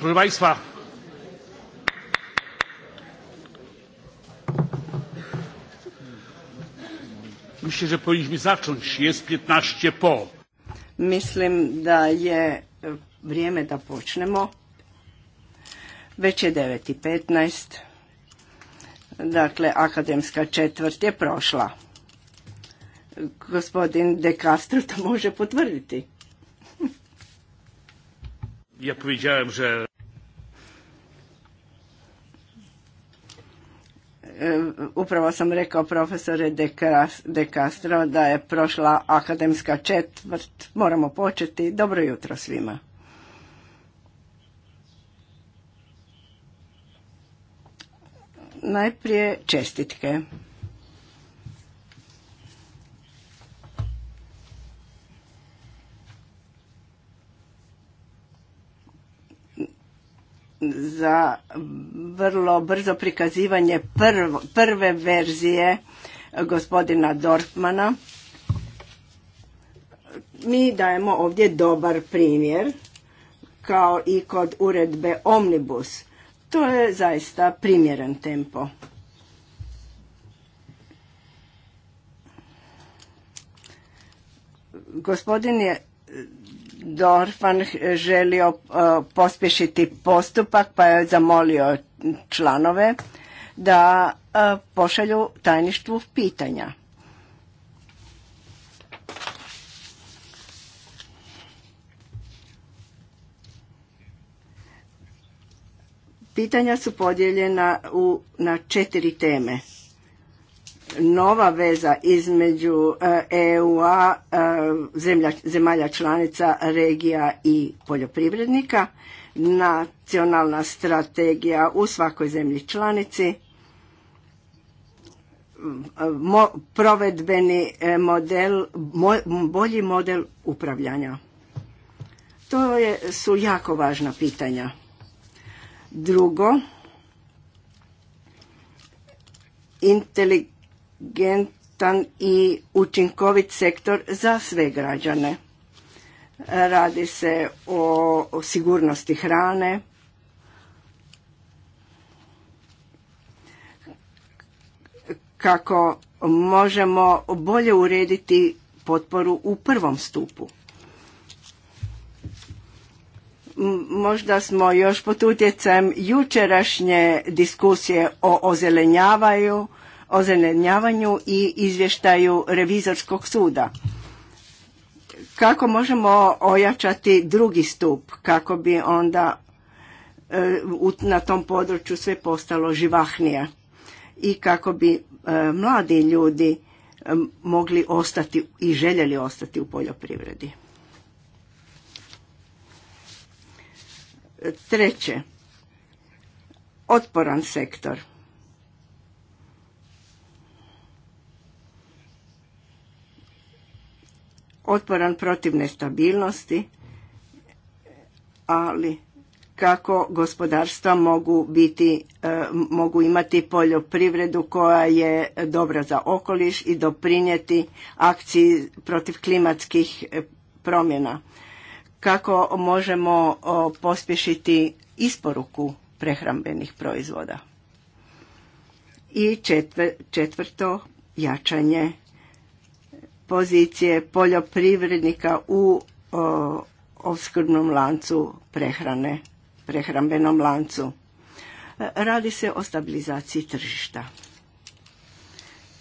Proszę Państwa, myślę, że powinniśmy zacząć. Jest piętnaście po. Mislim da je vrijeme da počnemo. Već je 9.15. Dakle, akademska četvrt je prošla. Gospodin De Castro to može potvrditi. Ja powiedziałem, że E, upravo sam rekao profesore De Castro da je prošla akademska četvrt. Moramo početi. Dobro jutro svima. Najprije čestitke. za vrlo brzo prikazivanje prve verzije gospodina Dorfmana. Mi dajemo ovdje dobar primjer, kao i kod uredbe Omnibus. To je zaista primjeren tempo. Gospodin je Dorfan želio e, pospješiti postupak pa je zamolio članove da e, pošalju tajništvu pitanja. Pitanja su podijeljena na četiri teme nova veza između EU-a, e e, zemalja članica, regija i poljoprivrednika, nacionalna strategija u svakoj zemlji članici, provedbeni e, model, bolji model upravljanja. To su jako važna pitanja. Drugo, inteligentno inteligentan i učinkovit sektor za sve građane. Radi se o, sigurnosti hrane, kako možemo bolje urediti potporu u prvom stupu. Možda smo još pod utjecajem jučerašnje diskusije o ozelenjavaju, o i izvještaju revizorskog suda. Kako možemo ojačati drugi stup kako bi onda e, na tom području sve postalo živahnije i kako bi e, mladi ljudi e, mogli ostati i željeli ostati u poljoprivredi. Treće, otporan sektor. otporan protiv nestabilnosti, ali kako gospodarstva mogu biti, e, mogu imati poljoprivredu koja je dobra za okoliš i doprinijeti akciji protiv klimatskih e, promjena. Kako možemo pospješiti isporuku prehrambenih proizvoda. I četvrto, jačanje pozicije poljoprivrednika u opskrbnom lancu prehrane, prehrambenom lancu. E, radi se o stabilizaciji tržišta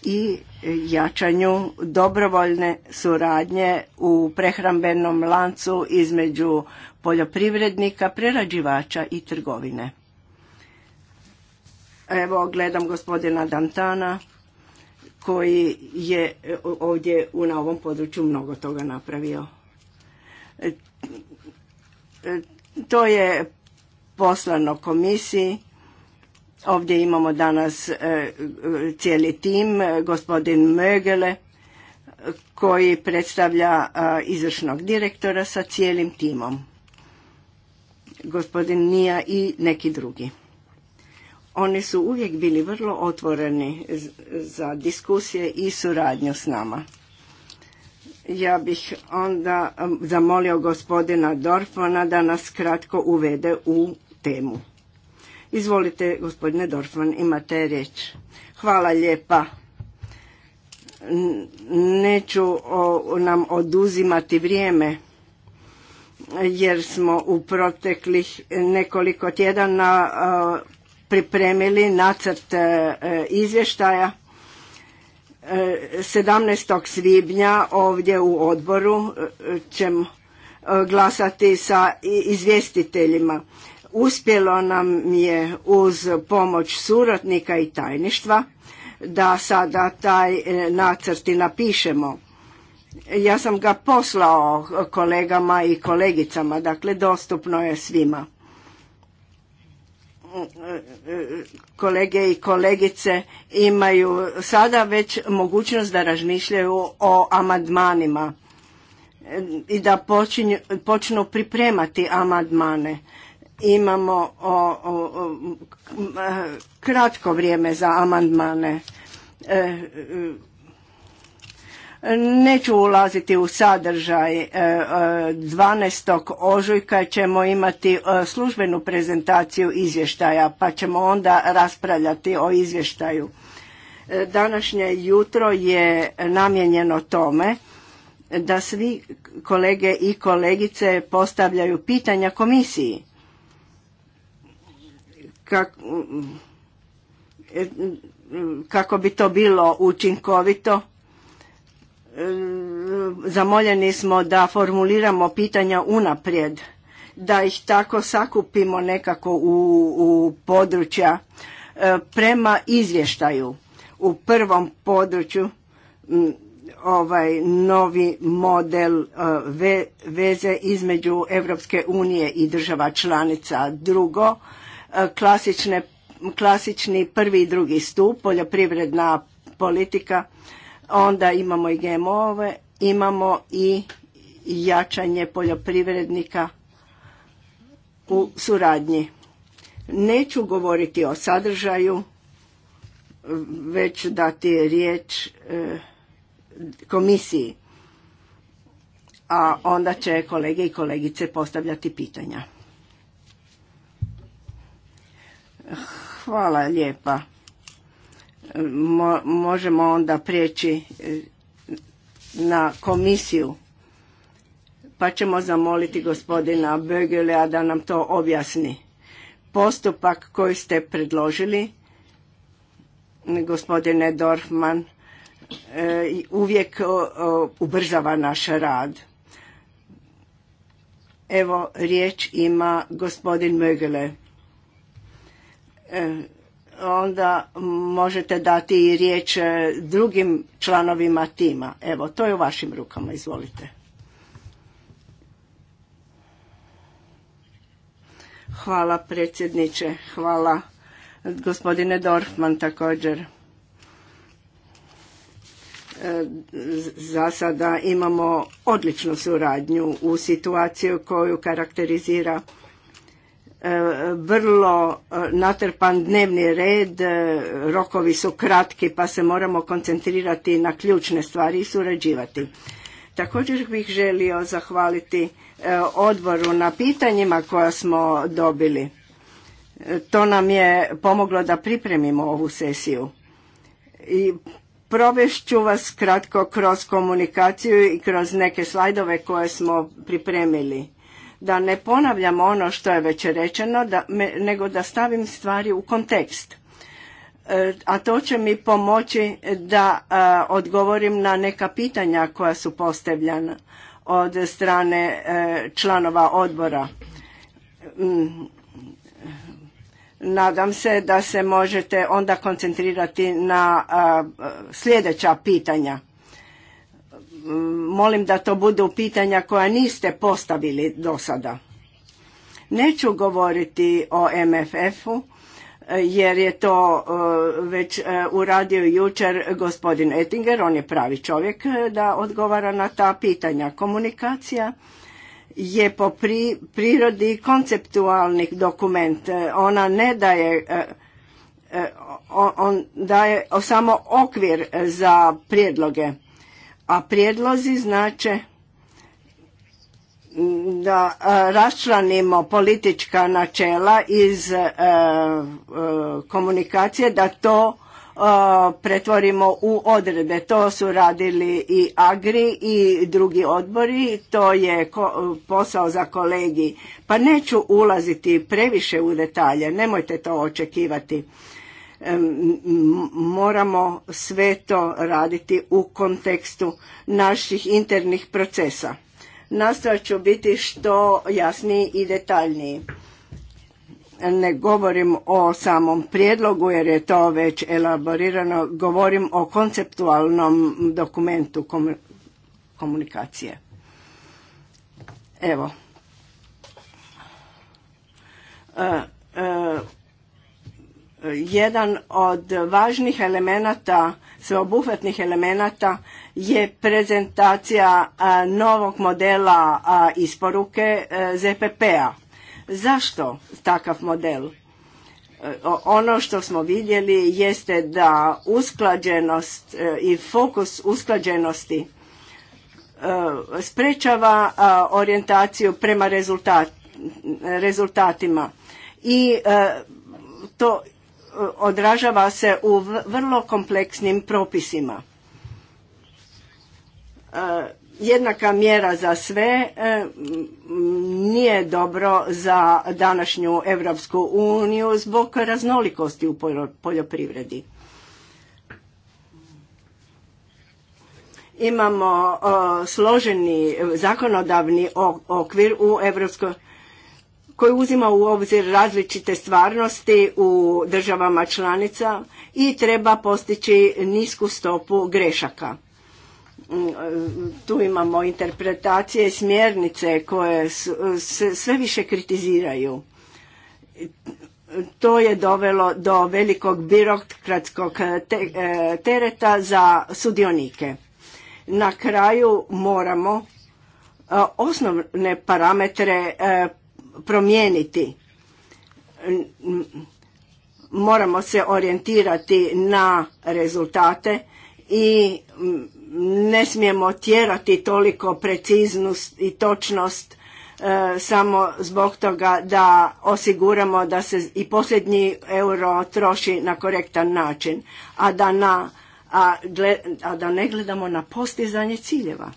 i jačanju dobrovoljne suradnje u prehrambenom lancu između poljoprivrednika, prerađivača i trgovine. Evo, gledam gospodina Dantana koji je e, ovdje na ovom području mnogo toga napravio. E, e, to je poslano komisiji. Ovdje imamo danas cijeli tim, gospodin Mögele, koji predstavlja izvršnog direktora sa cijelim timom. Gospodin Nija i neki drugi. Oni su uvijek bili vrlo otvoreni za diskusije i suradnju s nama. Ja bih onda zamolio gospodina Dorfmana da nas kratko uvede u temu. Izvolite, gospodine Dorfman, imate riječ. Hvala lijepa. Neću nam oduzimati vrijeme jer smo u proteklih nekoliko tjedana pripremili nacrt e, e, izvještaja 17. E, svibnja ovdje u odboru ćemo glasati sa izvjestiteljima. Uspjelo nam je uz pomoć suradnika i tajništva da sada taj nacrt i napišemo. Ja sam ga poslao kolegama i kolegicama, dakle dostupno je svima kolege i kolegice imaju sada već mogućnost da razmišljaju o amandmanima i da počinju, počnu pripremati amandmane. Imamo o, kratko vrijeme za amandmane. E, Neću ulaziti u sadržaj. 12. E, e, ožujka ćemo imati e, službenu prezentaciju izvještaja, pa ćemo onda raspravljati o izvještaju. Današnje jutro je namijenjeno tome da svi kolege i kolegice postavljaju pitanja komisiji. kako bi to bilo učinkovito zamoljeni smo da formuliramo pitanja unaprijed, da ih tako sakupimo nekako u, područja e, prema izvještaju. U prvom području ovaj novi model e, veze između Europske unije i država članica. Drugo, e, klasične, klasični prvi i drugi stup, poljoprivredna politika – Onda imamo i GMO-ove, imamo i jačanje poljoprivrednika u suradnji. Neću govoriti o sadržaju, već dati riječ e, komisiji, a onda će kolege i kolegice postavljati pitanja. Hvala lijepa možemo onda prijeći e, na komisiju pa ćemo zamoliti gospodina Bögelea da nam to objasni. Postupak koji ste predložili, gospodine Dorfman, e, uvijek ubrzava naš rad. Evo, riječ ima gospodin Mögele. E, onda možete dati i riječ e, drugim članovima tima. Evo, to je u vašim rukama, izvolite. Hvala predsjedniče, hvala gospodine Dorfman također. E, za sada imamo odličnu suradnju u situaciju koju karakterizira E, vrlo e, natrpan dnevni red, e, rokovi su kratki pa se moramo koncentrirati na ključne stvari i surađivati. Također bih želio zahvaliti odboru na pitanjima koja smo dobili. To nam je pomoglo da pripremimo ovu sesiju. I provešću vas kratko kroz komunikaciju i kroz neke slajdove koje smo pripremili da ne ponavljam ono što je već rečeno, da, nego da stavim stvari u kontekst. E, a to će mi pomoći da e, odgovorim na neka pitanja koja su postavljena od strane e, članova odbora. Mm. Nadam se da se možete onda koncentrirati na a, sljedeća pitanja molim da to budu pitanja koja niste postavili do sada. Neću govoriti o MFF-u e, jer je to e, već e, uradio jučer gospodin Ettinger, on je pravi čovjek da odgovara na ta pitanja. Komunikacija je po prirodi konceptualni dokument. Ona ne daje, on daje samo okvir za prijedloge a prijedlozi znače da e, raščlanimo politička načela iz e, e, komunikacije da to pretvorimo u odrede. To su radili i Agri i drugi odbori, to je posao za kolegi. Pa neću ulaziti previše u detalje, nemojte to očekivati moramo sve to raditi u kontekstu naših internih procesa. Nastojat ću biti što jasniji i detaljniji. Ne govorim o samom prijedlogu jer je to već elaborirano, govorim o konceptualnom dokumentu komunikacije. Evo. E, e, jedan od važnih elemenata, sveobuhvatnih elemenata je prezentacija novog modela isporuke e, ZPP-a. Zašto takav model? E, ono što smo vidjeli jeste da usklađenost e, i fokus usklađenosti sprečava orijentaciju prema rezultatima i to odražava se u vrlo kompleksnim propisima. E, jednaka mjera za sve e, nije dobro za današnju Europsku uniju zbog raznolikosti u poljoprivredi. Imamo e, složeni zakonodavni okvir u Europskoj koji uzima u obzir različite stvarnosti u državama članica i treba postići nisku stopu grešaka. Mm, tu imamo interpretacije i smjernice koje se sve više kritiziraju. To je dovelo do velikog birokratskog e, tereta za sudionike. Na kraju moramo e, osnovne parametre e, promijeniti. Moramo se orijentirati na rezultate i ne smijemo tjerati toliko preciznost i točnost e, samo zbog toga da osiguramo da se i posljednji euro troši na korektan način, a da, na, a, a da ne gledamo na postizanje ciljeva.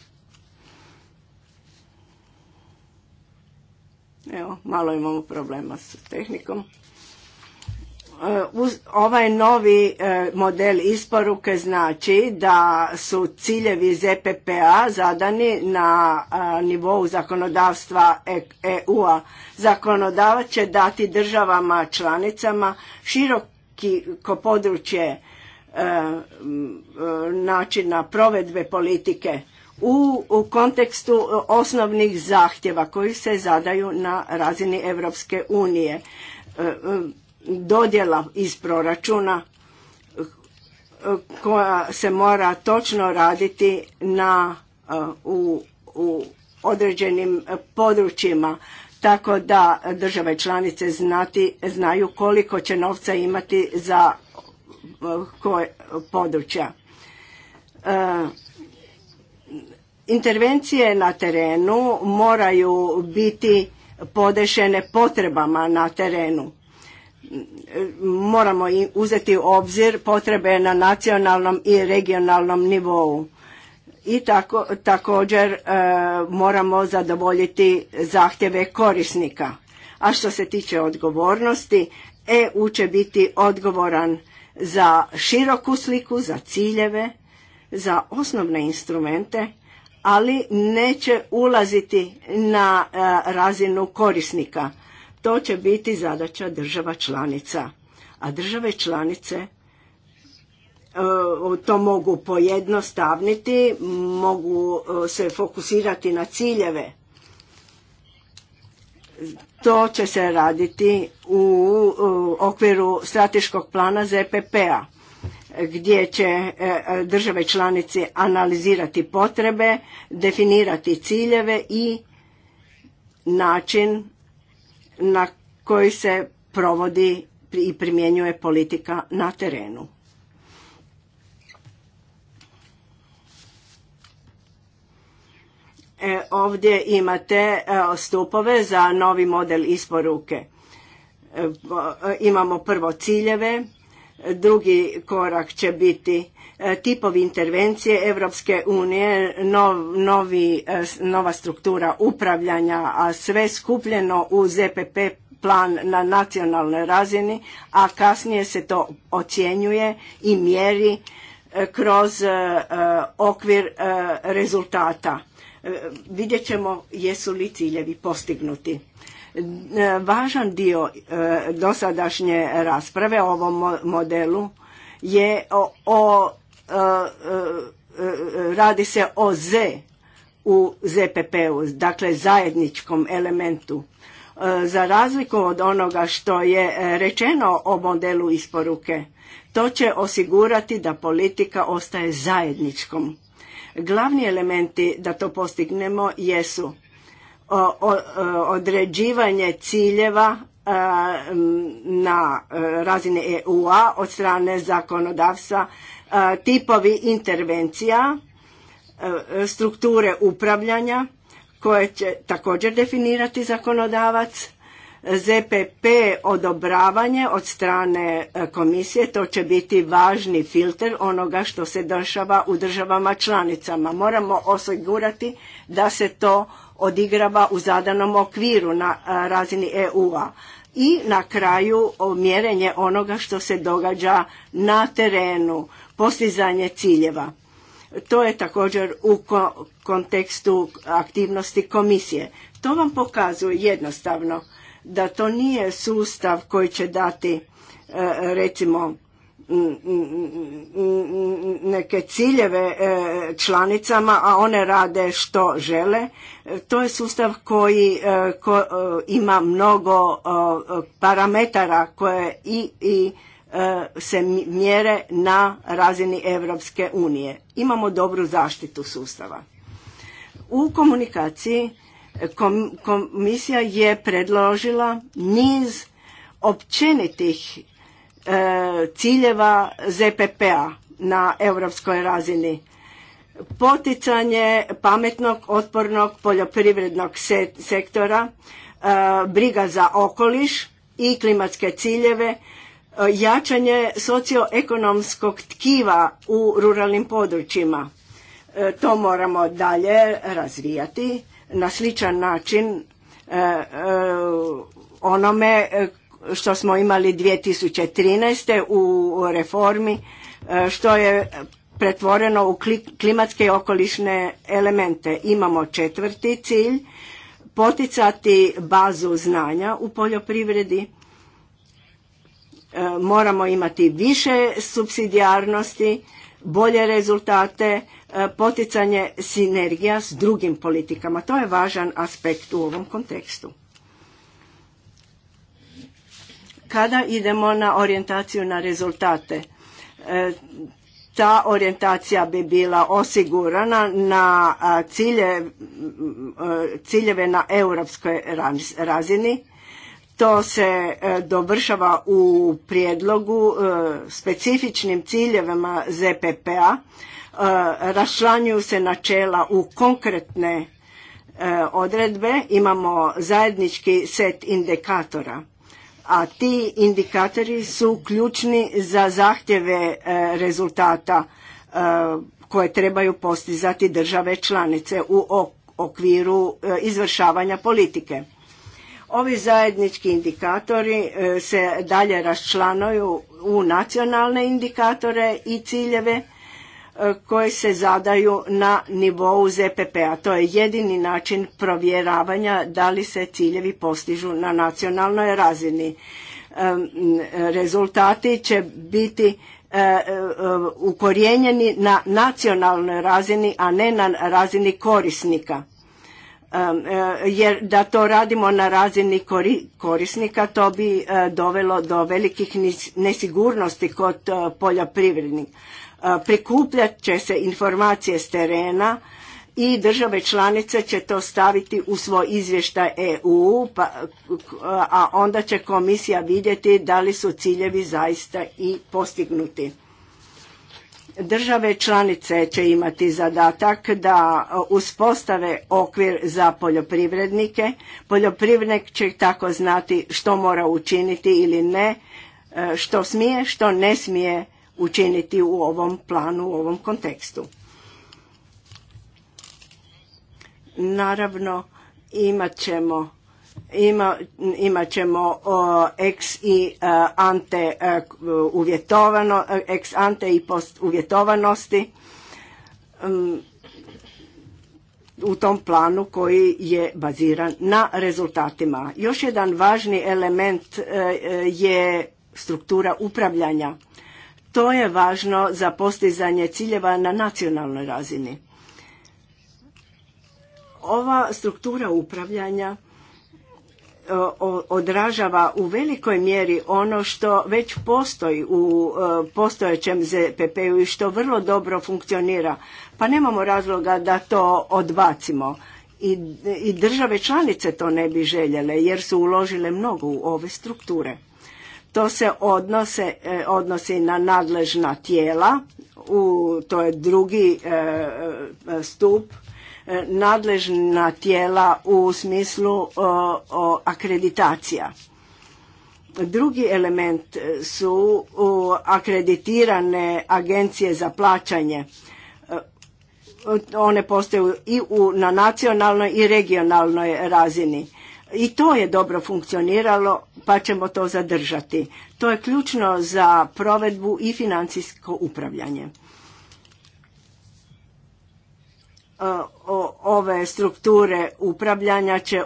Evo, malo imamo problema s tehnikom. E, uz ovaj novi e, model isporuke znači da su ciljevi ZPPA zadani na e, nivou zakonodavstva EU-a. Zakonodavac će dati državama članicama široko područje načina provedbe politike u, u kontekstu osnovnih zahtjeva koji se zadaju na razini Europske unije. E, e, dodjela iz proračuna e, koja se mora točno raditi na, u, u određenim područjima tako da države članice znati, znaju koliko će novca imati za koje područja. Intervencije na terenu moraju biti podešene potrebama na terenu. Moramo uzeti u obzir potrebe na nacionalnom i regionalnom nivou. I tako, također e, moramo zadovoljiti zahtjeve korisnika. A što se tiče odgovornosti, EU će biti odgovoran za široku sliku, za ciljeve, za osnovne instrumente ali neće ulaziti na e, razinu korisnika. To će biti zadaća država članica. A države članice e, to mogu pojednostavniti, mogu e, se fokusirati na ciljeve. To će se raditi u okviru strateškog plana ZPP-a gdje će e, države članice analizirati potrebe, definirati ciljeve i način na koji se provodi i primjenjuje politika na terenu. E, ovdje imate e, stupove za novi model isporuke. imamo prvo ciljeve, Drugi korak će biti e, tipovi intervencije Europske unije, e, nova struktura upravljanja, a sve skupljeno u ZPP plan na nacionalnoj razini, a kasnije se to ocjenjuje i mjeri e, kroz okvir rezultata. Vidjet ćemo jesu li ciljevi postignuti. Važan dio e, dosadašnje rasprave o ovom modelu je o, e, e, radi se o Z u ZPP-u, dakle zajedničkom elementu. Za razliku od onoga što je rečeno o modelu isporuke, to će osigurati da politika ostaje zajedničkom. Glavni elementi da to postignemo jesu E, određivanje ciljeva e, na e, razini EU-a od strane zakonodavstva, tipovi intervencija, strukture upravljanja koje će također definirati zakonodavac, ZPP odobravanje od strane komisije, to će biti važni filter onoga što se dešava u državama članicama. Moramo osigurati da se to odigrava u zadanom okviru na razini EU-a i na kraju mjerenje onoga što se događa na terenu, postizanje ciljeva. To je također u kontekstu aktivnosti komisije. To vam pokazuje jednostavno da to nije sustav koji će dati e, recimo neke ciljeve e, članicama, a one rade što žele. E, to je sustav koji e, ima mnogo parametara koje i, i se mjere na razini Europske unije. Imamo dobru zaštitu sustava. U komunikaciji komisija je predložila niz općenitih E, ciljeva ZPP-a na europskoj razini. Poticanje pametnog, otpornog poljoprivrednog sektora, e, briga za okoliš i klimatske ciljeve, e, jačanje socioekonomskog tkiva u ruralnim područjima. To moramo dalje razvijati na sličan način onome što smo imali 2013. u reformi e, što je pretvoreno u klimatske i okolišne elemente. Imamo četvrti cilj, poticati bazu znanja u poljoprivredi. E, moramo imati više subsidijarnosti, bolje rezultate, e, poticanje sinergija s drugim politikama. To je važan aspekt u ovom kontekstu. Kada idemo na orijentaciju na rezultate, e, ta orijentacija bi bila osigurana na cilje, e, ciljeve na europskoj razini. To se e, dovršava u prijedlogu specifičnim ciljevima ZPP-a. Rašlanjuju se načela u konkretne odredbe. Imamo zajednički set indikatora a ti indikatori su ključni za zahtjeve e, rezultata e, koje trebaju postizati države članice u okviru e, izvršavanja politike. Ovi zajednički indikatori se dalje raščlanuju u nacionalne indikatore i ciljeve E, koje se zadaju na nivou ZPP-a. To je jedini način provjeravanja da li se ciljevi postižu na nacionalnoj razini. E, rezultati će biti e, ukorijenjeni na nacionalnoj razini, a ne na razini korisnika. Jer da to radimo na razini korisnika, to bi dovelo do velikih nesigurnosti kod poljoprivrednika prikupljat će se informacije s terena i države članice će to staviti u svoj izvještaj EU, pa, a onda će komisija vidjeti da li su ciljevi zaista i postignuti. Države članice će imati zadatak da uspostave okvir za poljoprivrednike. Poljoprivrednik će tako znati što mora učiniti ili ne, e, što smije, što ne smije učiniti u ovom planu, u ovom kontekstu. Naravno, imat ćemo ex i e, ante e, uvjetovano, ex ante i post uvjetovanosti u tom planu koji je baziran na rezultatima. Još jedan važni element e, je struktura upravljanja to je važno za postizanje ciljeva na nacionalnoj razini. Ova struktura upravljanja odražava u velikoj mjeri ono što već postoji u e, postojećem ZPP-u i što vrlo dobro funkcionira. Pa nemamo razloga da to odbacimo. I, I države članice to ne bi željele jer su uložile mnogo u ove strukture. To se odnose, e, odnosi na nadležna tijela, u, to je drugi e, e, stup, nadležna tijela u smislu o, akreditacija. Drugi element su u, akreditirane agencije za plaćanje. One postoje i u, na nacionalnoj i regionalnoj razini i to je dobro funkcioniralo pa ćemo to zadržati. To je ključno za provedbu i financijsko upravljanje. E, ove strukture upravljanja će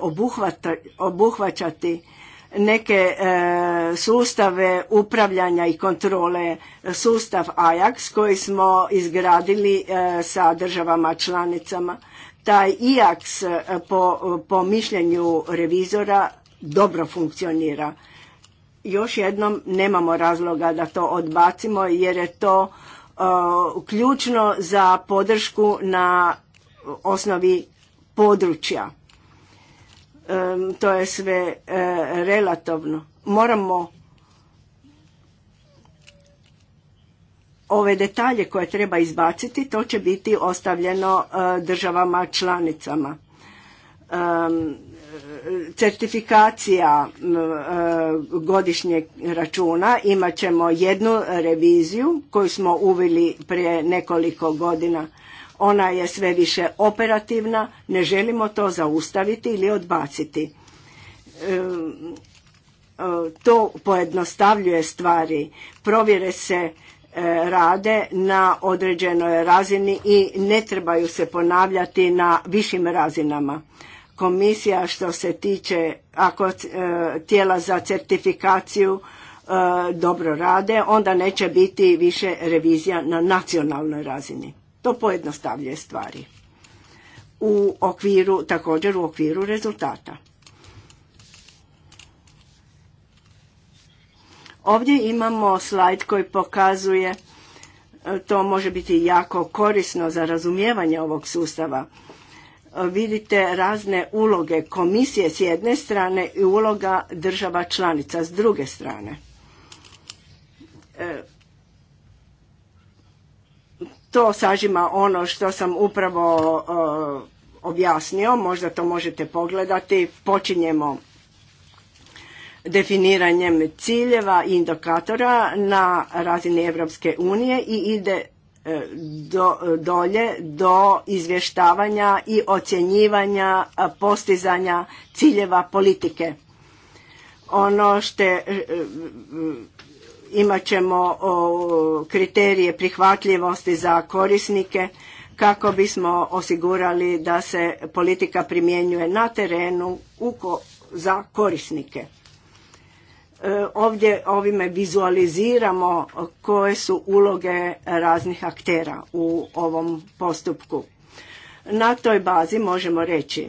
obuhvaćati neke e, sustave upravljanja i kontrole, e, sustav Ajax koji smo izgradili sa državama članicama taj iaks e, po, mišljenju revizora dobro funkcionira. Još jednom nemamo razloga da to odbacimo jer je to e, ključno za podršku na osnovi područja. E, to je sve relativno. Moramo ove detalje koje treba izbaciti, to će biti ostavljeno e, državama članicama. Certifikacija e, godišnjeg računa imat ćemo jednu reviziju koju smo uveli prije nekoliko godina. Ona je sve više operativna, ne želimo to zaustaviti ili odbaciti. E, to pojednostavljuje stvari. Provjere se E, rade na određenoj razini i ne trebaju se ponavljati na višim razinama. Komisija što se tiče ako e, tijela za certifikaciju e, dobro rade, onda neće biti više revizija na nacionalnoj razini. To pojednostavljuje stvari. U okviru, također u okviru rezultata. Ovdje imamo slajd koji pokazuje, e, to može biti jako korisno za razumijevanje ovog sustava. E, vidite razne uloge komisije s jedne strane i uloga država članica s druge strane. E, to sažima ono što sam upravo objasnio, možda to možete pogledati. Počinjemo definiranjem ciljeva i indokatora na razini Evropske unije i ide e, do, dolje do izvještavanja i ocjenjivanja postizanja ciljeva politike. Ono što e, e, imat ćemo kriterije prihvatljivosti za korisnike kako bismo osigurali da se politika primjenjuje na terenu u, za korisnike. E, ovdje ovime vizualiziramo koje su uloge raznih aktera u ovom postupku. Na toj bazi možemo reći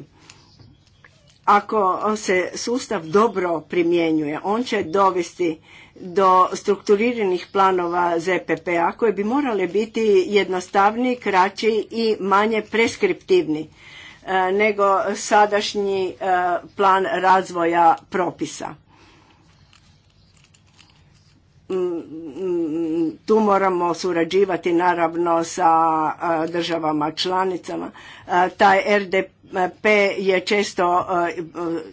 ako se sustav dobro primjenjuje, on će dovesti do strukturiranih planova ZPP-a koje bi morale biti jednostavniji, kraći i manje preskriptivni e, nego sadašnji e, plan razvoja propisa tu moramo surađivati naravno sa državama članicama. Taj RDP je često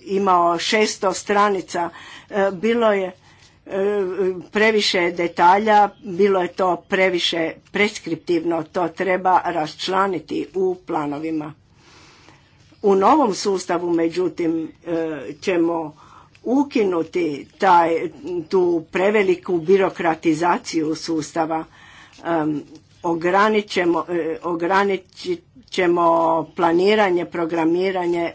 imao šesto stranica, bilo je previše detalja, bilo je to previše preskriptivno, to treba raščlaniti u planovima. U novom sustavu međutim e, ćemo ukinuti taj, tu preveliku birokratizaciju sustava, um, ograničemo, e, ograničit ćemo planiranje, programiranje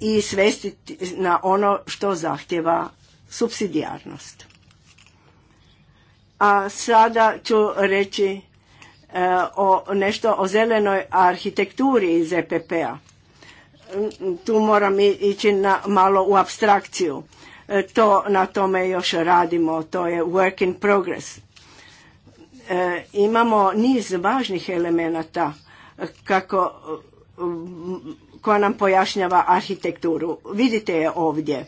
i svestiti na ono što zahtjeva subsidijarnost. A sada ću reći e, o, nešto o zelenoj arhitekturi iz EPP-a tu moram ići na, malo u abstrakciju. E, to na tome još radimo, to je work in progress. E, imamo niz važnih elemenata kako koja nam pojašnjava arhitekturu. Vidite je ovdje.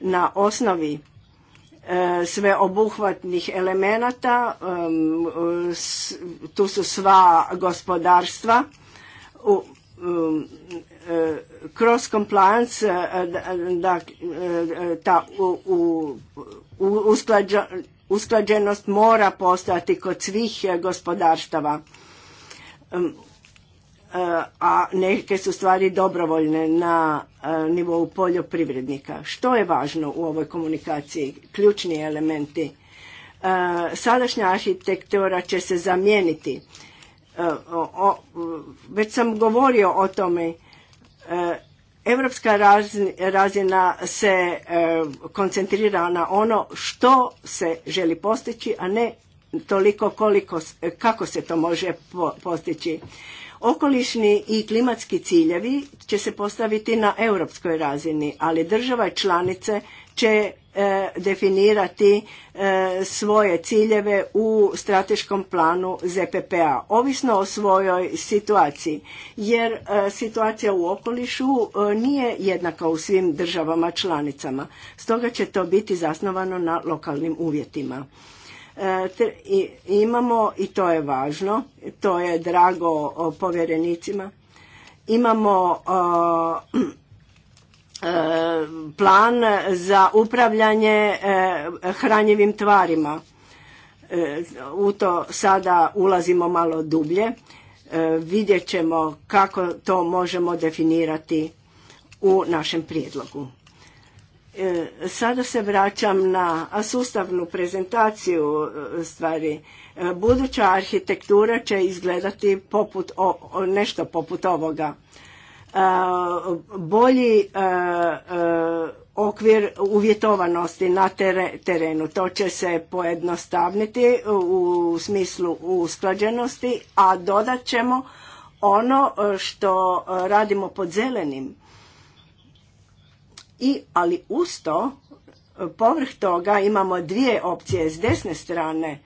Na osnovi sve sveobuhvatnih elemenata, tu su sva gospodarstva, u, Eh, cross compliance eh, da, eh, ta usklađenost mora postojati kod svih gospodarstava a neke su stvari dobrovoljne na nivou poljoprivrednika. Što je važno u ovoj komunikaciji? Ključni elementi. Sadašnja arhitektura će se zamijeniti. Već sam govorio o tome Europska razina se e, koncentrira na ono što se želi postići, a ne toliko koliko, kako se to može postići. Okolišni i klimatski ciljevi će se postaviti na europskoj razini, ali država članice će E, definirati e, svoje ciljeve u strateškom planu ZPPA. ovisno o svojoj situaciji, jer e, situacija u okolišu nije jednaka u svim državama članicama. Stoga će to biti zasnovano na lokalnim uvjetima. Imamo, i to je važno, to je drago povjerenicima, imamo plan za upravljanje e, hranjivim tvarima. E, u to sada ulazimo malo dublje. E, vidjet ćemo kako to možemo definirati u našem prijedlogu. Sada se vraćam na sustavnu prezentaciju stvari. Buduća arhitektura će izgledati poput, nešto poput ovoga bolji okvir uvjetovanosti na terenu. To će se pojednostavniti u smislu usklađenosti, a dodat ćemo ono što radimo pod zelenim. I, ali uz to, povrh toga imamo dvije opcije s desne strane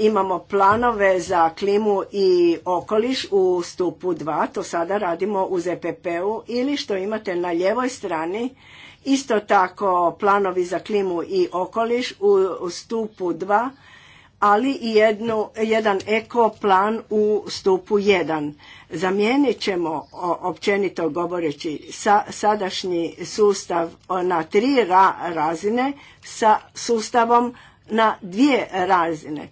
Imamo planove za klimu i okoliš u stupu 2, to sada radimo u ZPP-u ili što imate na ljevoj strani, isto tako planovi za klimu i okoliš u, stupu 2, ali i jednu, jedan eko plan u stupu 1. Zamijenit ćemo, općenito govoreći, sadašnji sustav na tri razine sa sustavom na dvije razine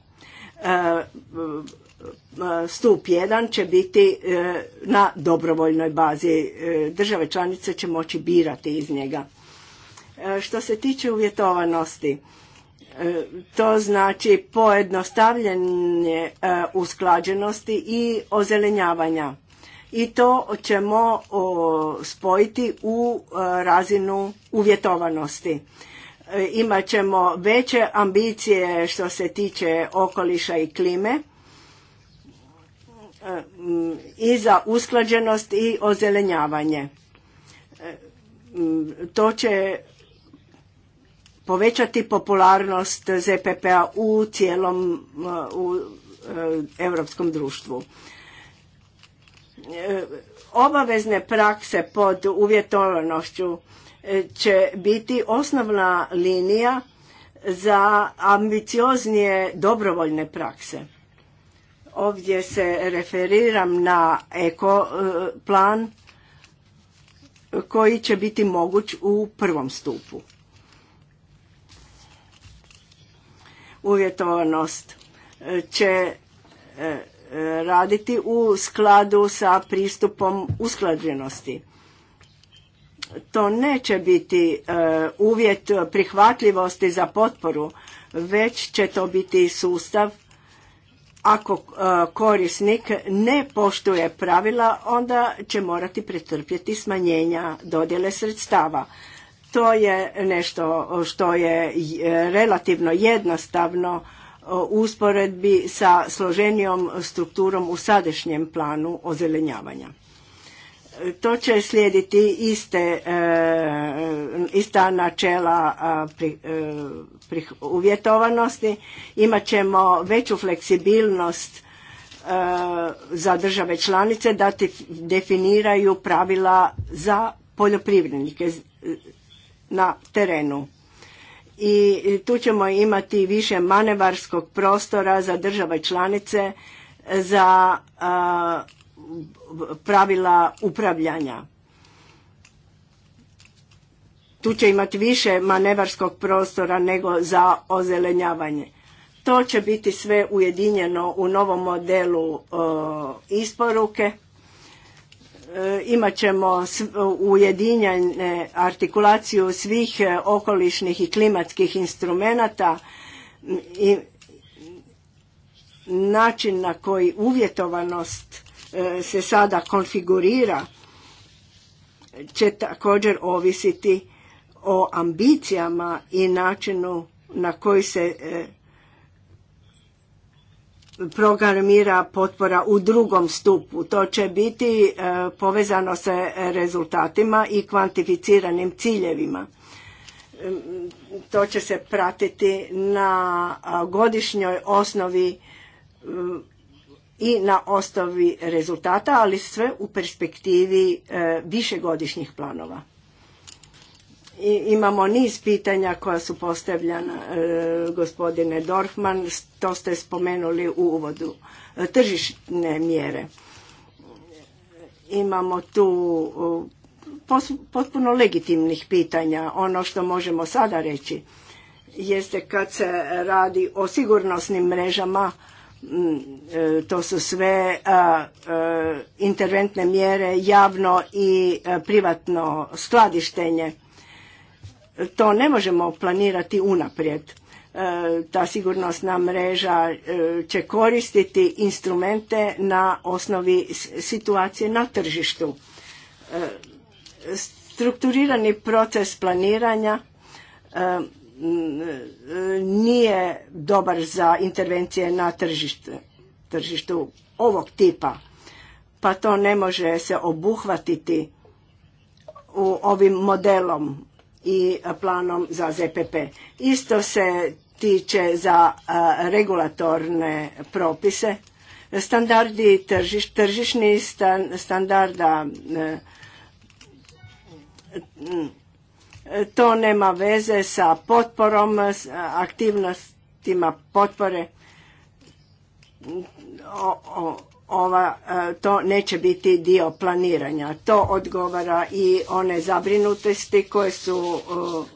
stup 1 će biti e, na dobrovoljnoj bazi. E, države članice će moći birati iz njega. E, što se tiče uvjetovanosti, to znači pojednostavljanje usklađenosti i ozelenjavanja. I to ćemo spojiti u razinu uvjetovanosti. E, imat ćemo veće ambicije što se tiče okoliša i klime e, i za usklađenost i ozelenjavanje. E, to će povećati popularnost ZPP-a u cijelom u europskom društvu. Obavezne prakse pod uvjetovanošću će biti osnovna linija za ambicioznije dobrovoljne prakse. Ovdje se referiram na eko e, plan koji će biti moguć u prvom stupu. Uvjetovanost e, će e, raditi u skladu sa pristupom usklađenosti to neće biti e, uvjet prihvatljivosti za potporu, već će to biti sustav ako e, korisnik ne poštuje pravila, onda će morati pretrpjeti smanjenja dodjele sredstava. To je nešto što je e, relativno jednostavno u usporedbi sa složenijom strukturom u sadašnjem planu ozelenjavanja. To će slijediti iste, e, ista načela e, pri, uvjetovanosti. Imaćemo veću fleksibilnost e, za države članice da definiraju pravila za poljoprivrednike na terenu. I tu ćemo imati više manevarskog prostora za države članice za pravila upravljanja. Tu će imati više manevarskog prostora nego za ozelenjavanje. To će biti sve ujedinjeno u novom modelu e, isporuke. E, imat ćemo ujedinjene artikulaciju svih e, okolišnih i klimatskih instrumenata i način na koji uvjetovanost E, se sada konfigurira će također ovisiti o ambicijama i načinu na koji se e, programira potpora u drugom stupu. To će biti e, povezano sa rezultatima i kvantificiranim ciljevima. To će se pratiti na godišnjoj osnovi i na osnovi rezultata, ali sve u perspektivi e, višegodišnjih planova. I imamo niz pitanja koja su postavljena e, gospodine Dorfman, to ste spomenuli u uvodu, e, tržišne mjere. Imamo tu potpuno legitimnih pitanja. Ono što možemo sada reći jeste kad se radi o sigurnosnim mrežama, Mm, e, to su sve e, interventne mjere javno i e, privatno skladištenje to ne možemo planirati unaprijed ta sigurnosna mreža će koristiti instrumente na osnovi situacije na tržištu strukturirani proces planiranja nije dobar za intervencije na tržištu, ovog tipa, pa to ne može se obuhvatiti u ovim modelom i planom za ZPP. Isto se tiče za regulatorne propise, standardi tržiš, standarda to nema veze sa potporom, aktivnostima potpore. ova, e, to neće biti dio planiranja. To odgovara i one zabrinutosti koje, su,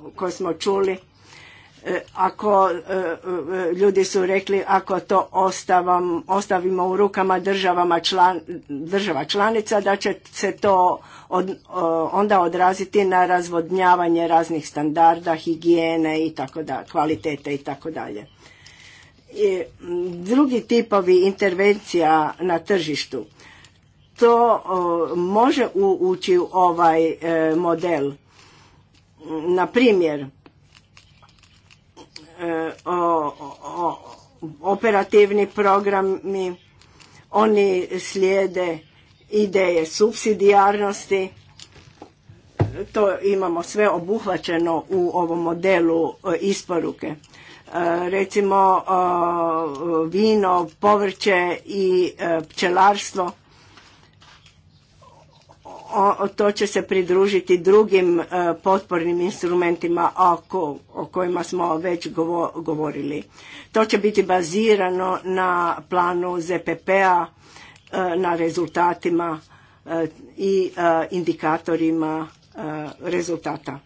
e, koje smo čuli E, ako e, e, ljudi su rekli ako to ostavimo u rukama državama član, država članica da će se to onda odraziti na razvodnjavanje raznih standarda, higijene i tako da, kvalitete i tako dalje. Drugi tipovi intervencija na tržištu. To može ući u ovaj model. Na primjer, E, operativni programi, oni slijede ideje subsidijarnosti, to imamo sve obuhvaćeno u ovom modelu e, isporuke. E, recimo vino, povrće i pčelarstvo to će se pridružiti drugim e, potpornim instrumentima o kojima smo već govorili. To će biti bazirano na planu ZPP-a, e, na rezultatima e, i indikatorima rezultata.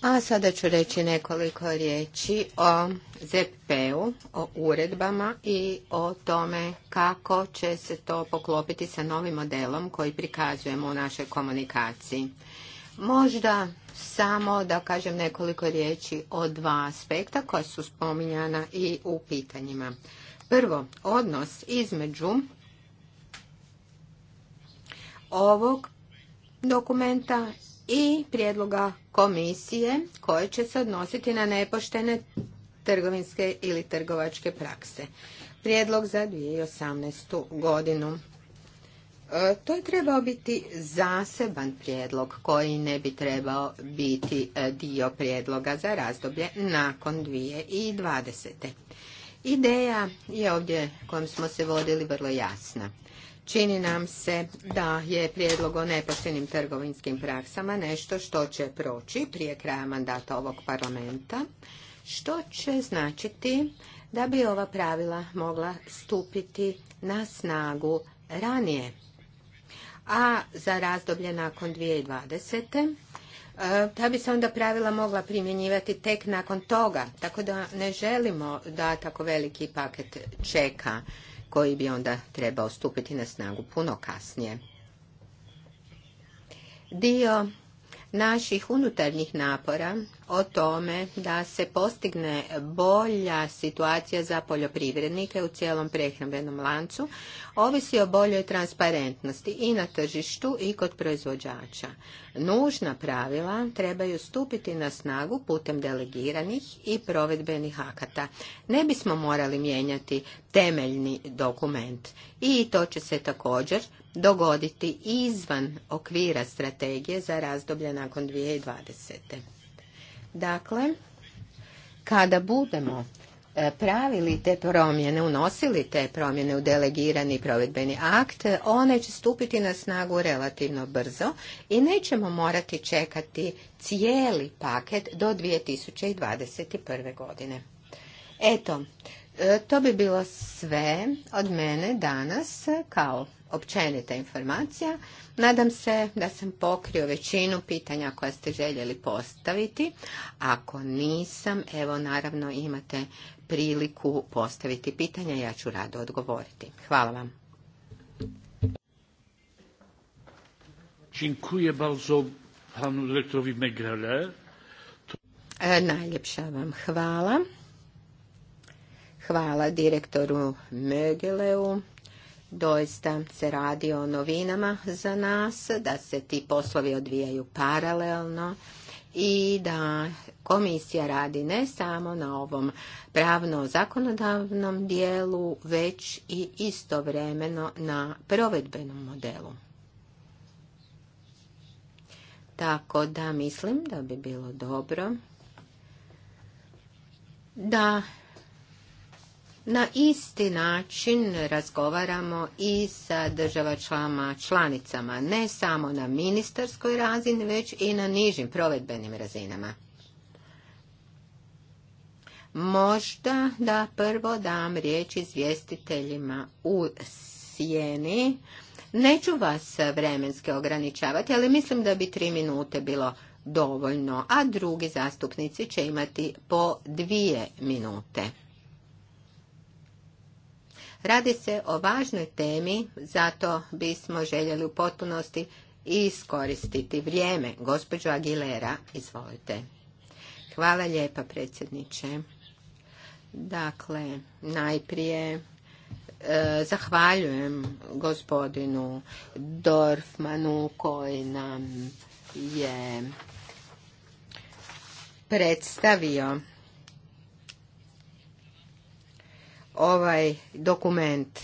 A sada ću reći nekoliko riječi o ZP-u, o uredbama i o tome kako će se to poklopiti sa novim modelom koji prikazujemo u našoj komunikaciji. Možda samo da kažem nekoliko riječi o dva aspekta koja su spominjana i u pitanjima. Prvo, odnos između ovog dokumenta i prijedloga komisije koje će se odnositi na nepoštene trgovinske ili trgovačke prakse. Prijedlog za 2018. godinu. E, to je trebao biti zaseban prijedlog koji ne bi trebao biti e, dio prijedloga za razdoblje nakon 2020. Ideja je ovdje kojom smo se vodili vrlo jasna. Čini nam se da je prijedlog o nepoštenim trgovinskim praksama nešto što će proći prije kraja mandata ovog parlamenta, što će značiti da bi ova pravila mogla stupiti na snagu ranije. A za razdoblje nakon 2020 da e, bi se onda pravila mogla primjenjivati tek nakon toga. Tako da ne želimo da tako veliki paket čeka koji bi onda trebao stupiti na snagu puno kasnije. Dio naših unutarnjih napora o tome da se postigne bolja situacija za poljoprivrednike u cijelom prehrambenom lancu, ovisi o boljoj transparentnosti i na tržištu i kod proizvođača. Nužna pravila trebaju stupiti na snagu putem delegiranih i provedbenih akata. Ne bismo morali mijenjati temeljni dokument i to će se također dogoditi izvan okvira strategije za razdoblje nakon 2020. Dakle, kada budemo e, pravili te promjene, unosili te promjene u delegirani provedbeni akt, one će stupiti na snagu relativno brzo i nećemo morati čekati cijeli paket do 2021. godine. Eto, E, to bi bilo sve od mene danas kao općenita informacija. Nadam se da sam pokrio većinu pitanja koja ste željeli postaviti. Ako nisam, evo naravno imate priliku postaviti pitanja, ja ću rado odgovoriti. Hvala vam. Dziękuję bardzo panu e, Najljepša vam hvala. Hvala direktoru Mögeleu. Doista se radi o novinama za nas, da se ti poslovi odvijaju paralelno i da komisija radi ne samo na ovom pravno-zakonodavnom dijelu, već i istovremeno na provedbenom modelu. Tako da mislim da bi bilo dobro da na isti način razgovaramo i sa državačama članicama, ne samo na ministarskoj razini, već i na nižim provedbenim razinama. Možda da prvo dam riječ izvjestiteljima u sjeni. Neću vas vremenski ograničavati, ali mislim da bi tri minute bilo dovoljno, a drugi zastupnici će imati po dvije minute. Radi se o važnoj temi, zato bismo željeli u potpunosti iskoristiti vrijeme. Gospođo Aguilera, izvolite. Hvala lijepa, predsjedniče. Dakle, najprije e, zahvaljujem gospodinu Dorfmanu koji nam je predstavio ovaj dokument.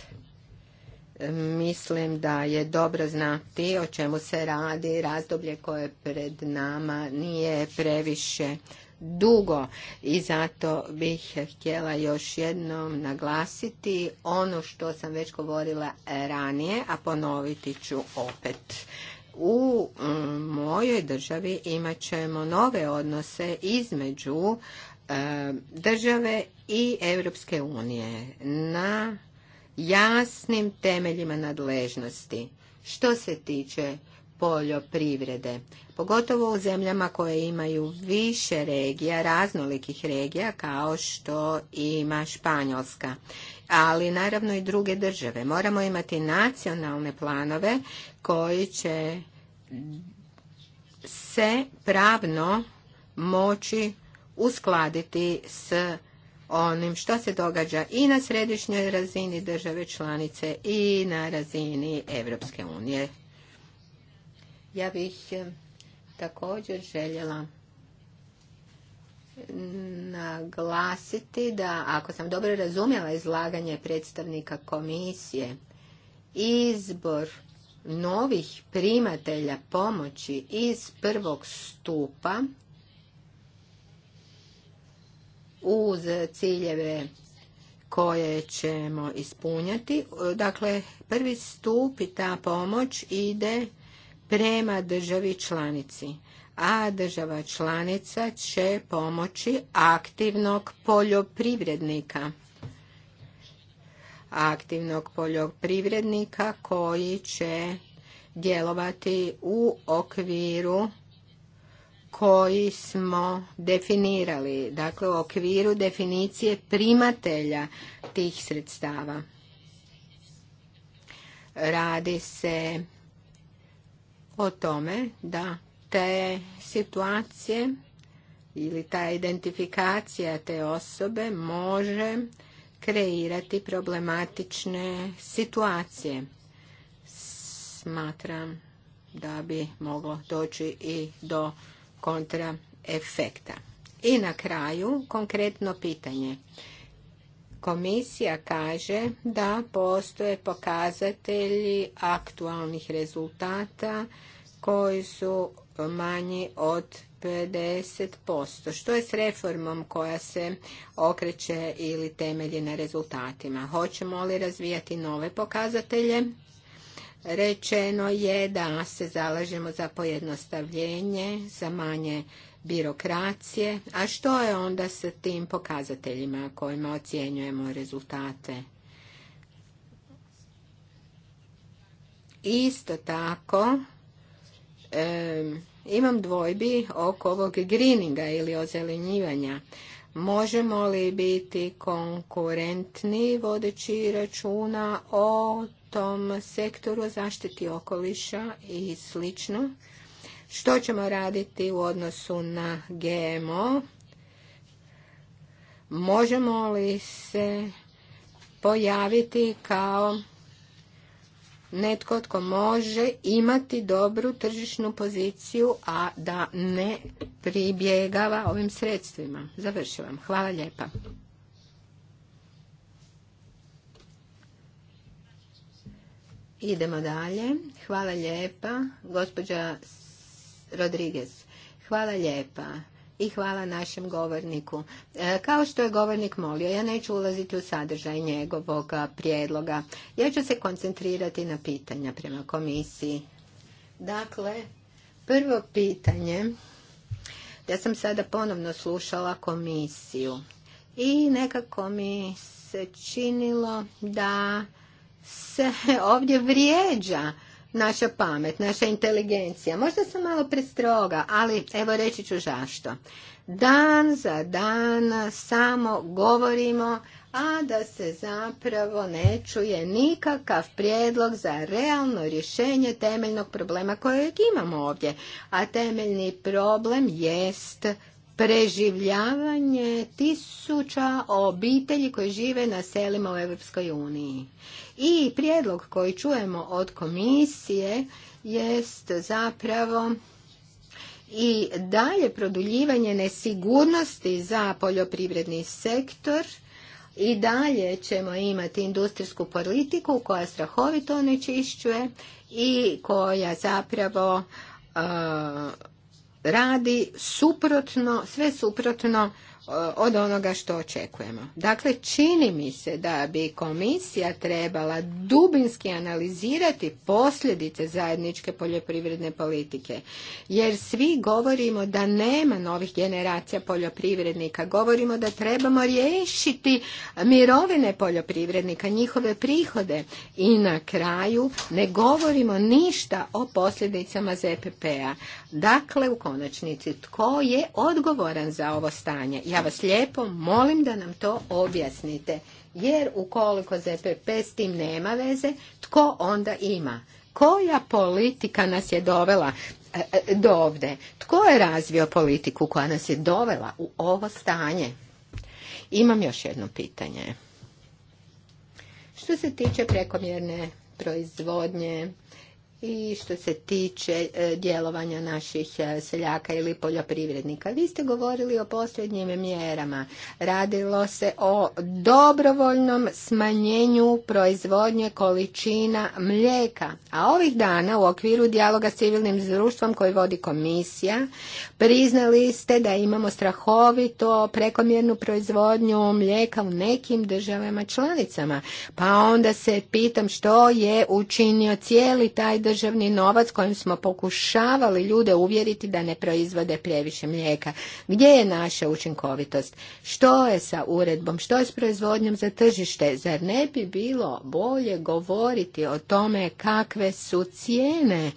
Mislim da je dobro znati o čemu se radi. Razdoblje koje je pred nama nije previše dugo i zato bih htjela još jednom naglasiti ono što sam već govorila ranije, a ponoviti ću opet. U mm, mojoj državi imat ćemo nove odnose između E, države i Europske unije na jasnim temeljima nadležnosti što se tiče poljoprivrede. Pogotovo u zemljama koje imaju više regija, raznolikih regija kao što ima Španjolska. Ali naravno i druge države. Moramo imati nacionalne planove koji će se pravno moći uskladiti s onim što se događa i na središnjoj razini države članice i na razini Europske unije. Ja bih eh, također željela naglasiti da ako sam dobro razumjela izlaganje predstavnika komisije, izbor novih primatelja pomoći iz prvog stupa uz ciljeve koje ćemo ispunjati. Dakle, prvi stup i ta pomoć ide prema državi članici, a država članica će pomoći aktivnog poljoprivrednika aktivnog poljoprivrednika koji će djelovati u okviru koji smo definirali, dakle u okviru definicije primatelja tih sredstava. Radi se o tome da te situacije ili ta identifikacija te osobe može kreirati problematične situacije. Smatram da bi moglo doći i do kontra efekta. I na kraju konkretno pitanje. Komisija kaže da postoje pokazatelji aktualnih rezultata koji su manji od 50%. Što je s reformom koja se okreće ili temelji na rezultatima? Hoćemo li razvijati nove pokazatelje Rečeno je da se zalažemo za pojednostavljenje, za manje birokracije. A što je onda sa tim pokazateljima kojima ocjenjujemo rezultate? Isto tako, imam dvojbi oko ovog greeninga ili ozelenjivanja. Možemo li biti konkurentni vodeći računa o tom sektoru, zaštiti okoliša i slično. Što ćemo raditi u odnosu na GMO? Možemo li se pojaviti kao netko tko može imati dobru tržišnu poziciju, a da ne pribjegava ovim sredstvima. Završavam. Hvala lijepa. Idemo dalje. Hvala lijepa, gospođa Rodriguez. Hvala lijepa i hvala našem govorniku. E, kao što je govornik molio, ja neću ulaziti u sadržaj njegovog prijedloga. Ja ću se koncentrirati na pitanja prema komisiji. Dakle, prvo pitanje, ja sam sada ponovno slušala komisiju i nekako mi se činilo da se ovdje vrijeđa naša pamet, naša inteligencija. Možda sam malo prestroga, ali evo reći ću zašto. Dan za dan samo govorimo, a da se zapravo ne čuje nikakav prijedlog za realno rješenje temeljnog problema kojeg imamo ovdje. A temeljni problem jest preživljavanje tisuća obitelji koji žive na selima u Europskoj uniji. I prijedlog koji čujemo od komisije jest zapravo i dalje produljivanje nesigurnosti za poljoprivredni sektor i dalje ćemo imati industrijsku politiku koja strahovito onečišćuje i koja zapravo radi suprotno, sve suprotno od onoga što očekujemo. Dakle, čini mi se da bi komisija trebala dubinski analizirati posljedice zajedničke poljoprivredne politike. Jer svi govorimo da nema novih generacija poljoprivrednika. Govorimo da trebamo riješiti mirovine poljoprivrednika, njihove prihode. I na kraju ne govorimo ništa o posljedicama ZPP-a. Dakle, u konačnici, tko je odgovoran za ovo stanje? Ja vas lijepo molim da nam to objasnite. Jer ukoliko ZPP s tim nema veze, tko onda ima? Koja politika nas je dovela e, e, do ovde? Tko je razvio politiku koja nas je dovela u ovo stanje? Imam još jedno pitanje. Što se tiče prekomjerne proizvodnje, i što se tiče e, djelovanja naših e, seljaka ili poljoprivrednika. Vi ste govorili o posljednjim mjerama. Radilo se o dobrovoljnom smanjenju proizvodnje količina mlijeka. A ovih dana u okviru dijaloga s civilnim društvom koji vodi komisija priznali ste da imamo strahovito prekomjernu proizvodnju mlijeka u nekim državama članicama. Pa onda se pitam što je učinio cijeli taj državni novac kojim smo pokušavali ljude uvjeriti da ne proizvode previše mlijeka. Gdje je naša učinkovitost? Što je sa uredbom? Što je s proizvodnjom za tržište? Zar ne bi bilo bolje govoriti o tome kakve su cijene?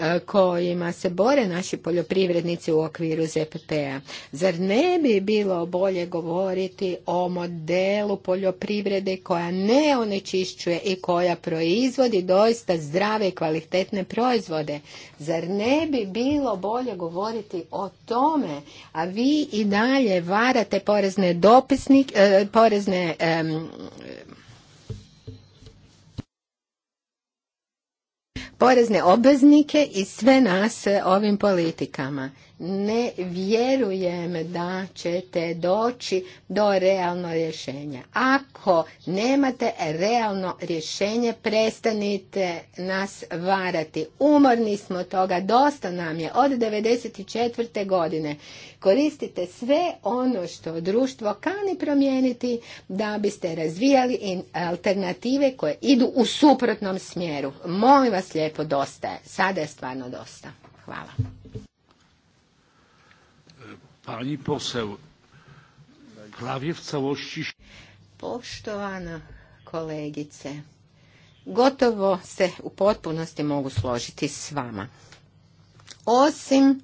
E, kojima se bore naši poljoprivrednici u okviru ZPP-a. Zar ne bi bilo bolje govoriti o modelu poljoprivrede koja ne onečišćuje i koja proizvodi doista zdrave i kvalitetne proizvode? Zar ne bi bilo bolje govoriti o tome, a vi i dalje varate porezne dopisnik, e, porezne porezne obveznike i sve nas e, ovim politikama ne vjerujem da ćete doći do realno rješenja. Ako nemate realno rješenje, prestanite nas varati. Umorni smo toga, dosta nam je. Od 1994. godine koristite sve ono što društvo kani promijeniti da biste razvijali alternative koje idu u suprotnom smjeru. Molim vas lijepo, dosta je. Sada je stvarno dosta. Hvala. Pani Poštovana kolegice, gotovo se u potpunosti mogu složiti s vama. Osim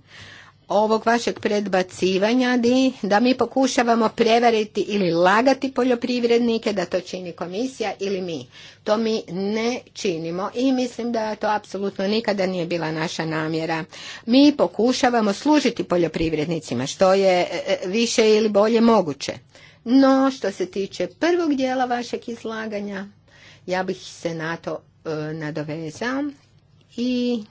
ovog vašeg predbacivanja di da mi pokušavamo prevariti ili lagati poljoprivrednike da to čini komisija ili mi. To mi ne činimo i mislim da to apsolutno nikada nije bila naša namjera. Mi pokušavamo služiti poljoprivrednicima što je e, e, više ili bolje moguće. No, što se tiče prvog dijela vašeg izlaganja, ja bih se na to e, nadovezao i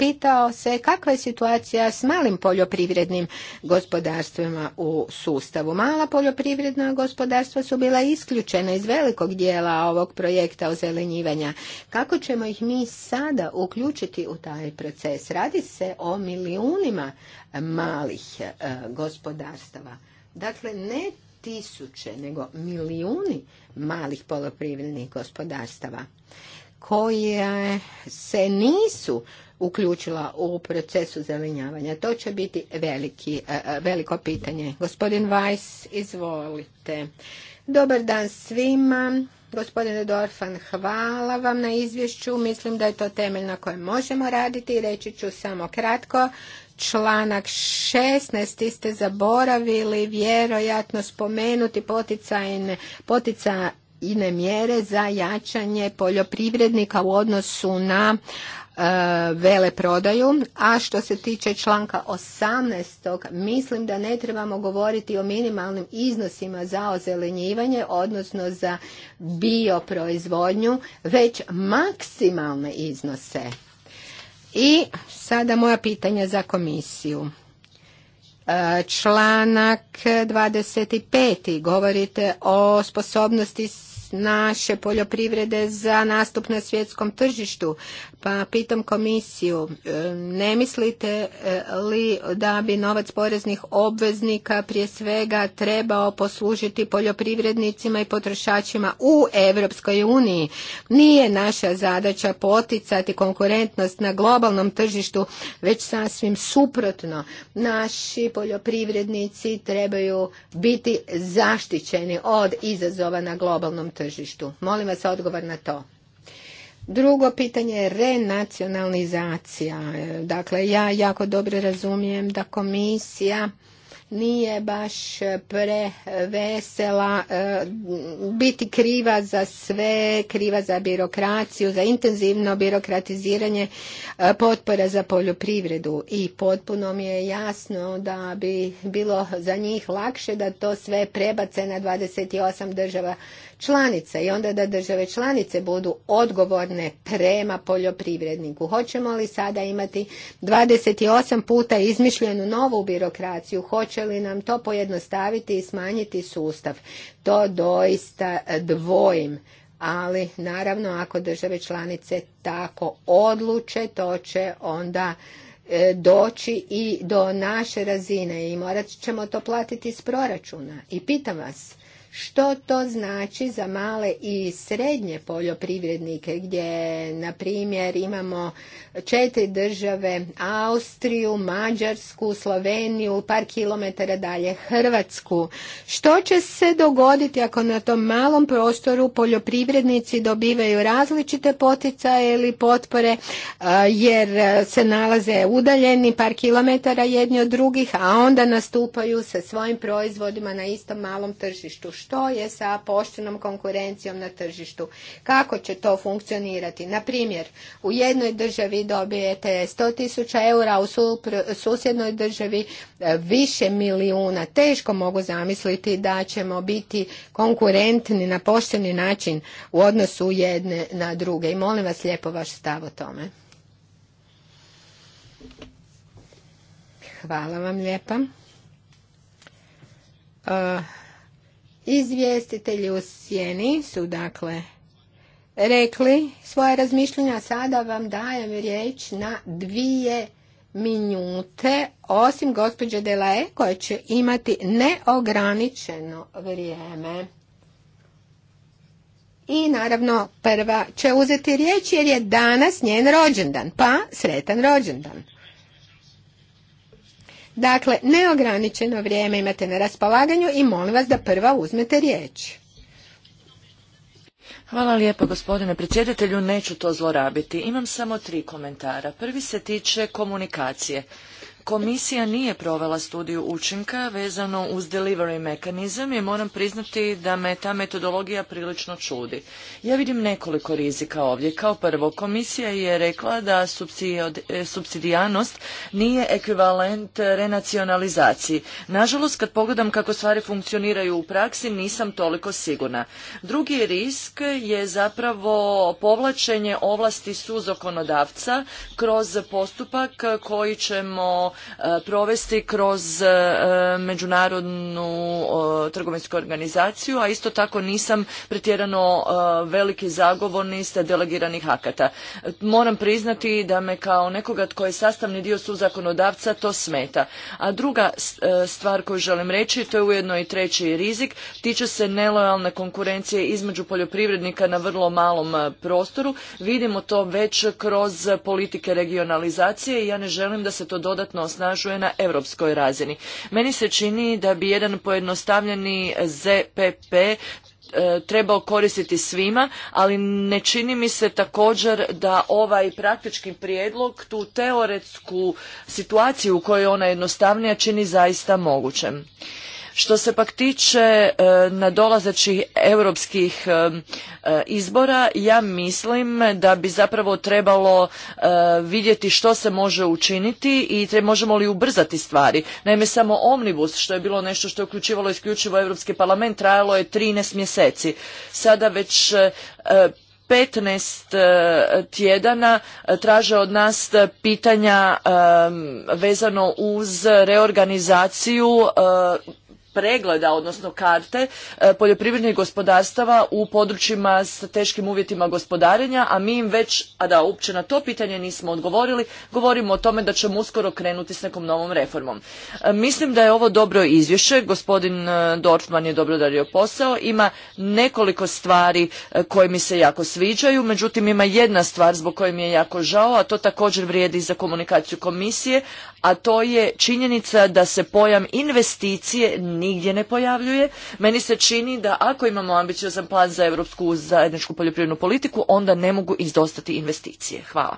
pitao se kakva je situacija s malim poljoprivrednim gospodarstvima u sustavu. Mala poljoprivredna gospodarstva su bila isključena iz velikog dijela ovog projekta ozelenjivanja. Kako ćemo ih mi sada uključiti u taj proces? Radi se o milijunima malih e, gospodarstava. Dakle, ne tisuće, nego milijuni malih poljoprivrednih gospodarstava koje se nisu uključila u procesu zelenjavanja. To će biti veliki, e, e, veliko pitanje. Gospodin Weiss, izvolite. Dobar dan svima. Gospodine Dorfan, hvala vam na izvješću. Mislim da je to temelj na kojem možemo raditi i reći ću samo kratko. Članak 16. ste zaboravili vjerojatno spomenuti poticajne, poticajne mjere za jačanje poljoprivrednika u odnosu na E, vele prodaju. A što se tiče članka 18. mislim da ne trebamo govoriti o minimalnim iznosima za ozelenjivanje, odnosno za bioproizvodnju, već maksimalne iznose. I sada moja pitanja za komisiju. E, članak 25. govorite o sposobnosti naše poljoprivrede za nastup na svjetskom tržištu. Pa pitam komisiju, e, ne mislite e, li da bi novac poreznih obveznika prije svega trebao poslužiti poljoprivrednicima i potrošačima u Europskoj uniji? Nije naša zadaća poticati konkurentnost na globalnom tržištu, već sasvim suprotno. Naši poljoprivrednici trebaju biti zaštićeni od izazova na globalnom tržištu. Molim vas odgovor na to. Drugo pitanje je renacionalizacija. Dakle, ja jako dobro razumijem da komisija nije baš prevesela e, biti kriva za sve, kriva za birokraciju, za intenzivno birokratiziranje e, potpora za poljoprivredu i potpuno mi je jasno da bi bilo za njih lakše da to sve prebace na 28 država članica i onda da države članice budu odgovorne prema poljoprivredniku. Hoćemo li sada imati 28 puta izmišljenu novu birokraciju? Hoće li nam to pojednostaviti i smanjiti sustav? To doista dvojim ali naravno ako države članice tako odluče to će onda e, doći i do naše razine i morat ćemo to platiti iz proračuna. I pitam vas, što to znači za male i srednje poljoprivrednike gdje, na primjer, imamo četiri države, Austriju, Mađarsku, Sloveniju, par kilometara dalje Hrvatsku. Što će se dogoditi ako na tom malom prostoru poljoprivrednici dobivaju različite poticaje ili potpore e, jer se nalaze udaljeni par kilometara jedni od drugih, a onda nastupaju sa svojim proizvodima na istom malom tržištu što je sa poštenom konkurencijom na tržištu. Kako će to funkcionirati? Na primjer, u jednoj državi dobijete 100.000 eura, u susjednoj državi e, više milijuna. Teško mogu zamisliti da ćemo biti konkurentni na pošteni način u odnosu jedne na druge. I molim vas lijepo vaš stav o tome. Hvala vam lijepa. E, Izvjestitelji u sjeni su dakle rekli svoje razmišljenja. Sada vam dajem riječ na dvije minute, osim gospođe Delae koja će imati neograničeno vrijeme. I naravno prva će uzeti riječ jer je danas njen rođendan, pa sretan rođendan. Dakle, neograničeno vrijeme imate na raspolaganju i molim vas da prva uzmete riječ. Hvala lijepo, gospodine predsjedatelju, neću to zlorabiti. Imam samo tri komentara. Prvi se tiče komunikacije. Komisija nije provela studiju učinka vezano uz delivery mekanizam i moram priznati da me ta metodologija prilično čudi. Ja vidim nekoliko rizika ovdje. Kao prvo, komisija je rekla da subsidijanost nije ekvivalent renacionalizaciji. Nažalost, kad pogledam kako stvari funkcioniraju u praksi, nisam toliko sigurna. Drugi risk je zapravo povlačenje ovlasti suzokonodavca kroz postupak koji ćemo E, provesti kroz e, međunarodnu trgovinsku organizaciju, a isto tako nisam pretjerano e, veliki zagovornik delegiranih akata. Moram priznati da me kao nekoga tko je sastavni dio su zakonodavca to smeta. A druga stvar koju želim reći, to je ujedno i treći rizik, tiče se nelojalne konkurencije između poljoprivrednika na vrlo malom prostoru. Vidimo to već kroz politike regionalizacije i ja ne želim da se to dodatno osnažuje na europskoj razini. Meni se čini da bi jedan pojednostavljeni ZPP e, trebao koristiti svima, ali ne čini mi se također da ovaj praktički prijedlog tu teoretsku situaciju u kojoj je ona jednostavnija čini zaista mogućem. Što se pak tiče e, nadolazećih europskih e, e, izbora, ja mislim da bi zapravo trebalo vidjeti što se može učiniti i možemo li ubrzati stvari. Naime, samo Omnibus, što je bilo nešto što je uključivalo isključivo Europski parlament, trajalo je 13 mjeseci. Sada već 15 tjedana traže od nas pitanja vezano uz reorganizaciju pregleda, odnosno karte e, poljoprivrednih gospodarstava u područjima s teškim uvjetima gospodarenja, a mi im već, a da uopće na to pitanje nismo odgovorili, govorimo o tome da ćemo uskoro krenuti s nekom novom reformom. E, mislim da je ovo dobro izvješće, gospodin e, Dorfman je dobro dario posao, ima nekoliko stvari koje mi se jako sviđaju, međutim ima jedna stvar zbog koje mi je jako žao, a to također vrijedi za komunikaciju komisije, a to je činjenica da se pojam investicije nije nigdje ne pojavljuje. Meni se čini da ako imamo ambiciozan plan za europsku zajedničku poljoprivrednu politiku, onda ne mogu izdostati investicije. Hvala.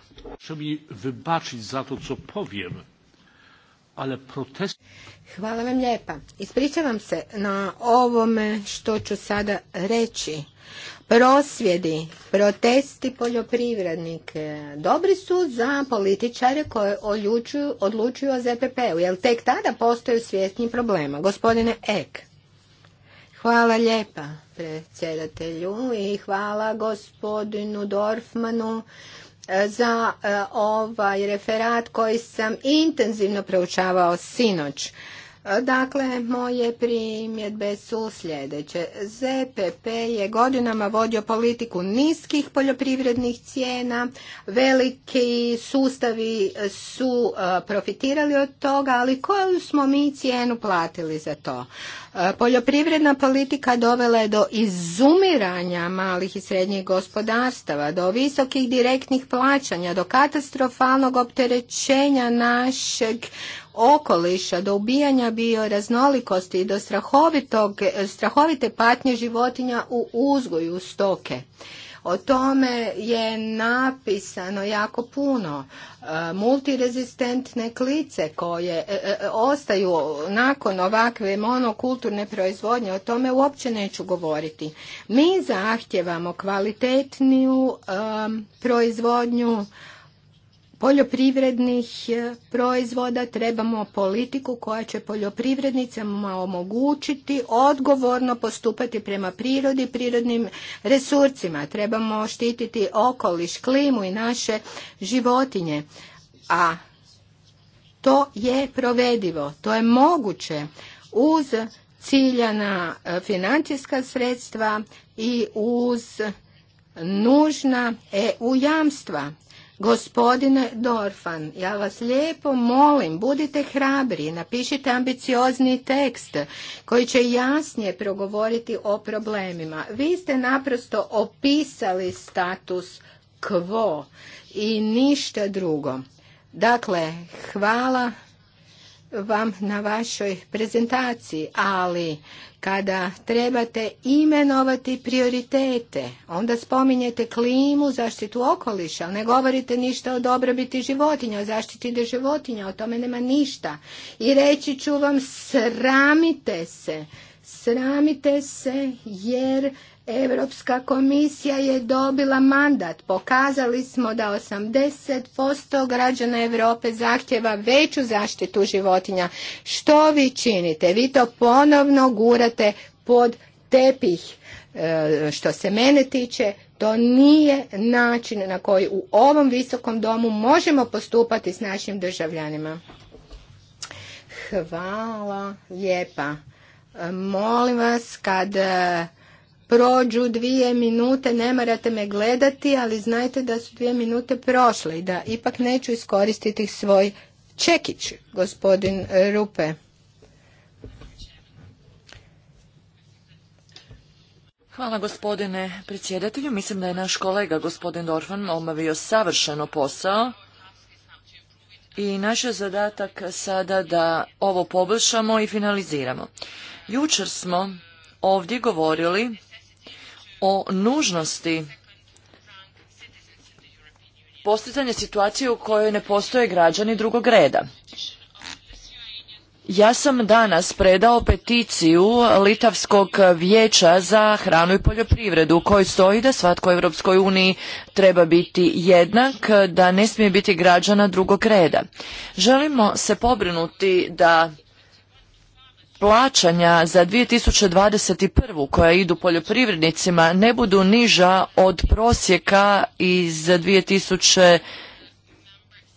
Hvala vam lijepa. Ispričavam se na ovome što ću sada reći, prosvjedi, protesti poljoprivrednike dobri su za političare koje odlučuju, odlučuju o ZPP-u, jer tek tada postaju svjesni problema. Gospodine Ek, hvala lijepa predsjedatelju i hvala gospodinu Dorfmanu e, za e, ovaj referat koji sam intenzivno proučavao sinoć. Dakle, moje primjedbe su sljedeće. ZPP je godinama vodio politiku niskih poljoprivrednih cijena, veliki sustavi su e, profitirali od toga, ali koju smo mi cijenu platili za to? E, poljoprivredna politika dovela je do izumiranja malih i srednjih gospodarstava, do visokih direktnih plaćanja, do katastrofalnog opterećenja našeg okoliša, do ubijanja bioraznolikosti i do strahovite patnje životinja u uzgoju stoke. O tome je napisano jako puno. E, multirezistentne klice koje e, e, ostaju nakon ovakve monokulturne proizvodnje, o tome uopće neću govoriti. Mi zahtjevamo kvalitetniju proizvodnju poljoprivrednih e, proizvoda, trebamo politiku koja će poljoprivrednicama omogućiti odgovorno postupati prema prirodi, prirodnim resursima. Trebamo štititi okoliš, klimu i naše životinje. A to je provedivo, to je moguće uz ciljana e, financijska sredstva i uz nužna EU jamstva. Gospodine Dorfan, ja vas lijepo molim, budite hrabri, napišite ambiciozni tekst koji će jasnije progovoriti o problemima. Vi ste naprosto opisali status quo i ništa drugo. Dakle, hvala vam na vašoj prezentaciji, ali kada trebate imenovati prioritete, onda spominjete klimu, zaštitu okoliša, ne govorite ništa o dobrobiti životinja, o zaštiti životinja, o tome nema ništa. I reći ću vam, sramite se, sramite se jer Europska komisija je dobila mandat. Pokazali smo da 80% građana Europe zahtjeva veću zaštitu životinja. Što vi činite? Vi to ponovno gurate pod tepih. E, što se mene tiče, to nije način na koji u ovom visokom domu možemo postupati s našim državljanima. Hvala lijepa. molim vas kad e, prođu dvije minute, ne morate me gledati, ali znajte da su dvije minute prošle i da ipak neću iskoristiti svoj čekić, gospodin Rupe. Hvala gospodine predsjedatelju. Mislim da je naš kolega gospodin Dorfan omavio savršeno posao i naš je zadatak sada da ovo poboljšamo i finaliziramo. Jučer smo ovdje govorili o nužnosti postizanja situacije u kojoj ne postoje građani drugog reda. Ja sam danas predao peticiju Litavskog vijeća za hranu i poljoprivredu u kojoj stoji da svatko u Europskoj uniji treba biti jednak, da ne smije biti građana drugog reda. Želimo se pobrinuti da plaćanja za 2021. koja idu poljoprivrednicima ne budu niža od prosjeka iz thousand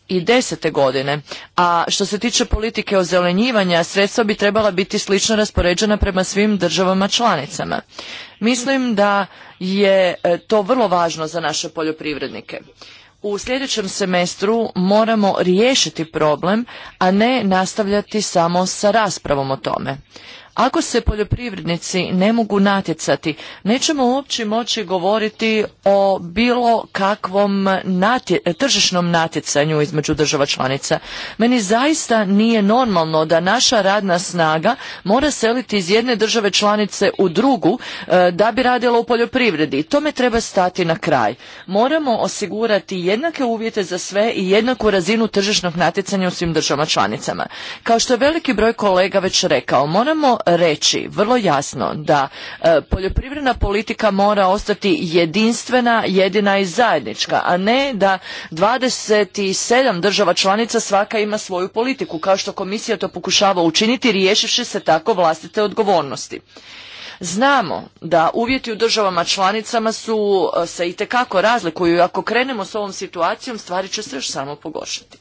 i deset godine, a što se tiče politike ozelenjivanja, sredstva bi trebala biti slično raspoređena prema svim državama članicama. Mislim da je e, to vrlo važno za naše poljoprivrednike u sljedećem semestru moramo riješiti problem, a ne nastavljati samo sa raspravom o tome. Ako se poljoprivrednici ne mogu natjecati, nećemo uopće moći govoriti o bilo kakvom natje, tržišnom natjecanju između država članica. Meni zaista nije normalno da naša radna snaga mora seliti iz jedne države članice u drugu e, da bi radila u poljoprivredi. Tome treba stati na kraj. Moramo osigurati jednake uvjete za sve i jednaku razinu tržišnog natjecanja u svim državama članicama. Kao što je veliki broj kolega već rekao, moramo reći vrlo jasno da e, poljoprivredna politika mora ostati jedinstvena, jedina i zajednička, a ne da 27 država članica svaka ima svoju politiku, kao što komisija to pokušava učiniti riješivši se tako vlastite odgovornosti. Znamo da uvjeti u državama članicama su e, se i tekako razlikuju. Ako krenemo s ovom situacijom, stvari će se još samo pogoršati.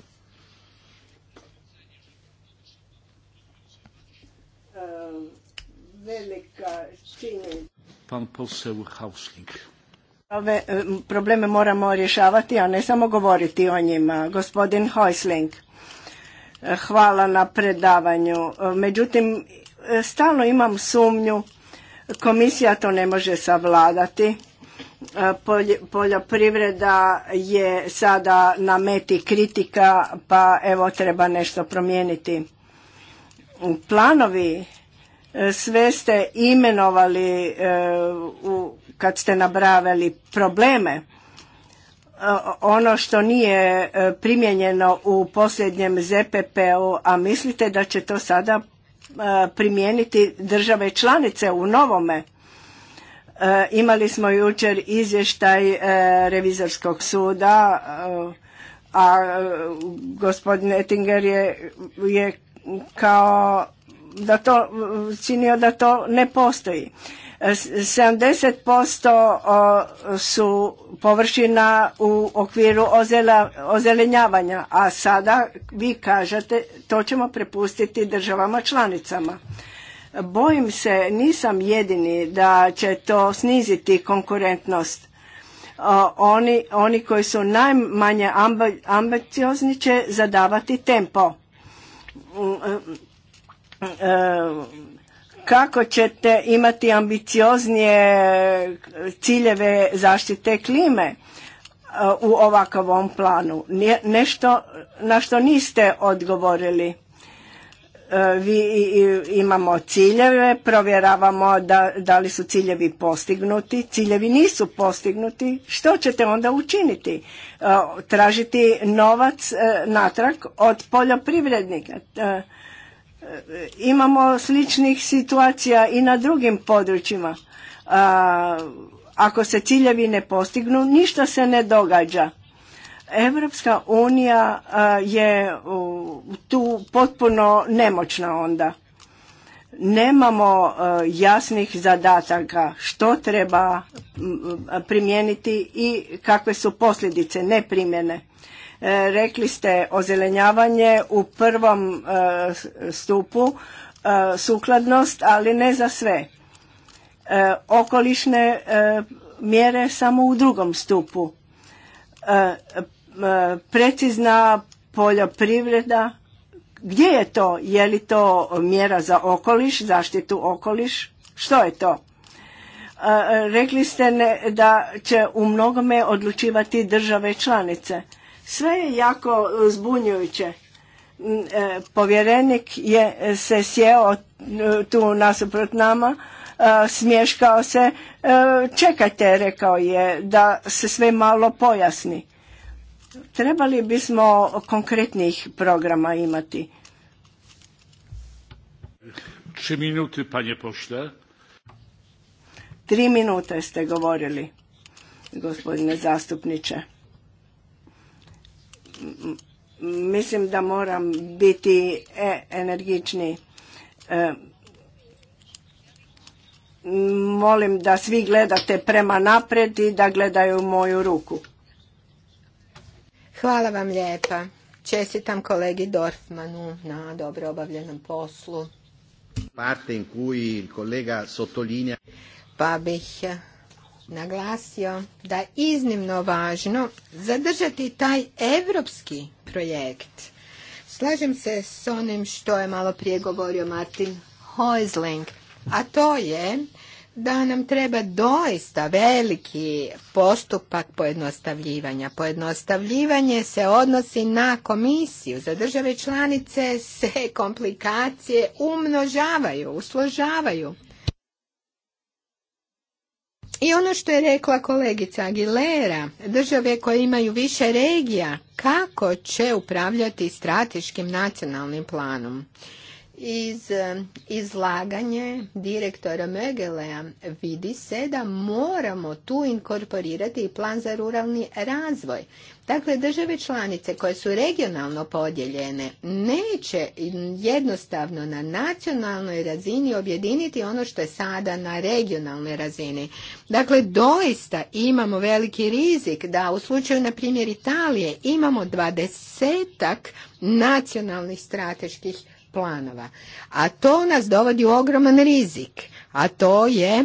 Ove e, probleme moramo rješavati, a ne samo govoriti o njima. Gospodin Hoisling, e, hvala na predavanju. E, međutim, stalno imam sumnju, komisija to ne može savladati. Poljoprivreda je sada na meti kritika, pa evo treba nešto promijeniti. Planovi sve ste imenovali e, u, kad ste nabravili probleme. E, ono što nije e, primijenjeno u posljednjem ZPP-u, a mislite da će to sada primijeniti države članice u novome. Imali smo jučer izvještaj revizorskog suda, a gospodin Ettinger je, je kao da to, činio da to ne postoji. 70% e, su površina u okviru ozelenjavanja, a sada vi kažete to ćemo prepustiti državama članicama. Bojim se, nisam jedini da će to sniziti konkurentnost. Oni, oni koji su najmanje ambiciozni će zadavati tempo mm, e, E, kako ćete imati ambicioznije ciljeve zaštite klime e, u ovakvom planu. Nešto na što niste odgovorili. E, vi imamo ciljeve, provjeravamo da, da li su ciljevi postignuti, ciljevi nisu postignuti, što ćete onda učiniti? Tražiti novac natrag od poljoprivrednika, Imamo sličnih situacija i na drugim područjima. Ako se ciljevi ne postignu, ništa se ne događa. Evropska unija je tu potpuno nemoćna onda. Nemamo jasnih zadataka što treba primijeniti i kakve su posljedice neprimjene. E, rekli ste ozelenjavanje u prvom e, stupu, e, sukladnost, ali ne za sve. Okolišne mjere samo u drugom stupu. Precizna poljoprivreda, gdje je to? Je li to mjera za okoliš, zaštitu okoliš? Što je to? Rekli ste da će u mnogome odlučivati države članice. Sve je jako e, zbunjujuće. Mm, e, povjerenik je e, se sjeo tu nasuprot nama, smješkao se. Čekajte, rekao je, da se sve malo pojasni. Trebali bismo konkretnih programa imati. Tri minute, panje pošte. Tri minute ste govorili, gospodine zastupniče mislim da moram biti e, energični. E, molim da svi gledate prema napred i da gledaju moju ruku. Hvala vam lijepa. Čestitam kolegi Dorfmanu na dobro obavljenom poslu. Parte cui il collega pa bih naglasio da je iznimno važno zadržati taj evropski projekt. Slažem se s onim što je malo prije govorio Martin Heusling, a to je da nam treba doista veliki postupak pojednostavljivanja. Pojednostavljivanje se odnosi na komisiju. Za države članice se komplikacije umnožavaju, usložavaju. I ono što je rekla kolegica Aguilera, države koje imaju više regija, kako će upravljati strateškim nacionalnim planom? Iz e, izlaganje direktora Megelea vidi se da moramo tu inkorporirati i plan za ruralni razvoj. Dakle, države članice koje su regionalno podijeljene neće jednostavno na nacionalnoj razini objediniti ono što je sada na regionalnoj razini. Dakle, doista imamo veliki rizik da u slučaju, na primjer, Italije imamo dvadesetak nacionalnih strateških planova. A to nas dovodi u ogroman rizik, a to je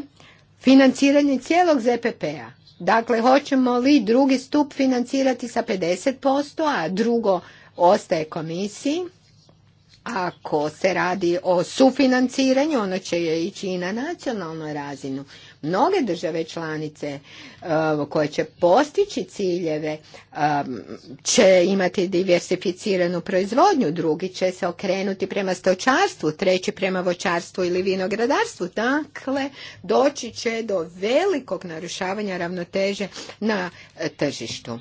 financiranje cijelog ZPP-a. Dakle, hoćemo li drugi stup financirati sa 50%, a drugo ostaje komisiji? Ako se radi o sufinanciranju, ono će ići i na nacionalnu razinu mnoge države članice e, koje će postići ciljeve e, će imati diversificiranu proizvodnju, drugi će se okrenuti prema stočarstvu, treći prema voćarstvu ili vinogradarstvu. Dakle, doći će do velikog narušavanja ravnoteže na e, tržištu.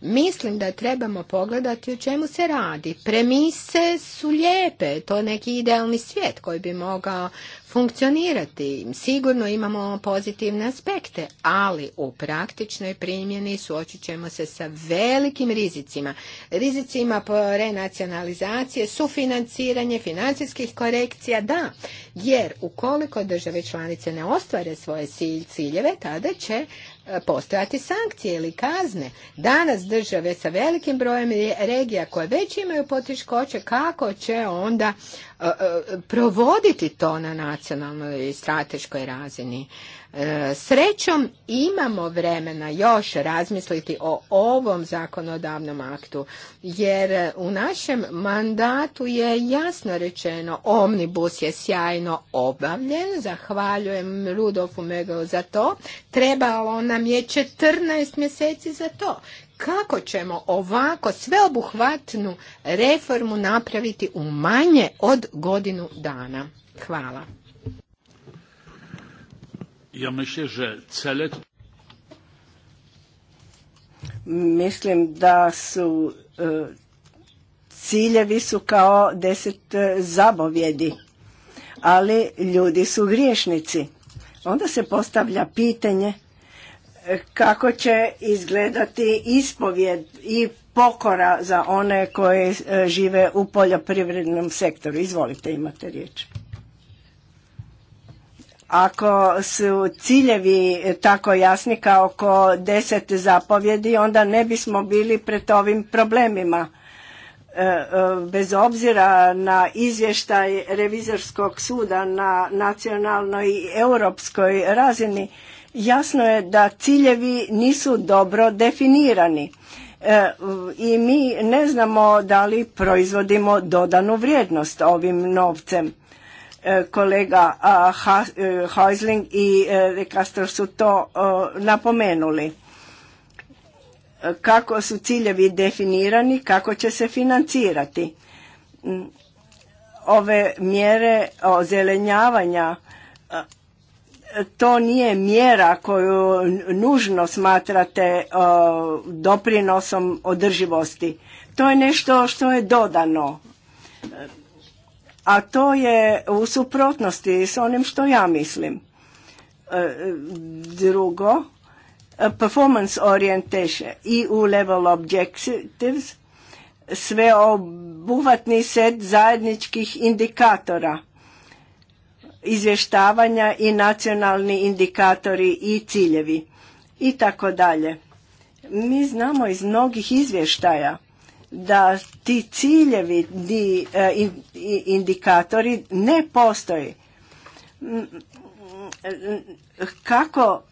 Mislim da trebamo pogledati o čemu se radi. Premise su lijepe, to je neki idealni svijet koji bi mogao funkcionirati. Sigurno imamo pozitivne aspekte, ali u praktičnoj primjeni suočit ćemo se sa velikim rizicima. Rizicima po renacionalizacije, sufinanciranje, financijskih korekcija, da, jer ukoliko države članice ne ostvare svoje ciljeve, tada će E, postojati sankcije ili kazne. Danas države sa velikim brojem regija koje već imaju poteškoće, kako će onda E, e, provoditi to na nacionalnoj i strateškoj razini. E, srećom imamo vremena još razmisliti o ovom zakonodavnom aktu, jer u našem mandatu je jasno rečeno omnibus je sjajno obavljen, zahvaljujem Rudolfu Megelu za to, trebalo nam je 14 mjeseci za to kako ćemo ovako sveobuhvatnu reformu napraviti u manje od godinu dana. Hvala. Ja Mislim da su e, ciljevi su kao deset e, zabovjedi, ali ljudi su griješnici. Onda se postavlja pitanje kako će izgledati ispovjed i pokora za one koje e, žive u poljoprivrednom sektoru. Izvolite, imate riječ. Ako su ciljevi e, tako jasni kao oko deset zapovjedi, onda ne bismo bili pred ovim problemima. E, bez obzira na izvještaj revizorskog suda na nacionalnoj i europskoj razini, Jasno je da ciljevi nisu dobro definirani e, i mi ne znamo da li proizvodimo dodanu vrijednost ovim novcem. E, kolega Heusling i e, Castro su to napomenuli. Kako su ciljevi definirani, kako će se financirati. Mm, ove mjere ozelenjavanja to nije mjera koju nužno smatrate e, doprinosom održivosti. To je nešto što je dodano. A to je u suprotnosti s onim što ja mislim. E, drugo, performance orientation i u level objectives sveobuhvatni set zajedničkih indikatora – izvještavanja i nacionalni indikatori i ciljevi i tako dalje. Mi znamo iz mnogih izvještaja da ti ciljevi e, i indikatori ne postoji. Kako,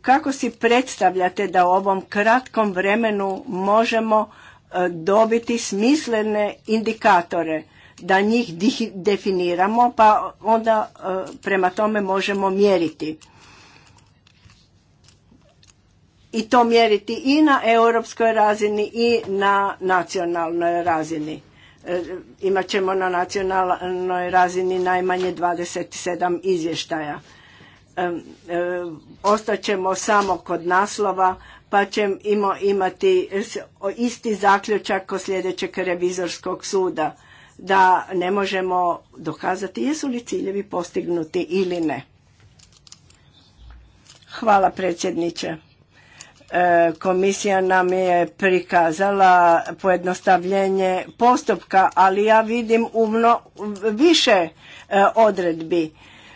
kako si predstavljate da u ovom kratkom vremenu možemo e, dobiti smislene indikatore da njih definiramo pa onda e, prema tome možemo mjeriti. I to mjeriti i na europskoj razini i na nacionalnoj razini. E, imat ćemo na nacionalnoj razini najmanje 27 izvještaja. E, Ostaćemo samo kod naslova pa ćemo imati isti zaključak kod sljedećeg revizorskog suda da ne možemo dokazati jesu li ciljevi postignuti ili ne. Hvala predsjedniče. E, komisija nam je prikazala pojednostavljenje postupka, ali ja vidim umno više e, odredbi.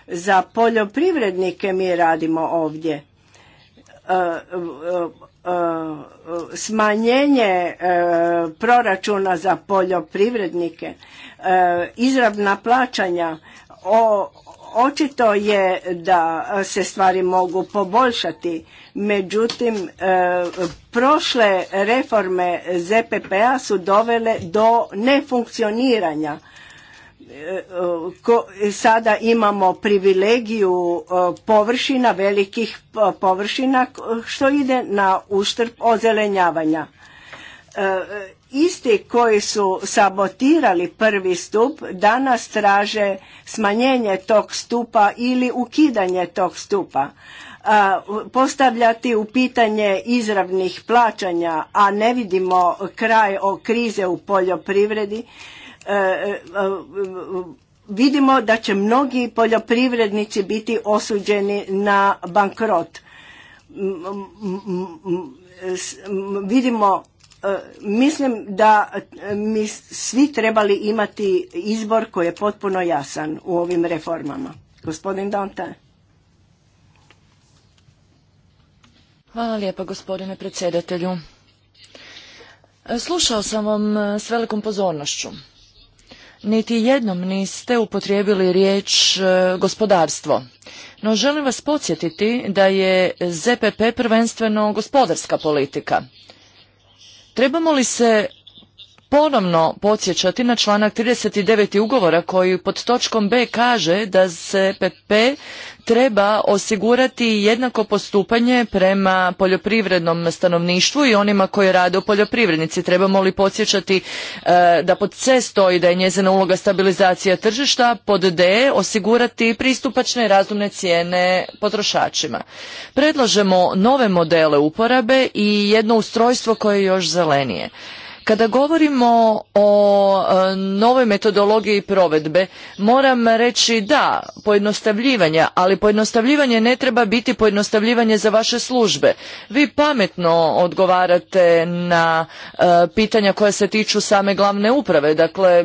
Za poljoprivrednike mi radimo ovdje e, E, smanjenje e, proračuna za poljoprivrednike, e, izravna plaćanja, očito je da se stvari mogu poboljšati. Međutim, prošle reforme ZPP-a su dovele do nefunkcioniranja sada imamo privilegiju e, površina, velikih e, površina, što ide na uštrb ozelenjavanja. E, isti koji su sabotirali prvi stup danas traže smanjenje tog stupa ili ukidanje tog stupa. Postavljati u pitanje izravnih plaćanja, a ne vidimo kraj o krize u poljoprivredi, E, e, e, vidimo da će mnogi poljoprivrednici biti osuđeni na bankrot. Vidimo, mislim da mi svi trebali imati izbor koji je potpuno jasan u ovim reformama. Gospodin Dante. Hvala lijepa gospodine predsjedatelju. Slušao sam vam s velikom pozornošću niti jednom niste upotrijebili riječ e, gospodarstvo. No želim vas podsjetiti da je ZPP prvenstveno gospodarska politika. Trebamo li se ponovno podsjećati na članak 39. ugovora koji pod točkom B kaže da se PP treba osigurati jednako postupanje prema poljoprivrednom stanovništvu i onima koji rade u poljoprivrednici. Trebamo li podsjećati e, da pod C stoji da je njezina uloga stabilizacija tržišta, pod D osigurati pristupačne razumne cijene potrošačima. Predlažemo nove modele uporabe i jedno ustrojstvo koje je još zelenije. Kada govorimo o e, novoj metodologiji provedbe, moram reći da, pojednostavljivanje, ali pojednostavljivanje ne treba biti pojednostavljivanje za vaše službe. Vi pametno odgovarate na e, pitanja koja se tiču same glavne uprave, dakle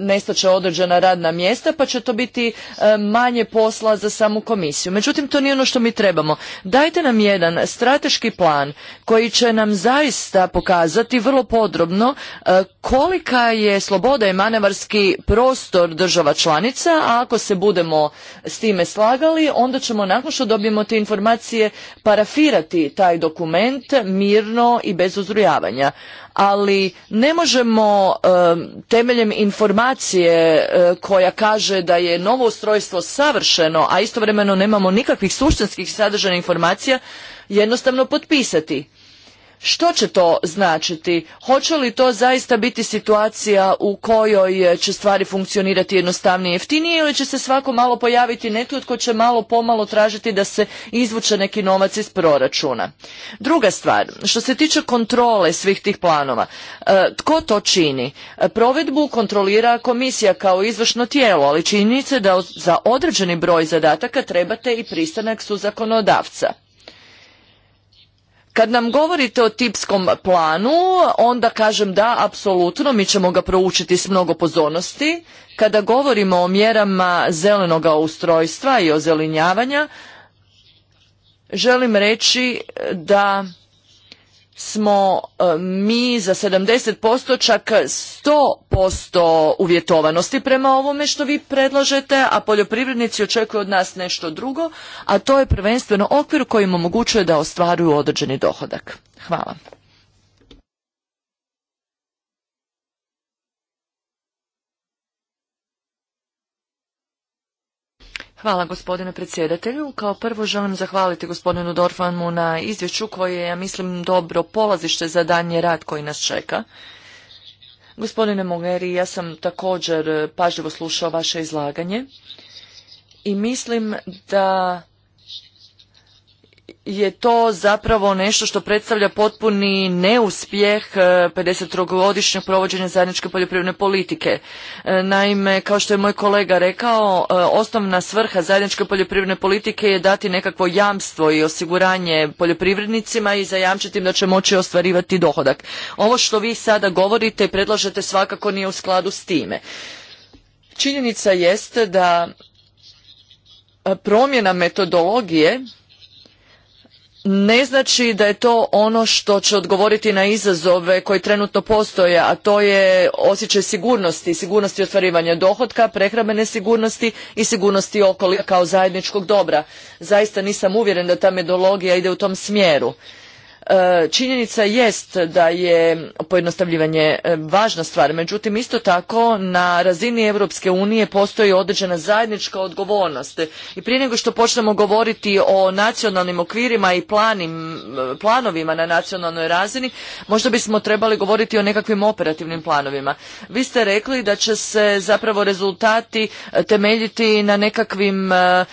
nestaće određena radna mjesta pa će to biti e, manje posla za samu komisiju. Međutim, to nije ono što mi trebamo. Dajte nam jedan strateški plan koji će nam zaista pokazati vrlo podrobno E, kolika je sloboda i manevarski prostor država članica, a ako se budemo s time slagali, onda ćemo nakon što dobijemo te informacije parafirati taj dokument mirno i bez uzrujavanja. Ali ne možemo e, temeljem informacije e, koja kaže da je novo ustrojstvo savršeno, a istovremeno nemamo nikakvih suštinskih sadržana informacija, jednostavno potpisati. Što će to značiti? Hoće li to zaista biti situacija u kojoj će stvari funkcionirati jednostavnije i jeftinije ili će se svako malo pojaviti netko tko će malo pomalo tražiti da se izvuče neki novac iz proračuna? Druga stvar, što se tiče kontrole svih tih planova, e, tko to čini? E, provedbu kontrolira komisija kao izvršno tijelo, ali činjenica da za određeni broj zadataka trebate i pristanak su zakonodavca. Kad nam govorite o tipskom planu, onda kažem da, apsolutno, mi ćemo ga proučiti s mnogo pozornosti. Kada govorimo o mjerama zelenog ustrojstva i zelenjavanja, želim reći da smo e, mi za 70% čak 100% uvjetovanosti prema ovome što vi predlažete, a poljoprivrednici očekuju od nas nešto drugo, a to je prvenstveno okvir koji im omogućuje da ostvaruju određeni dohodak. Hvala. Hvala gospodine predsjedatelju. Kao prvo želim zahvaliti gospodinu Dorfanu na izvješću koje je, ja mislim, dobro polazište za danje rad koji nas čeka. Gospodine Mogeri, ja sam također pažljivo slušao vaše izlaganje i mislim da je to zapravo nešto što predstavlja potpuni neuspjeh 53-godišnjeg e, provođenja zajedničke poljoprivredne politike. E, naime, kao što je moj kolega rekao, e, osnovna svrha zajedničke poljoprivredne politike je dati nekakvo jamstvo i osiguranje poljoprivrednicima i zajamčiti im da će moći ostvarivati dohodak. Ovo što vi sada govorite i predlažete svakako nije u skladu s time. Činjenica jeste da promjena metodologije ne znači da je to ono što će odgovoriti na izazove koji trenutno postoje, a to je osjećaj sigurnosti, sigurnosti ostvarivanja dohotka, prehrambene sigurnosti i sigurnosti okolika kao zajedničkog dobra. Zaista nisam uvjeren da ta metodologija ide u tom smjeru. E, činjenica jest da je pojednostavljivanje e, važna stvar, međutim isto tako na razini Europske unije postoji određena zajednička odgovornost i prije nego što počnemo govoriti o nacionalnim okvirima i e, planovima na nacionalnoj razini, možda bismo trebali govoriti o nekakvim operativnim planovima. Vi ste rekli da će se zapravo rezultati temeljiti na nekakvim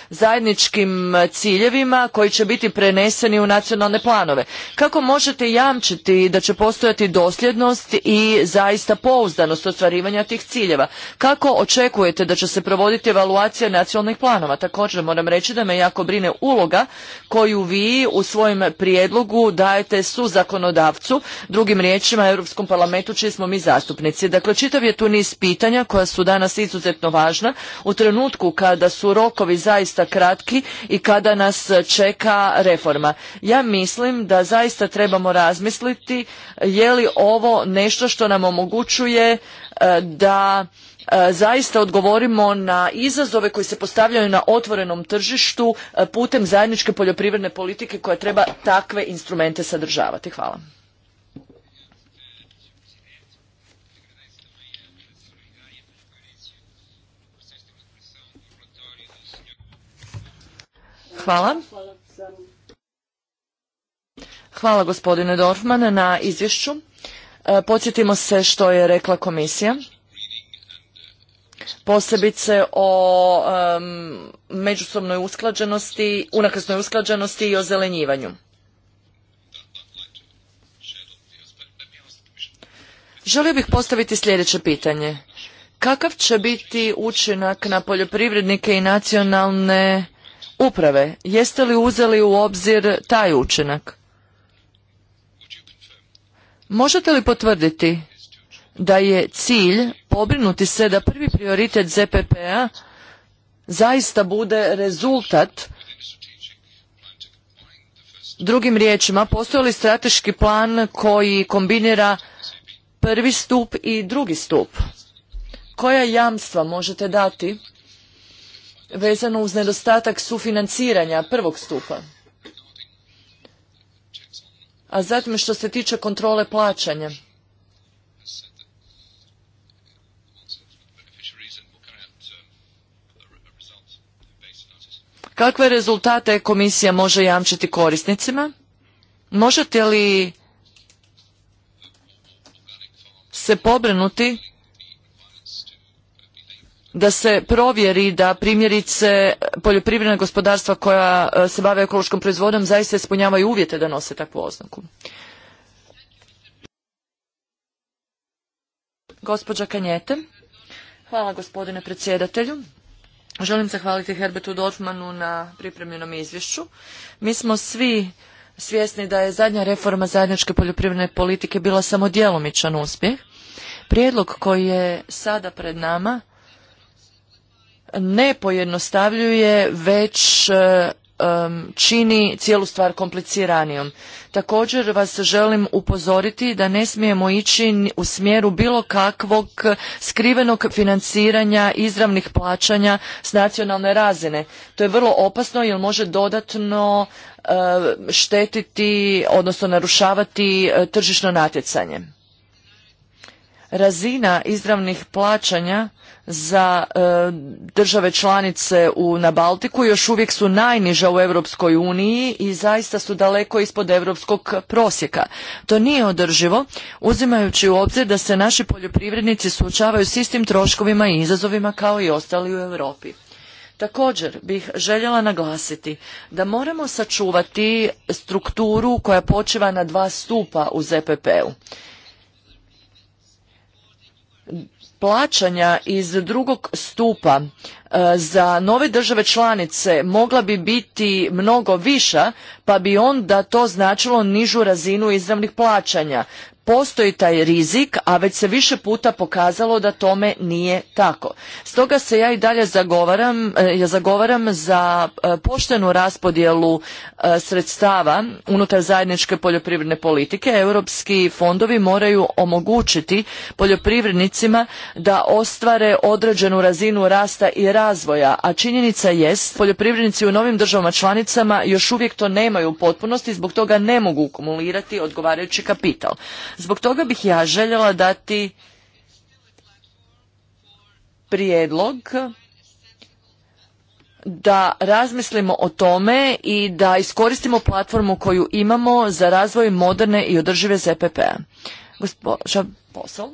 zajedničkim ciljevima koji će biti preneseni u nacionalne planove kako možete jamčiti da će postojati dosljednost i zaista pouzdanost ostvarivanja tih ciljeva? Kako očekujete da će se provoditi evaluacija nacionalnih planova? Također moram reći da me jako brine uloga koju vi u svojem prijedlogu dajete su zakonodavcu, drugim riječima Europskom parlamentu čiji smo mi zastupnici. Dakle, čitav je tu niz pitanja koja su danas izuzetno važna u trenutku kada su rokovi zaista kratki i kada nas čeka reforma. Ja mislim da zaista zaista trebamo razmisliti je li ovo nešto što nam omogućuje e, da e, zaista odgovorimo na izazove koji se postavljaju na otvorenom tržištu e, putem zajedničke poljoprivredne politike koja treba takve instrumente sadržavati. Hvala. Hvala. Hvala gospodine Dorfman na izvješću. E, podsjetimo se što je rekla komisija posebice o međusobnoj usklađenosti, unakrasnoj usklađenosti i o zelenjivanju. Želio bih postaviti sljedeće pitanje. Kakav će biti učinak na poljoprivrednike i nacionalne uprave? Jeste li uzeli u obzir taj učinak? Možete li potvrditi da je cilj pobrinuti se da prvi prioritet ZPP-a zaista bude rezultat drugim riječima postoji li strateški plan koji kombinira prvi stup i drugi stup koja jamstva možete dati vezano uz nedostatak sufinanciranja prvog stupa a zatim što se tiče kontrole plaćanja. Kakve rezultate komisija može jamčiti korisnicima? Možete li se pobrinuti da se provjeri da primjerice poljoprivredna gospodarstva koja e, se bave ekološkom proizvodom zaista ispunjavaju uvjete da nose takvu oznaku. Gospođa Kanjete. Hvala gospodine predsjedatelju. Želim zahvaliti Herbertu Dorfmanu na pripremljenom izvješću. Mi smo svi svjesni da je zadnja reforma zajedničke poljoprivredne politike bila samo djelomičan uspjeh. Prijedlog koji je sada pred nama ne pojednostavljuje, već e, čini cijelu stvar kompliciranijom. Također vas želim upozoriti da ne smijemo ići u smjeru bilo kakvog skrivenog financiranja izravnih plaćanja s nacionalne razine. To je vrlo opasno jer može dodatno e, štetiti, odnosno narušavati e, tržišno natjecanje razina izravnih plaćanja za e, države članice u, na Baltiku još uvijek su najniža u Europskoj uniji i zaista su daleko ispod europskog prosjeka. To nije održivo, uzimajući u obzir da se naši poljoprivrednici suočavaju s istim troškovima i izazovima kao i ostali u Europi. Također bih željela naglasiti da moramo sačuvati strukturu koja počiva na dva stupa u ZPP-u plaćanja iz drugog stupa e, za nove države članice mogla bi biti mnogo viša, pa bi onda to značilo nižu razinu izravnih plaćanja postoji taj rizik, a već se više puta pokazalo da tome nije tako. Stoga se ja i dalje zagovaram, eh, ja zagovaram za eh, poštenu raspodjelu eh, sredstava unutar zajedničke poljoprivredne politike. Europski fondovi moraju omogućiti poljoprivrednicima da ostvare određenu razinu rasta i razvoja, a činjenica jest poljoprivrednici u novim državama članicama još uvijek to nemaju u potpunosti, zbog toga ne mogu kumulirati odgovarajući kapital. Zbog toga bih ja željela dati prijedlog da razmislimo o tome i da iskoristimo platformu koju imamo za razvoj moderne i održive ZPP-a. Gospođa Posol.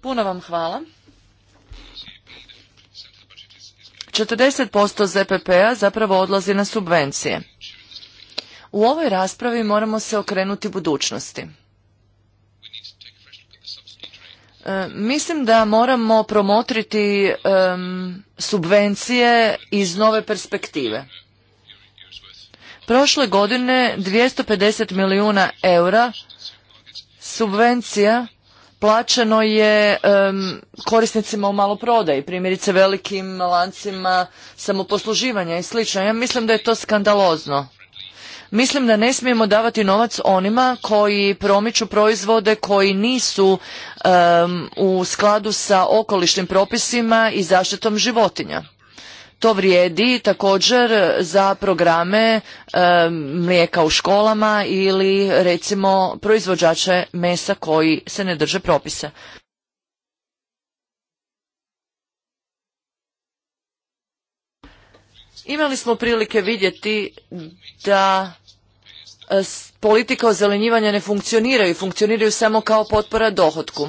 Puno vam hvala. 40% ZPP-a zapravo odlazi na subvencije. U ovoj raspravi moramo se okrenuti budućnosti. E, mislim da moramo promotriti subvencije iz nove perspektive. Prošle godine 250 milijuna eura subvencija plaćeno je korisnicima u maloprodaji, primjerice velikim lancima samoposluživanja i slično. Ja mislim da je to skandalozno. Mislim da ne smijemo davati novac onima koji promiču proizvode koji nisu u skladu sa okolišnim propisima i zaštitom životinja. To vrijedi također za programe e, mlijeka u školama ili recimo proizvođače mesa koji se ne drže propisa. Imali smo prilike vidjeti da e, politika ozelenjivanja ne funkcioniraju, funkcioniraju samo kao potpora dohotku.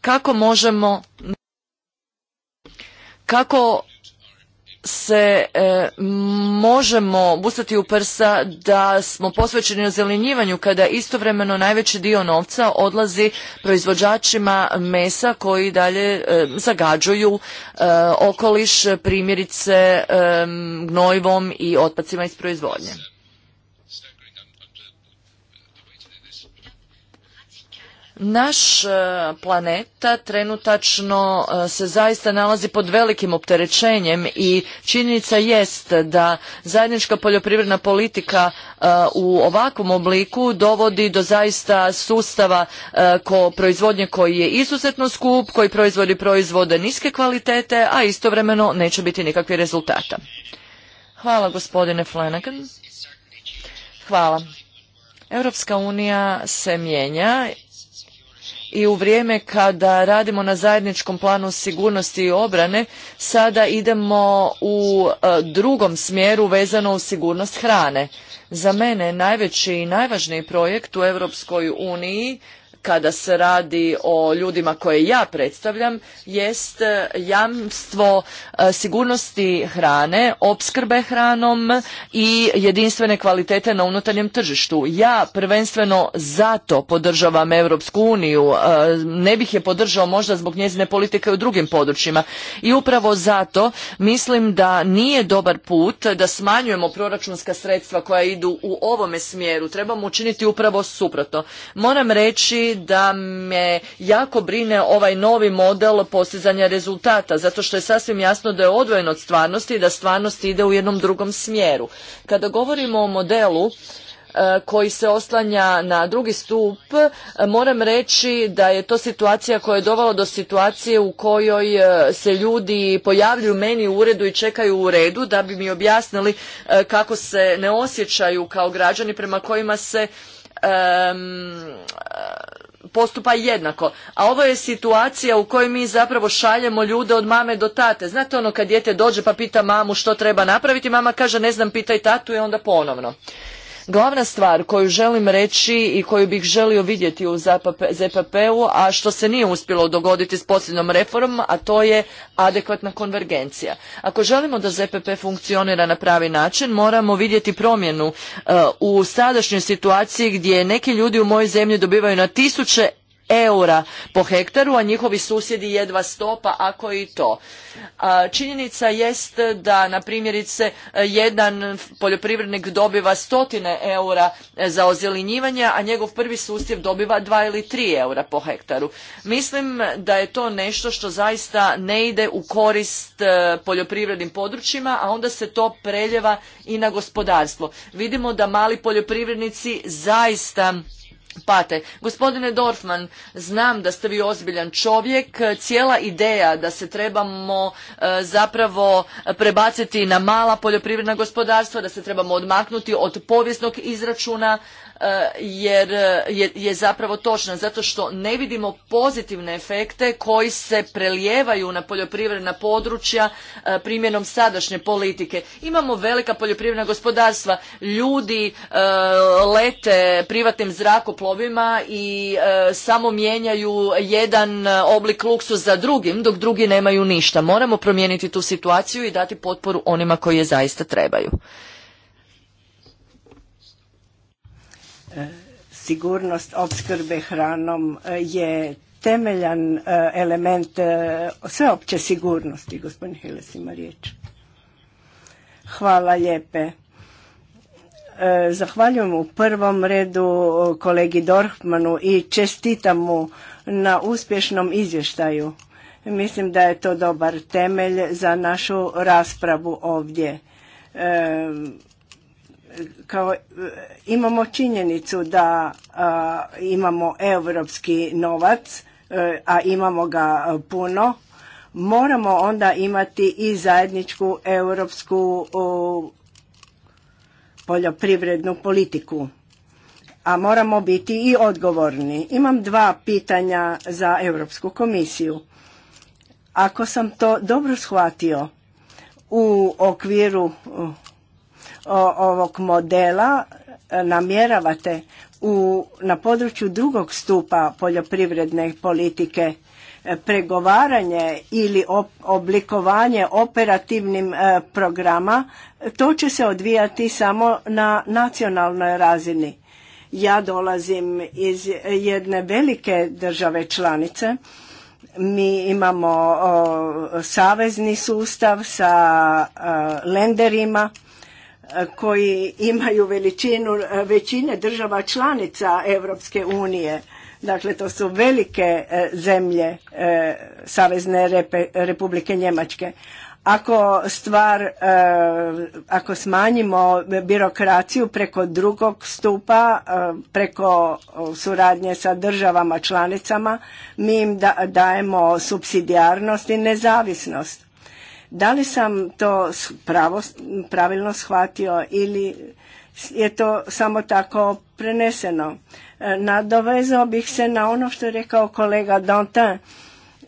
Kako možemo kako se e, možemo bustati u prsa da smo posvećeni zelenjivanju kada istovremeno najveći dio novca odlazi proizvođačima mesa koji dalje e, zagađuju e, okoliš primjerice gnojvom i otpacima iz proizvodnje. Naš e, planeta trenutačno e, se zaista nalazi pod velikim opterećenjem i činjenica jest da zajednička poljoprivredna politika e, u ovakvom obliku dovodi do zaista sustava ko proizvodnje koji je izuzetno skup, koji proizvodi proizvode niske kvalitete, a istovremeno neće biti nikakvih rezultata. Hvala gospodine Flanagan. Hvala. Europska unija se mijenja i u vrijeme kada radimo na zajedničkom planu sigurnosti i obrane, sada idemo u e, drugom smjeru vezano u sigurnost hrane. Za mene najveći i najvažniji projekt u Europskoj uniji kada se radi o ljudima koje ja predstavljam jest e, jamstvo e, sigurnosti hrane, opskrbe hranom i jedinstvene kvalitete na unutarnjem tržištu. Ja prvenstveno zato podržavam Europsku uniju, e, ne bih je podržao možda zbog njezine politike u drugim područjima i upravo zato mislim da nije dobar put da smanjujemo proračunska sredstva koja idu u ovome smjeru, trebamo učiniti upravo suprotno. Moram reći da me jako brine ovaj novi model postizanja rezultata, zato što je sasvim jasno da je odvojen od stvarnosti i da stvarnost ide u jednom drugom smjeru. Kada govorimo o modelu, e, koji se oslanja na drugi stup, e, moram reći da je to situacija koja je dovala do situacije u kojoj e, se ljudi pojavljuju meni u uredu i čekaju u redu da bi mi objasnili kako se ne osjećaju kao građani prema kojima se postupa jednako. A ovo je situacija u kojoj mi zapravo šaljemo ljude od mame do tate. Znate ono kad dijete dođe pa pita mamu što treba napraviti, mama kaže ne znam pitaj tatu i onda ponovno. Glavna stvar koju želim reći i koju bih želio vidjeti u ZPP-u, a što se nije uspjelo dogoditi s posljednom reformom, a to je adekvatna konvergencija. Ako želimo da ZPP funkcionira na pravi način, moramo vidjeti promjenu e, u sadašnjoj situaciji gdje neki ljudi u mojoj zemlji dobivaju na tisuće eura po hektaru, a njihovi susjedi jedva stopa, ako i to. činjenica jest da, na primjerice, jedan poljoprivrednik dobiva stotine eura e, za ozelinjivanje, a njegov prvi susjed dobiva dva ili tri eura po hektaru. Mislim da je to nešto što zaista ne ide u korist e, poljoprivrednim područjima, a onda se to preljeva i na gospodarstvo. Vidimo da mali poljoprivrednici zaista pate. Gospodine Dorfman, znam da ste vi ozbiljan čovjek. Cijela ideja da se trebamo e, zapravo prebaciti na mala poljoprivredna gospodarstva, da se trebamo odmaknuti od povijesnog izračuna E, jer e, je, zapravo točno, zato što ne vidimo pozitivne efekte koji se prelijevaju na poljoprivredna područja e, primjenom sadašnje politike. Imamo velika poljoprivredna gospodarstva, ljudi lete privatnim zrakoplovima i samo mijenjaju jedan oblik luksu za drugim dok drugi nemaju ništa. Moramo promijeniti tu situaciju i dati potporu onima koji je zaista trebaju. E, sigurnost opskrbe hranom e, je temeljan e, element sveopće sigurnosti. Gospodin Hiles ima riječ. Hvala lijepe. Zahvaljujem u prvom redu kolegi Dorfmanu i čestitam mu na uspješnom izvještaju. Mislim da je to dobar temelj za našu raspravu ovdje kao e, imamo činjenicu da imamo europski novac e, a imamo ga e, puno moramo onda imati i zajedničku europsku poljoprivrednu politiku a moramo biti i odgovorni imam dva pitanja za europsku komisiju ako sam to dobro shvatio u okviru ovog modela e, namjeravate u, na području drugog stupa poljoprivredne politike e, pregovaranje ili oblikovanje operativnim e, programa, to će se odvijati samo na nacionalnoj razini. Ja dolazim iz jedne velike države članice. Mi imamo savezni sustav sa lenderima E, koji imaju veličinu e, većine država članica Europske unije. Dakle, to su velike e, zemlje Savezne Republike Njemačke. Ako stvar, ako smanjimo birokraciju preko drugog stupa, preko suradnje sa državama članicama, mi im dajemo subsidijarnost i nezavisnost da li sam to pravo, pravilno shvatio ili je to samo tako preneseno? E, nadovezao bih se na ono što je rekao kolega Dantin.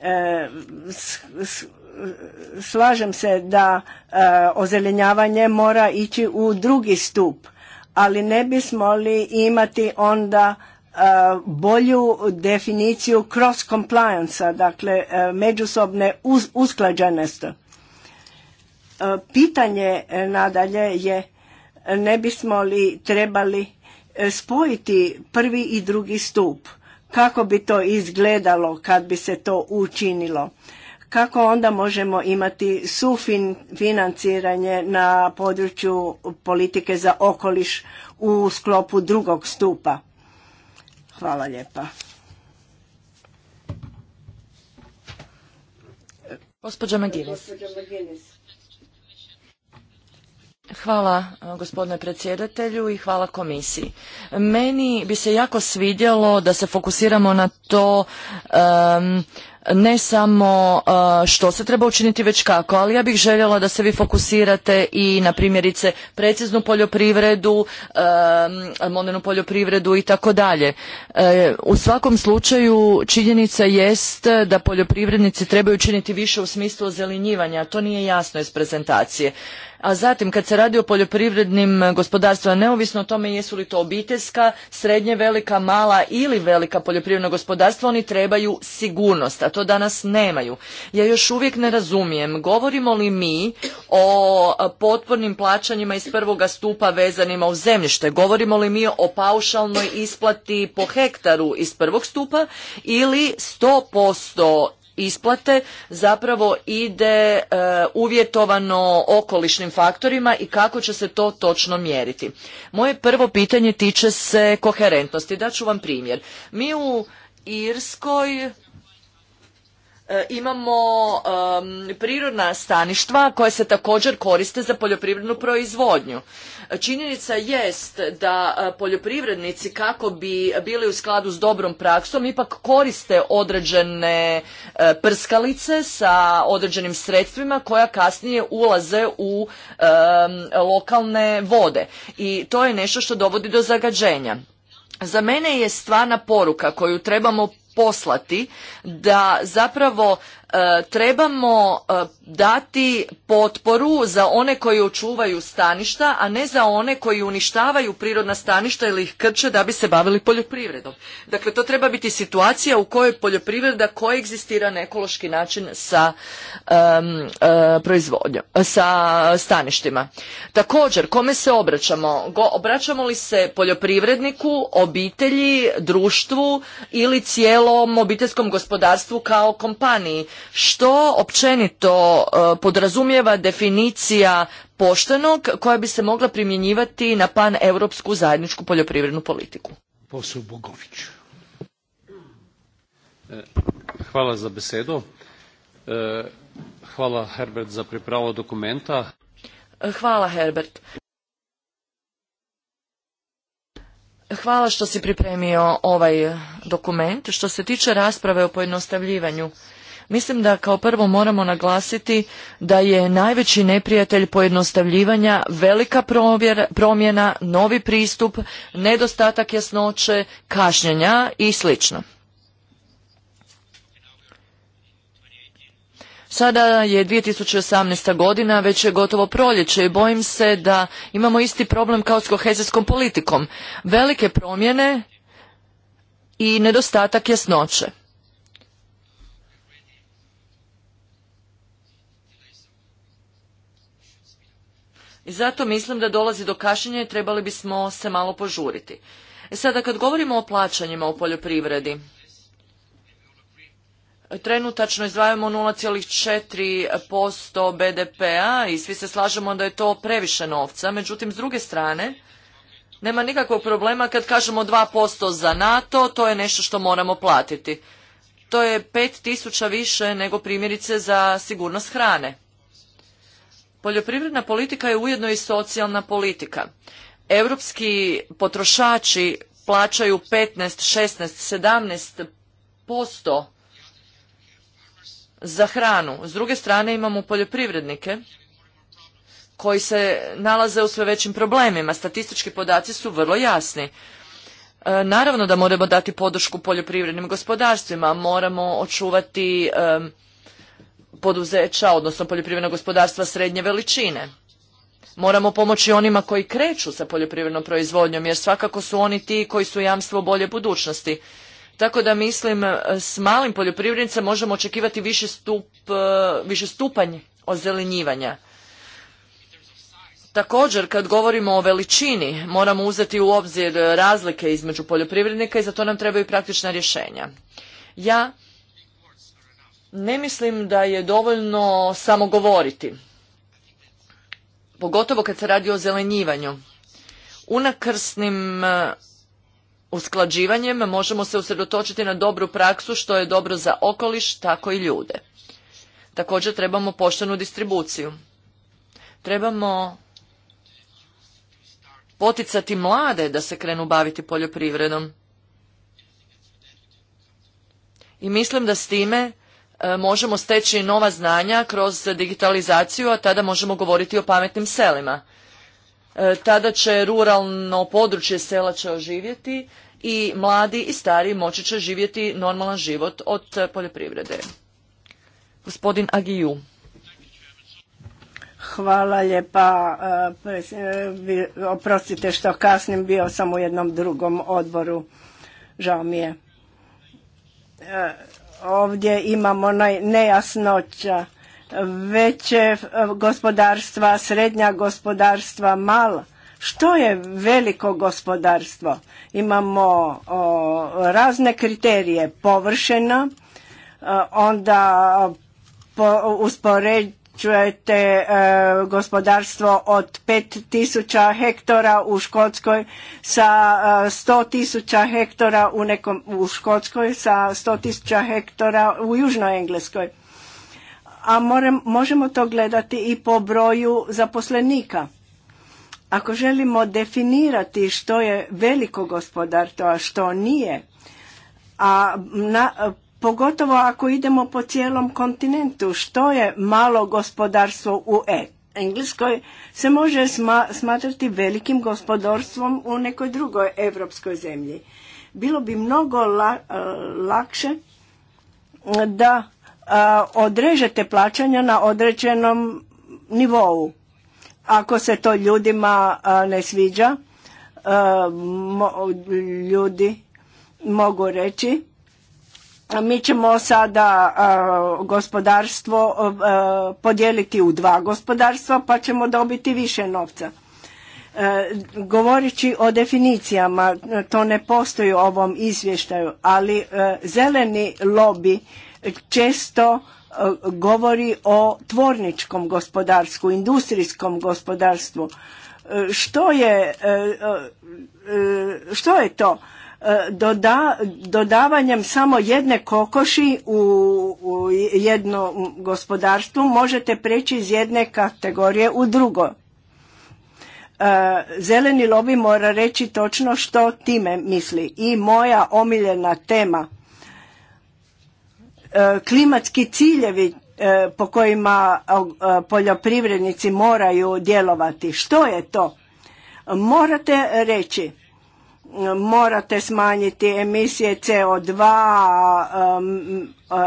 E, slažem se da e, ozeljenjavanje mora ići u drugi stup, ali ne bismo li imati onda bolju definiciju cross compliance dakle međusobne usklađenosti. Pitanje e, nadalje je ne bismo li trebali e, spojiti prvi i drugi stup. Kako bi to izgledalo kad bi se to učinilo? Kako onda možemo imati sufinanciranje na području politike za okoliš u sklopu drugog stupa? Hvala lijepa. Gospođa Hvala e, gospodine predsjedatelju i hvala komisiji. Meni bi se jako svidjelo da se fokusiramo na to ne samo e, što se treba učiniti već kako, ali ja bih željela da se vi fokusirate i na primjerice preciznu poljoprivredu, e, modernu poljoprivredu i tako dalje. E, u svakom slučaju činjenica jest da poljoprivrednici trebaju učiniti više u smislu ozelenjivanja, to nije jasno iz prezentacije. A zatim kad se radi o poljoprivrednim gospodarstvima, neovisno o tome jesu li to obiteljska, srednje velika, mala ili velika poljoprivredna gospodarstva, oni trebaju sigurnost, to danas nemaju. Ja još uvijek ne razumijem, govorimo li mi o potpornim plaćanjima iz prvoga stupa vezanima u zemljište, govorimo li mi o paušalnoj isplati po hektaru iz prvog stupa ili 100% isplate zapravo ide e, uvjetovano okolišnim faktorima i kako će se to točno mjeriti. Moje prvo pitanje tiče se koherentnosti. Daću vam primjer. Mi u Irskoj E, imamo prirodna staništva koja se također koriste za poljoprivrednu proizvodnju. E, činjenica jest da e, poljoprivrednici kako bi bili u skladu s dobrom praksom ipak koriste određene prskalice sa određenim sredstvima koja kasnije ulaze u lokalne vode i to je nešto što dovodi do zagađenja. Za mene je stvarna poruka koju trebamo poslati da zapravo E, trebamo e, dati potporu za one koji očuvaju staništa, a ne za one koji uništavaju prirodna staništa ili ih krče da bi se bavili poljoprivredom. Dakle, to treba biti situacija u kojoj poljoprivreda koegzistira na ekološki način sa e, proizvodnjom, sa staništima. Također, kome se obraćamo? Go, obraćamo li se poljoprivredniku, obitelji, društvu ili cijelom obiteljskom gospodarstvu kao kompaniji? Što općenito e, podrazumijeva definicija poštenog koja bi se mogla primjenjivati na pan zajedničku poljoprivrednu politiku? Posao e, Hvala za besedo. E, hvala Herbert za pripravo dokumenta. Hvala Herbert. Hvala što si pripremio ovaj dokument. Što se tiče rasprave o pojednostavljivanju, Mislim da kao prvo moramo naglasiti da je najveći neprijatelj pojednostavljivanja velika promjena, novi pristup, nedostatak jasnoće, kašnjenja i sl. Sada je 2018. godina, već je gotovo proljeće i bojim se da imamo isti problem kao s kohezijskom politikom. Velike promjene i nedostatak jasnoće. I zato mislim da dolazi do kašenja i trebali bismo se malo požuriti. E sada kad govorimo o plaćanjima u poljoprivredi, trenutačno izdvajamo 0,4% BDP-a i svi se slažemo da je to previše novca. Međutim, s druge strane, nema nikakvog problema kad kažemo 2% za NATO, to je nešto što moramo platiti. To je 5000 više nego primjerice za sigurnost hrane. Poljoprivredna politika je ujedno i socijalna politika. Europski potrošači plaćaju 15, 16, 17 posto za hranu. S druge strane imamo poljoprivrednike koji se nalaze u sve većim problemima. Statistički podaci su vrlo jasni. E, naravno da moramo dati podršku poljoprivrednim gospodarstvima, moramo očuvati poduzeća, odnosno poljoprivrednog gospodarstva srednje veličine. Moramo pomoći onima koji kreću sa poljoprivrednom proizvodnjom, jer svakako su oni ti koji su jamstvo bolje budućnosti. Tako da mislim e, s malim poljoprivrednicama možemo očekivati više, stup, e, više stupanj ozelenjivanja. Također, kad govorimo o veličini, moramo uzeti u obzir razlike između poljoprivrednika i za to nam trebaju praktična rješenja. Ja ne mislim da je dovoljno samo govoriti. Pogotovo kad se radi o zelenjivanju. Unakrsnim e, usklađivanjem možemo se usredotočiti na dobru praksu što je dobro za okoliš, tako i ljude. Također trebamo poštenu distribuciju. Trebamo poticati mlade da se krenu baviti poljoprivredom. I mislim da s time E, možemo steći nova znanja kroz digitalizaciju, a tada možemo govoriti o pametnim selima. E, tada će ruralno područje sela će oživjeti i mladi i stari moći će živjeti normalan život od poljoprivrede. Gospodin Agiju. Hvala lijepa. E, oprostite što kasnim, bio sam u jednom drugom odboru. Žao mi je. Ovdje imamo nejasnoća veće eh, gospodarstva, srednja gospodarstva, mala. Što je veliko gospodarstvo? Imamo razne kriterije, površina, eh, onda po, čujete e, gospodarstvo od 5000 hektara u Škotskoj sa 100.000 e, hektara u nekom u Škotskoj sa 100.000 hektara u južnoj Engleskoj. A možemo to gledati i po broju zaposlenika. Ako želimo definirati što je veliko gospodarstvo, a što nije, a na, pogotovo ako idemo po cijelom kontinentu. Što je malo gospodarstvo u E? Engleskoj se može smatrati velikim gospodarstvom u nekoj drugoj evropskoj zemlji. Bilo bi mnogo eh, lakše da a, eh, odrežete plaćanja na određenom nivou. Ako se to ljudima eh, ne sviđa, ljudi mogu reći mi ćemo sada gospodarstvo podijeliti u dva gospodarstva pa ćemo dobiti više novca. E, govoreći o definicijama, to ne postoji u ovom izvještaju, ali e, zeleni lobby često e, govori o tvorničkom gospodarstvu, industrijskom gospodarstvu. Što je, što je to? E, dodavanjem samo jedne kokoši u, u jedno gospodarstvo možete preći iz jedne kategorije u drugo. E, zeleni lobi mora reći točno što time misli. I moja omiljena tema, e, klimatski ciljevi po kojima poljoprivrednici moraju djelovati. Što je to? Morate reći morate smanjiti emisije CO2,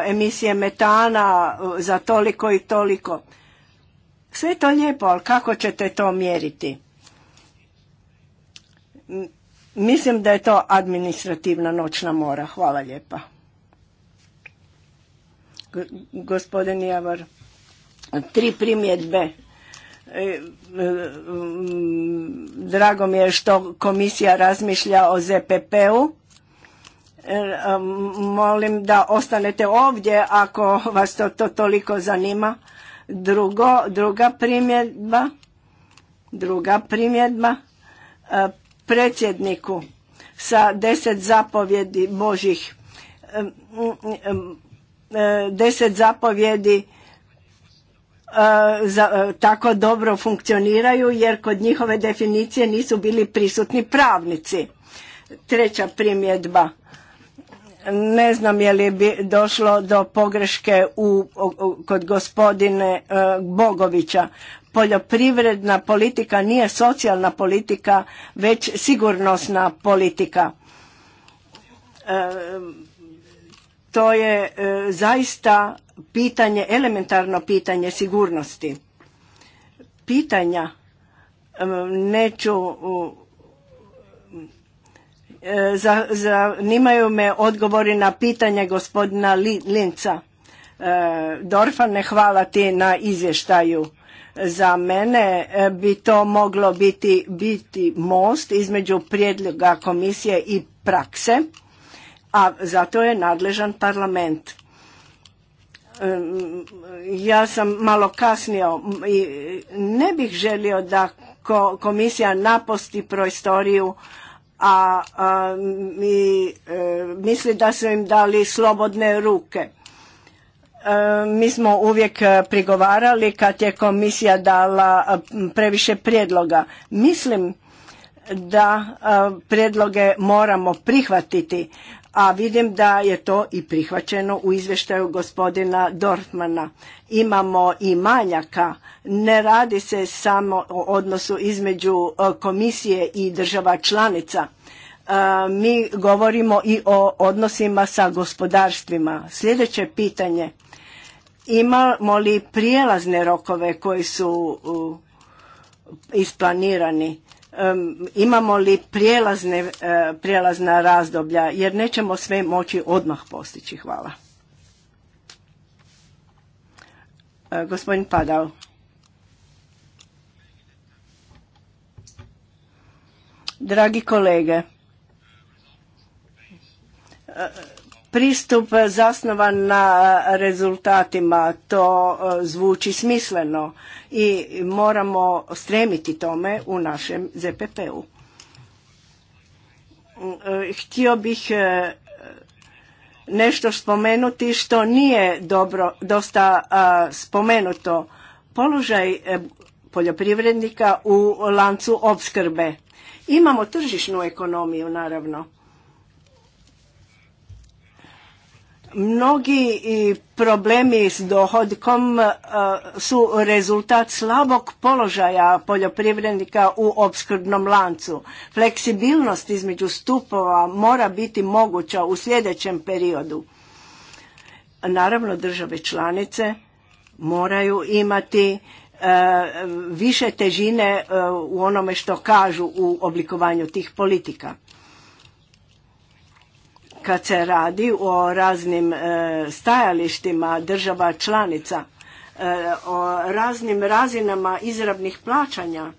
emisije metana eh, za toliko i toliko. Sve to lijepo, ali kako ćete to mjeriti? Mislim da je to administrativna noćna mora. Hvala lijepa. Gospodin Javor, tri primjedbe E, e, mm, drago mi je što komisija razmišlja o ZPP-u. E, molim da ostanete ovdje ako vas to, to toliko zanima. druga primjedba, druga primjedba predsjedniku sa deset zapovjedi Božih, deset zapovjedi Eh, eh, tako dobro funkcioniraju jer kod njihove definicije nisu bili prisutni pravnici. Treća primjedba. Ne znam je li bi došlo do pogreške u, kod gospodine eh, Bogovića. Poljoprivredna politika nije socijalna politika, već sigurnosna politika. to je zaista pitanje, elementarno pitanje sigurnosti. Pitanja neću e, zanimaju me odgovori na pitanje gospodina Linca. E, Dorfane, hvala ti na izvještaju. Za mene e, bi to moglo biti, biti most između prijedloga komisije i prakse, a zato je nadležan parlament ja sam malo kasnio i ne bih želio da komisija napusti prostoriju a, a mi, e, misli da su im dali slobodne ruke. E, mi smo uvijek prigovarali kad je komisija dala e, previše prijedloga. Mislim da prijedloge moramo prihvatiti a vidim da je to i prihvaćeno u izvještaju gospodina Dorfmana. Imamo i manjaka, ne radi se samo o odnosu između e, komisije i država članica. E, mi govorimo i o odnosima sa gospodarstvima. Sljedeće pitanje, imamo li prijelazne rokove koji su isplanirani? imamo li e, prijelazna razdoblja jer nećemo sve moći odmah postići. Hvala. E, gospodin Padal. Dragi kolege, e, pristup zasnovan na rezultatima, to e, zvuči smisleno i moramo stremiti tome u našem ZPP-u. E, htio bih e, nešto spomenuti što nije dobro, dosta spomenuto. Položaj poljoprivrednika u lancu opskrbe. Imamo tržišnu ekonomiju, naravno Mnogi problemi s dohodkom e, su rezultat slabog položaja poljoprivrednika u opskrbnom lancu. Fleksibilnost između stupova mora biti moguća u sljedećem periodu. Naravno države članice moraju imati e, više težine e, u onome što kažu u oblikovanju tih politika kad se radi o raznim e, stajalištima država članica, e, o raznim razinama izravnih plaćanja,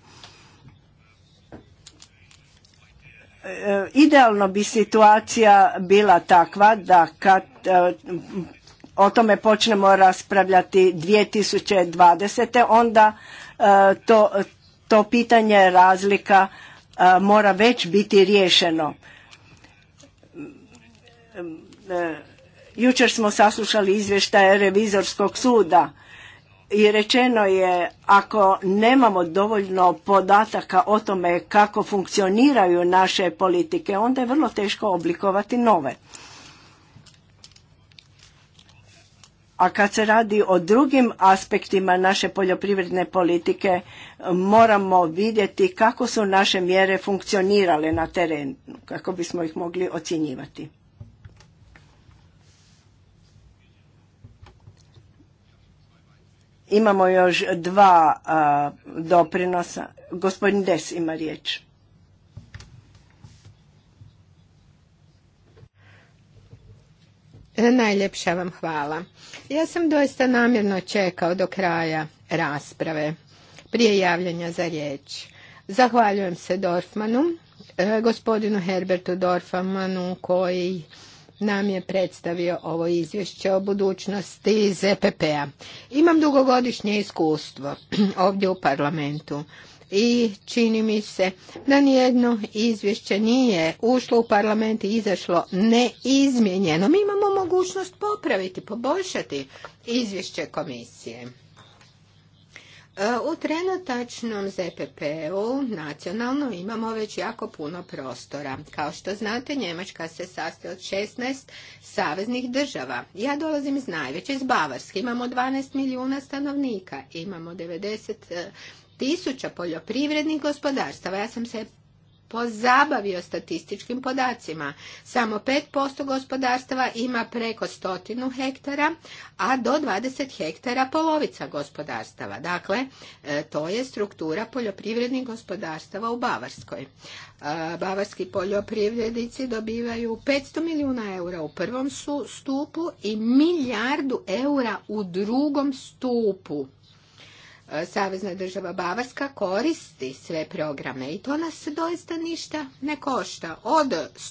e, idealno bi situacija bila takva da kad o tome počnemo raspravljati 2020. onda to, to pitanje razlika mora već biti riješeno. E, jučer smo saslušali izvještaje revizorskog suda i rečeno je ako nemamo dovoljno podataka o tome kako funkcioniraju naše politike, onda je vrlo teško oblikovati nove. A kad se radi o drugim aspektima naše poljoprivredne politike, moramo vidjeti kako su naše mjere funkcionirale na terenu, kako bismo ih mogli ocjenjivati. Imamo još dva doprinosa. Gospodin Des ima riječ. E, najljepša vam hvala. Ja sam doista namjerno čekao do kraja rasprave prije javljanja za riječ. Zahvaljujem se Dorfmanu, e, gospodinu Herbertu Dorfmanu koji nam je predstavio ovo izvješće o budućnosti ZPP-a. E Imam dugogodišnje iskustvo ovdje u parlamentu i čini mi se da nijedno izvješće nije ušlo u parlament i izašlo neizmjenjeno. Mi imamo mogućnost popraviti, poboljšati izvješće komisije. E, u trenutačnom ZPP-u nacionalno imamo već jako puno prostora. Kao što znate, Njemačka se sastoji od 16 saveznih država. Ja dolazim iz najveće, iz Bavarske. Imamo 12 milijuna stanovnika, imamo 90 e, tisuća poljoprivrednih gospodarstava. Ja sam se pozabavio statističkim podacima. Samo 5% gospodarstava ima preko stotinu hektara, a do 20 hektara polovica gospodarstava. Dakle, e, to je struktura poljoprivrednih gospodarstava u Bavarskoj. E, bavarski poljoprivrednici dobivaju 500 milijuna eura u prvom stupu i milijardu eura u drugom stupu. Savezna država Bavarska koristi sve programe i to nas doista ništa ne košta. Od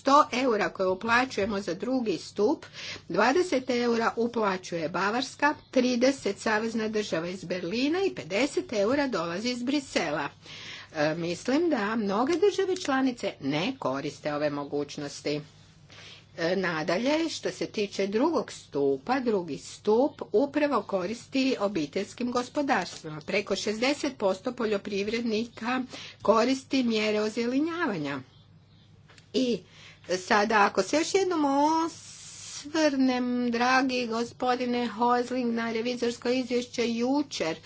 100 eura koje uplaćujemo za drugi stup, 20 eura uplaćuje Bavarska, 30 Savezna država iz Berlina i 50 eura dolazi iz Brisela. E, mislim da mnoge države članice ne koriste ove mogućnosti. E, nadalje, što se tiče drugog stupa, drugi stup upravo koristi obiteljskim gospodarstvima. Preko 60% poljoprivrednika koristi mjere ozjelinjavanja. I sada, ako se još jednom osvrnem, dragi gospodine Hozling, na revizorsko izvješće jučer,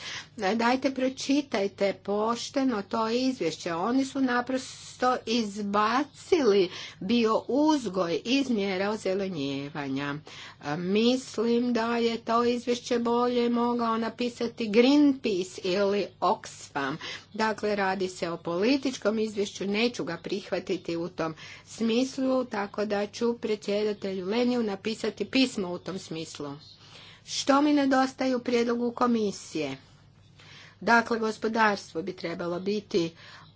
E, dajte pročitajte pošteno to izvješće. Oni su naprosto izbacili bio uzgoj iz mjera ozelenjevanja. E, mislim da je to izvješće bolje mogao napisati Greenpeace ili Oxfam. Dakle, radi se o političkom izvješću, neću ga prihvatiti u tom smislu, tako da ću predsjedatelju Leniju napisati pismo u tom smislu. Što mi nedostaje u prijedlogu komisije? Dakle, gospodarstvo bi trebalo biti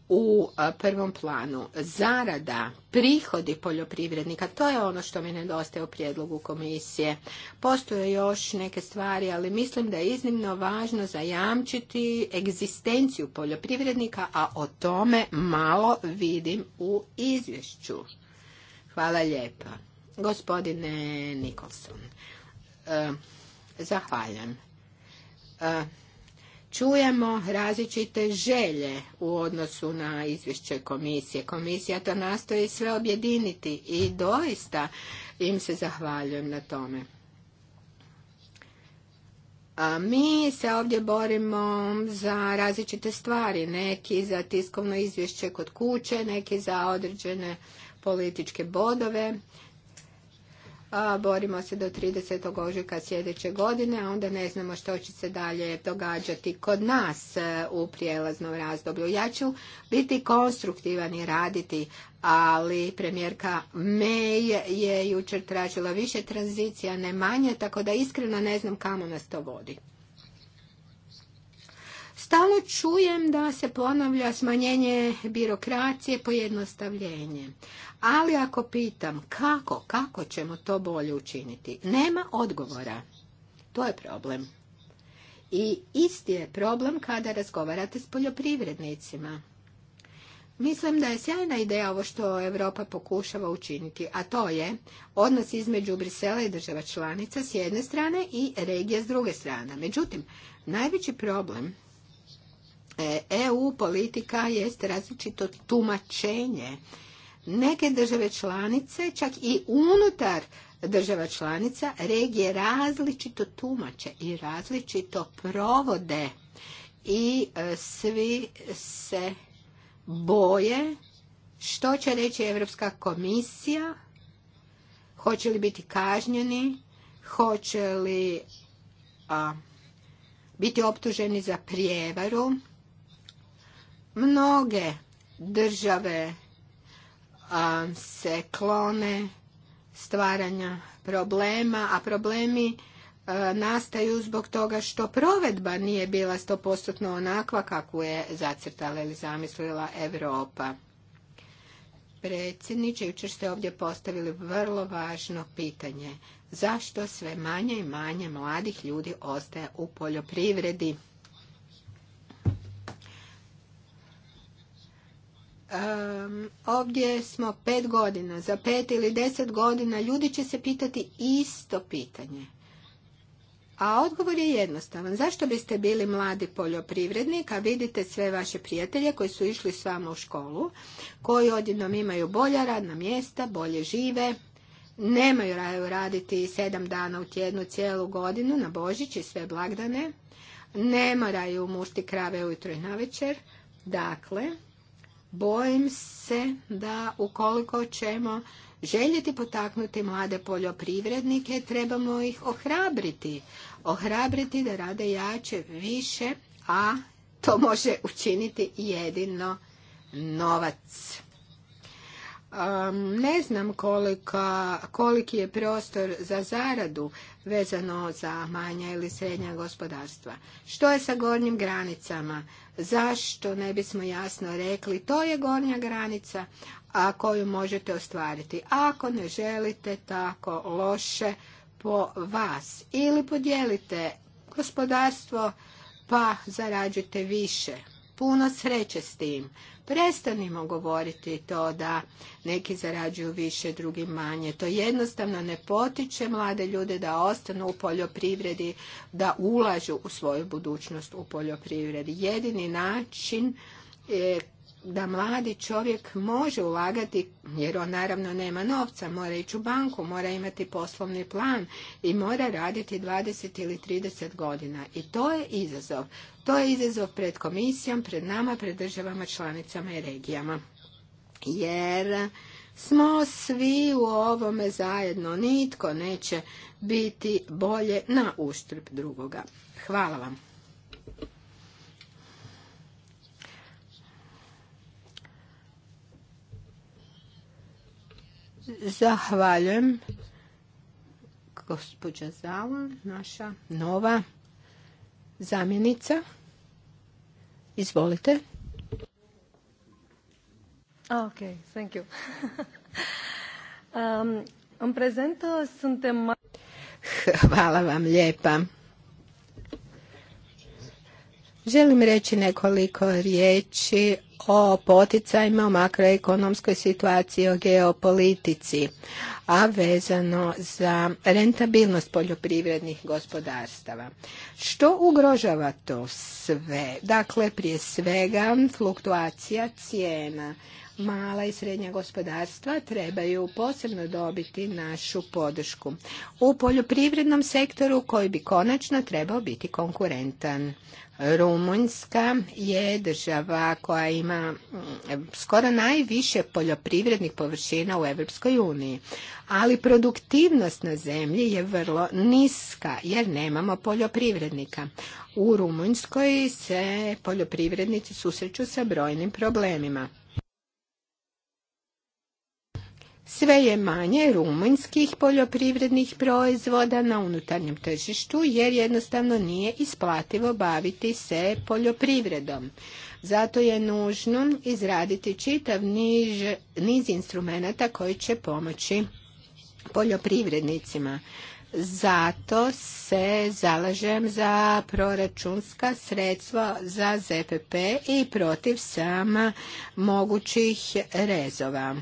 u e, prvom planu. Zarada, prihodi poljoprivrednika, to je ono što mi nedostaje u prijedlogu komisije. Postoje još neke stvari, ali mislim da je iznimno važno zajamčiti egzistenciju poljoprivrednika, a o tome malo vidim u izvješću. Hvala lijepa. Gospodine Nikolson, e, Zahvaljam. E, čujemo različite želje u odnosu na izvješće komisije. Komisija to nastoji sve objediniti i doista im se zahvaljujem na tome. A mi se ovdje borimo za različite stvari, neki za tiskovno izvješće kod kuće, neki za određene političke bodove a borimo se do 30. ožujka sljedeće godine, a onda ne znamo što će se dalje događati kod nas e, u prijelaznom razdoblju. Ja ću biti konstruktivan i raditi, ali premijerka May je jučer tražila više tranzicija, ne manje, tako da iskreno ne znam kamo nas to vodi. Stalno čujem da se ponavlja smanjenje birokracije, pojednostavljenje. Ali ako pitam kako, kako ćemo to bolje učiniti, nema odgovora. To je problem. I isti je problem kada razgovarate s poljoprivrednicima. Mislim da je sjajna ideja ovo što Europa pokušava učiniti, a to je odnos između Brisela i država članica s jedne strane i regije s druge strane. Međutim, najveći problem EU e politika jest različito tumačenje Neke države članice, čak i unutar država članica, regije različito tumače i različito provode i e, svi se boje što će reći Europska komisija, hoće li biti kažnjeni, hoće li biti optuženi za prijevaru. Mnoge države se klone stvaranja problema, a problemi e, nastaju zbog toga što provedba nije bila stopostotno onakva kakvu je zacrtala ili zamislila Europa. Predsjedniče, jučer ste ovdje postavili vrlo važno pitanje. Zašto sve manje i manje mladih ljudi ostaje u poljoprivredi? Um, ovdje smo pet godina, za pet ili deset godina ljudi će se pitati isto pitanje. A odgovor je jednostavan. Zašto biste bili mladi poljoprivrednik, a vidite sve vaše prijatelje koji su išli s vama u školu, koji odjednom imaju bolja radna mjesta, bolje žive, nemaju raju raditi sedam dana u tjednu cijelu godinu na Božić i sve blagdane, ne moraju mušti krave ujutro i navečer. Dakle, Bojim se da ukoliko ćemo željeti potaknuti mlade poljoprivrednike, trebamo ih ohrabriti. Ohrabriti da rade jače više, a to može učiniti jedino novac ne znam koliki je prostor za zaradu vezano za manja ili srednja gospodarstva. Što je sa gornjim granicama? Zašto ne bismo jasno rekli to je gornja granica a koju možete ostvariti ako ne želite tako loše po vas ili podijelite gospodarstvo pa zarađujete više. Puno sreće s tim. Prestanimo govoriti to da neki zarađuju više, drugi manje. To jednostavno ne potiče mlade ljude da ostanu u poljoprivredi, da ulažu u svoju budućnost u poljoprivredi. Jedini način da mladi čovjek može ulagati, jer on naravno nema novca, mora ići u banku, mora imati poslovni plan i mora raditi 20 ili 30 godina. I to je izazov. To je izazov pred komisijom, pred nama, pred državama, članicama i regijama. Jer smo svi u ovome zajedno, nitko neće biti bolje na uštrb drugoga. Hvala vam. Zahvaljujem gospođa Zala, naša nova zamjenica. Izvolite. Ok, thank you. um, uh, Hvala vam lijepa. Želim reći nekoliko riječi o poticajima, o makroekonomskoj situaciji, o geopolitici, a vezano za rentabilnost poljoprivrednih gospodarstava. Što ugrožava to sve? Dakle, prije svega fluktuacija cijena. Mala i srednja gospodarstva trebaju posebno dobiti našu podršku u poljoprivrednom sektoru koji bi konačno trebao biti konkurentan. Rumunjska je država koja ima mm, skoro najviše poljoprivrednih površina u Europskoj uniji, ali produktivnost na zemlji je vrlo niska jer nemamo poljoprivrednika. U Rumunjskoj se poljoprivrednici susreću sa brojnim problemima. sve je manje rumunjskih poljoprivrednih proizvoda na unutarnjem tržištu jer jednostavno nije isplativo baviti se poljoprivredom. Zato je nužno izraditi čitav niz instrumenata koji će pomoći poljoprivrednicima. Zato se zalažem za proračunska sredstva za ZPP i protiv sama mogućih rezova.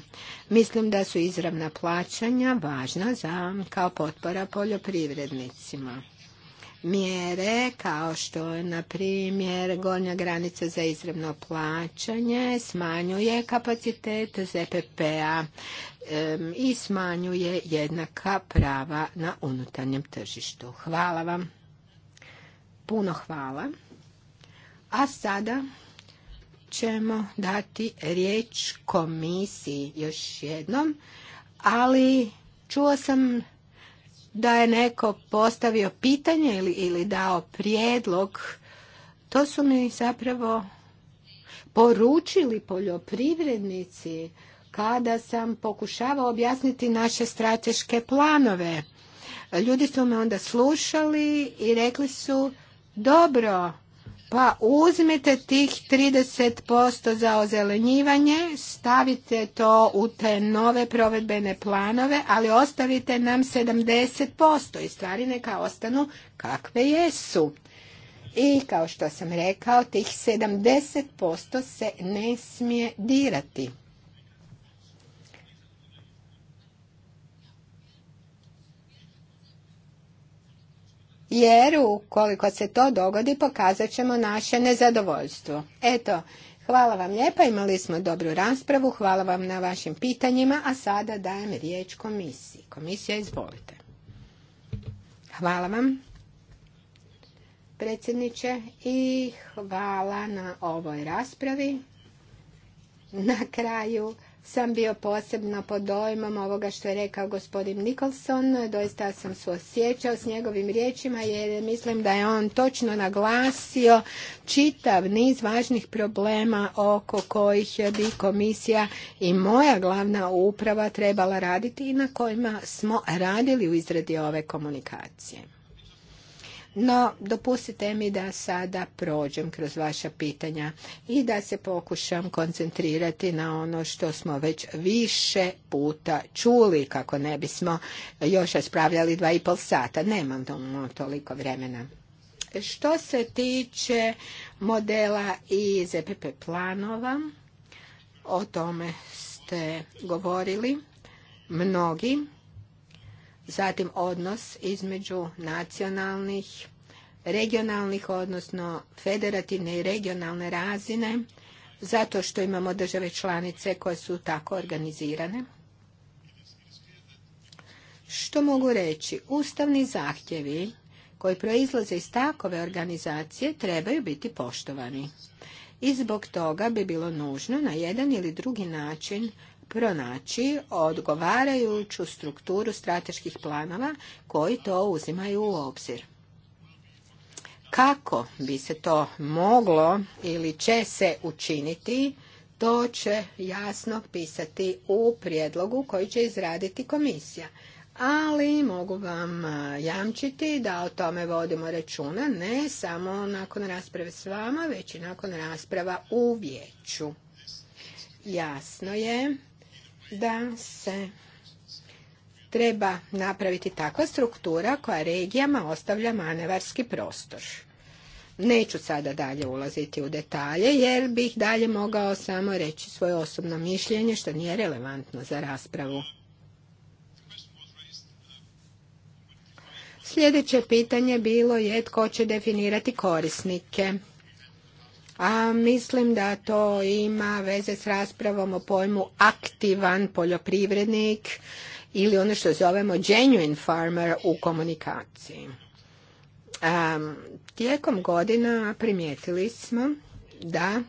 Mislim da su izravna plaćanja važna za, kao potpora poljoprivrednicima mjere kao što je na primjer gornja granica za izravno plaćanje smanjuje kapacitet ZPP-a i smanjuje jednaka prava na unutarnjem tržištu. Hvala vam. Puno hvala. A sada ćemo dati riječ komisiji još jednom, ali čuo sam da je neko postavio pitanje ili, ili dao prijedlog, to su mi zapravo poručili poljoprivrednici kada sam pokušavao objasniti naše strateške planove. Ljudi su me onda slušali i rekli su, dobro, pa uzmite tih 30% za ozelenjivanje, stavite to u te nove provedbene planove, ali ostavite nam 70% i stvari neka ostanu kakve jesu. I kao što sam rekao, tih 70% se ne smije dirati. jer ukoliko se to dogodi pokazat ćemo naše nezadovoljstvo. Eto, hvala vam lijepa, imali smo dobru raspravu, hvala vam na vašim pitanjima, a sada dajem riječ komisiji. Komisija, izvolite. Hvala vam predsjedniče i hvala na ovoj raspravi. Na kraju sam bio posebno pod dojmom ovoga što je rekao gospodin Nikolson, Doista sam se osjećao s njegovim riječima jer mislim da je on točno naglasio čitav niz važnih problema oko kojih bi komisija i moja glavna uprava trebala raditi i na kojima smo radili u izradi ove komunikacije. No, dopustite mi da sada prođem kroz vaša pitanja i da se pokušam koncentrirati na ono što smo već više puta čuli, kako ne bismo još raspravljali dva i pol sata. Nemam toliko vremena. Što se tiče modela i ZPP e planova, o tome ste govorili mnogi zatim odnos između nacionalnih, regionalnih, odnosno federativne i regionalne razine, zato što imamo države članice koje su tako organizirane. Što mogu reći? Ustavni zahtjevi koji proizlaze iz takove organizacije trebaju biti poštovani. I zbog toga bi bilo nužno na jedan ili drugi način pronaći odgovarajuću strukturu strateških planova koji to uzimaju u obzir. Kako bi se to moglo ili će se učiniti, to će jasno pisati u prijedlogu koji će izraditi komisija. Ali mogu vam jamčiti da o tome vodimo računa ne samo nakon rasprave s vama, već i nakon rasprava u vijeću. Jasno je da se treba napraviti takva struktura koja regijama ostavlja manevarski prostor. Neću sada dalje ulaziti u detalje jer bih dalje mogao samo reći svoje osobno mišljenje što nije relevantno za raspravu. Sljedeće pitanje bilo je tko će definirati korisnike a mislim da to ima veze s raspravom o pojmu aktivan poljoprivrednik ili ono što zovemo genuine farmer u komunikaciji. tijekom godina primijetili smo da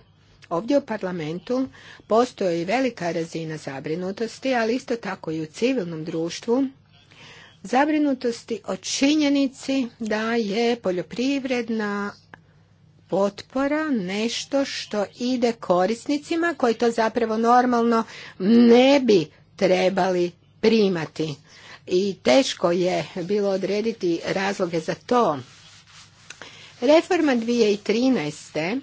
ovdje u parlamentu postoji velika razina zabrinutosti, ali isto tako i u civilnom društvu, zabrinutosti o činjenici da je poljoprivredna potpora nešto što ide korisnicima koji to zapravo normalno ne bi trebali primati. I teško je bilo odrediti razloge za to. Reforma 2013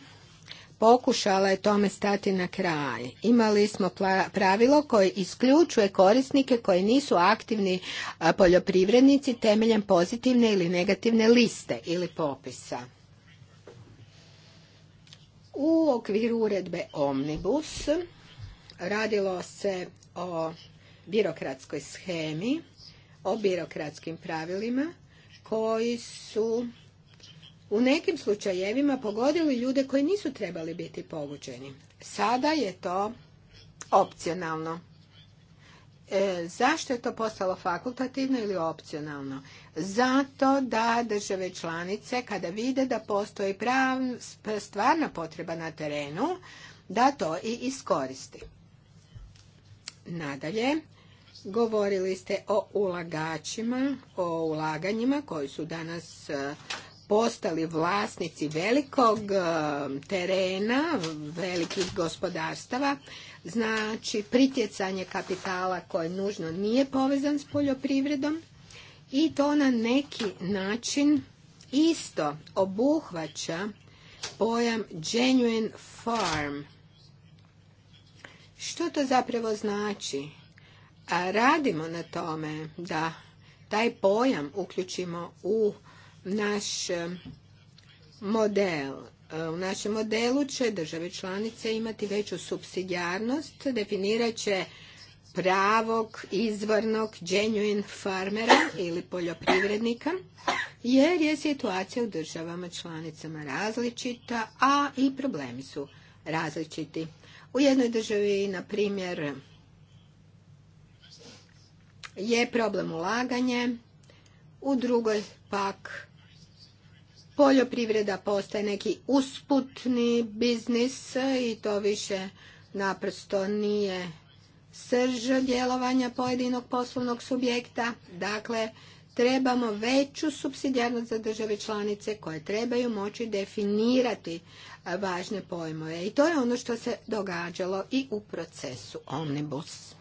pokušala je tome stati na kraj. Imali smo pravilo koje isključuje korisnike koji nisu aktivni poljoprivrednici temeljem pozitivne ili negativne liste ili popisa. U okviru uredbe Omnibus radilo se o birokratskoj schemi, o birokratskim pravilima koji su u nekim slučajevima pogodili ljude koji nisu trebali biti pogođeni. Sada je to opcionalno. E, zašto je to postalo fakultativno ili opcionalno? Zato da države članice kada vide da postoji prav, stvarna potreba na terenu, da to i iskoristi. Nadalje, govorili ste o ulagačima, o ulaganjima koji su danas e, postali vlasnici velikog e, terena, velikih gospodarstava, znači pritjecanje kapitala koje nužno nije povezan s poljoprivredom i to na neki način isto obuhvaća pojam genuine farm. Što to zapravo znači? A radimo na tome da taj pojam uključimo u naš eh, model. Eh, u našem modelu će države članice imati veću subsidijarnost, definirat će pravog, izvornog, genuine farmera ili poljoprivrednika, jer je situacija u državama članicama različita, a i problemi su različiti. U jednoj državi, na primjer, je problem ulaganje, u drugoj pak poljoprivreda postaje neki usputni biznis i to više naprosto nije srž djelovanja pojedinog poslovnog subjekta. Dakle, trebamo veću subsidijarnost za države članice koje trebaju moći definirati e, važne pojmove. I to je ono što se događalo i u procesu Omnibus.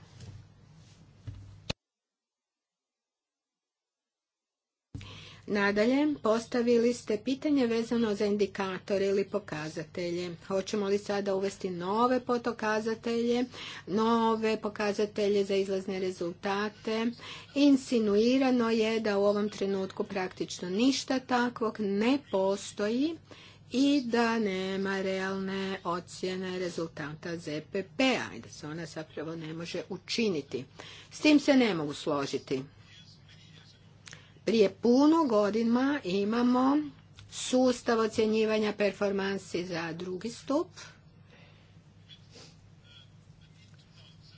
Nadalje, postavili ste pitanje vezano za indikatore ili pokazatelje. Hoćemo li sada uvesti nove potokazatelje, nove pokazatelje za izlazne rezultate? Insinuirano je da u ovom trenutku praktično ništa takvog ne postoji i da nema realne ocjene rezultata ZPP-a i da se ona zapravo ne može učiniti. S tim se ne mogu složiti. Prije puno godina imamo sustav ocjenjivanja performansi za drugi stup,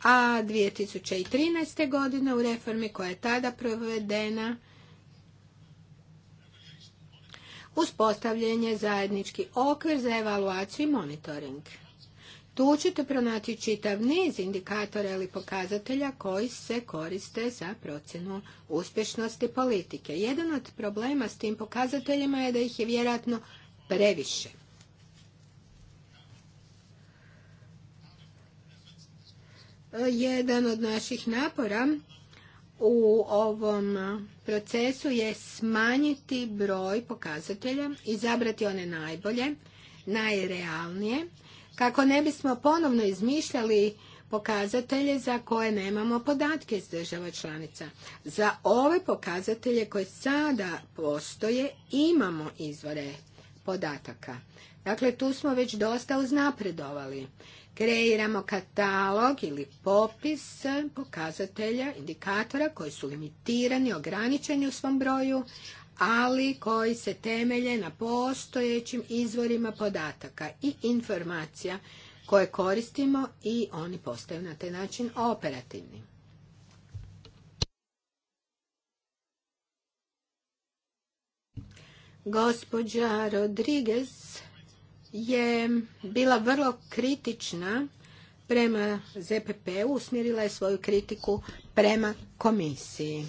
a 2013. godine u reformi koja je tada provedena uspostavljen je zajednički okvir za evaluaciju i monitoring. Tu ćete pronaći čitav niz indikatora ili pokazatelja koji se koriste za procjenu uspješnosti politike. Jedan od problema s tim pokazateljima je da ih je vjerojatno previše. Jedan od naših napora u ovom procesu je smanjiti broj pokazatelja, izabrati one najbolje, najrealnije kako ne bismo ponovno izmišljali pokazatelje za koje nemamo podatke iz država članica. Za ove pokazatelje koje sada postoje imamo izvore podataka. Dakle, tu smo već dosta uznapredovali. Kreiramo katalog ili popis pokazatelja, indikatora koji su limitirani, ograničeni u svom broju, ali koji se temelje na postojećim izvorima podataka i informacija koje koristimo i oni postaju na taj način operativni. Gospođa Rodriguez je bila vrlo kritična prema ZPP-u, usmjerila je svoju kritiku prema komisiji.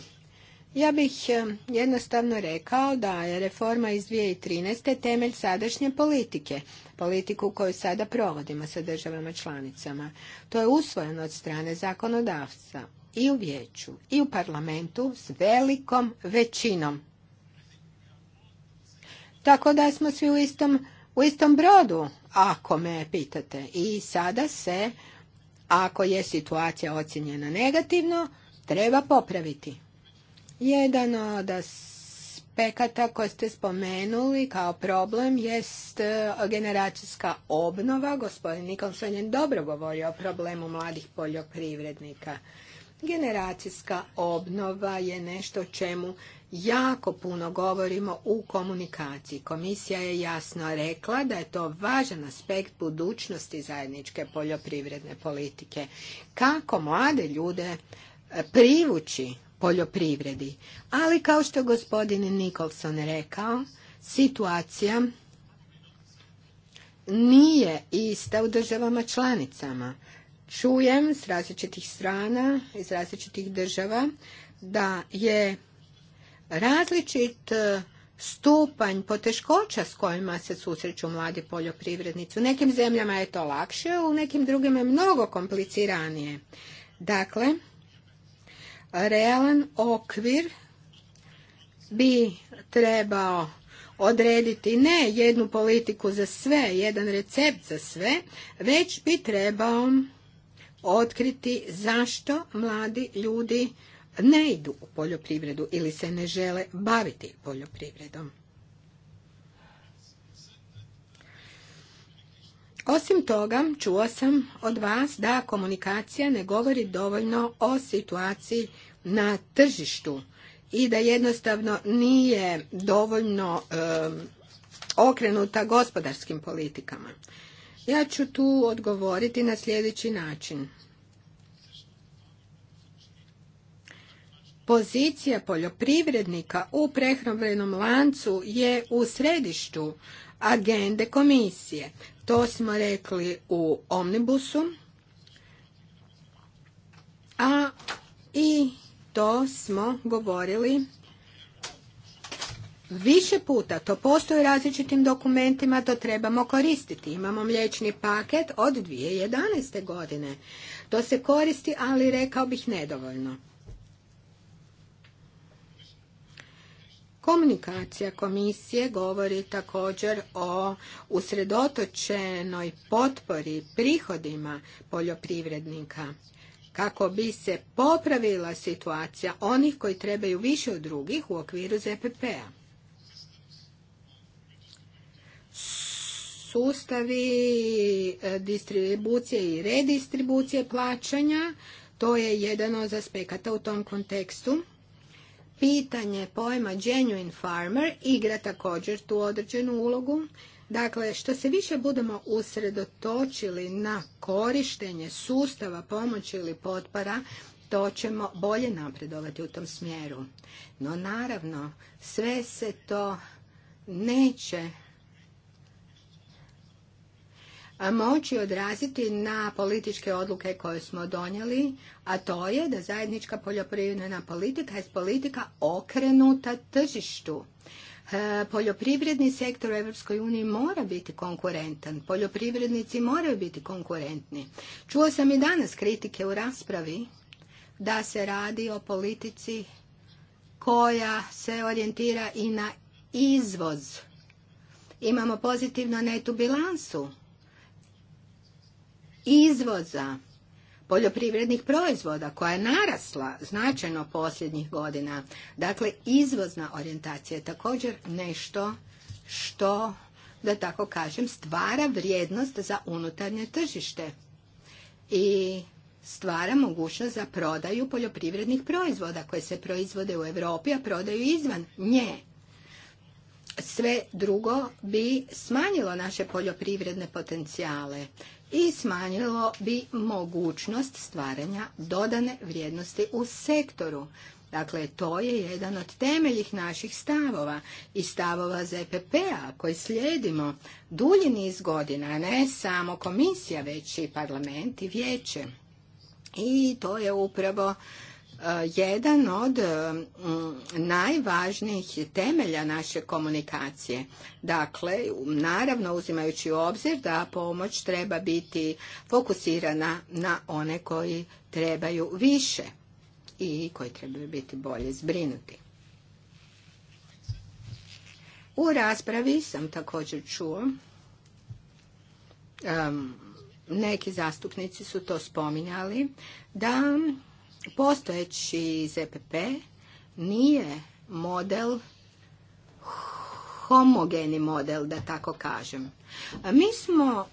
Ja bih e, jednostavno rekao da je reforma iz 2013. temelj sadašnje politike, politiku koju sada provodimo sa državama članicama. To je usvojeno od strane zakonodavca i u vijeću i u parlamentu s velikom većinom. Tako da smo svi u istom, u istom brodu, ako me pitate. I sada se, ako je situacija ocjenjena negativno, treba popraviti. Jedan od aspekata koje ste spomenuli kao problem jest e, generacijska obnova. Gospodin Nikolson je dobro govorio o problemu mladih poljoprivrednika. Generacijska obnova je nešto čemu jako puno govorimo u komunikaciji. Komisija je jasno rekla da je to važan aspekt budućnosti zajedničke poljoprivredne politike. Kako mlade ljude e, privući poljoprivredi. Ali kao što je gospodin Nikolson rekao, situacija nije ista u državama članicama. Čujem s različitih strana, iz različitih država, da je različit e, stupanj poteškoća s kojima se susreću mladi poljoprivrednici. U nekim zemljama je to lakše, u nekim drugim je mnogo kompliciranije. Dakle, realan okvir bi trebao odrediti ne jednu politiku za sve, jedan recept za sve, već bi trebao otkriti zašto mladi ljudi ne idu u poljoprivredu ili se ne žele baviti poljoprivredom. Osim toga, čuo sam od vas da komunikacija ne govori dovoljno o situaciji na tržištu i da jednostavno nije dovoljno okrenuta gospodarskim politikama. Ja ću tu odgovoriti na sljedeći način. Pozicija poljoprivrednika u prehrambenom lancu je u središtu agende komisije. To smo rekli u Omnibusu, a i to smo govorili više puta. To postoji u različitim dokumentima, to trebamo koristiti. Imamo mliječni paket od 2011. godine. To se koristi, ali rekao bih nedovoljno. Komunikacija komisije govori također o usredotočenoj potpori prihodima poljoprivrednika kako bi se popravila situacija onih koji trebaju više od drugih u okviru ZPP-a. Sustavi e, distribucije i redistribucije plaćanja, to je jedan od aspekata u tom kontekstu pitanje pojma genuine farmer igra također tu određenu ulogu. Dakle, što se više budemo usredotočili na korištenje sustava pomoći ili potpora, to ćemo bolje napredovati u tom smjeru. No naravno, sve se to neće moći odraziti na političke odluke koje smo donijeli, a to je da zajednička poljoprivredna politika je politika okrenuta tržištu. E, poljoprivredni sektor u EU mora biti konkurentan. Poljoprivrednici moraju biti konkurentni. Čuo sam i danas kritike u raspravi da se radi o politici koja se orijentira i na izvoz. Imamo pozitivnu netu bilansu izvoza poljoprivrednih proizvoda koja je narasla značajno posljednjih godina. Dakle, izvozna orijentacija je također nešto što, da tako kažem, stvara vrijednost za unutarnje tržište i stvara mogućnost za prodaju poljoprivrednih proizvoda koje se proizvode u Europi, a prodaju izvan nje. Sve drugo bi smanjilo naše poljoprivredne potencijale i smanjilo bi mogućnost stvaranja dodane vrijednosti u sektoru. Dakle, to je jedan od temeljih naših stavova i stavova ZPP-a koji slijedimo dulji niz godina, ne samo komisija, već i parlament i vijeće. I to je upravo jedan od mm, najvažnijih temelja naše komunikacije. Dakle, naravno uzimajući u obzir da pomoć treba biti fokusirana na one koji trebaju više i koji trebaju biti bolje zbrinuti. U raspravi sam također čuo, neki zastupnici su to spominjali, da Postojeći ZPP nije model homogeni model, da tako kažem. Mi smo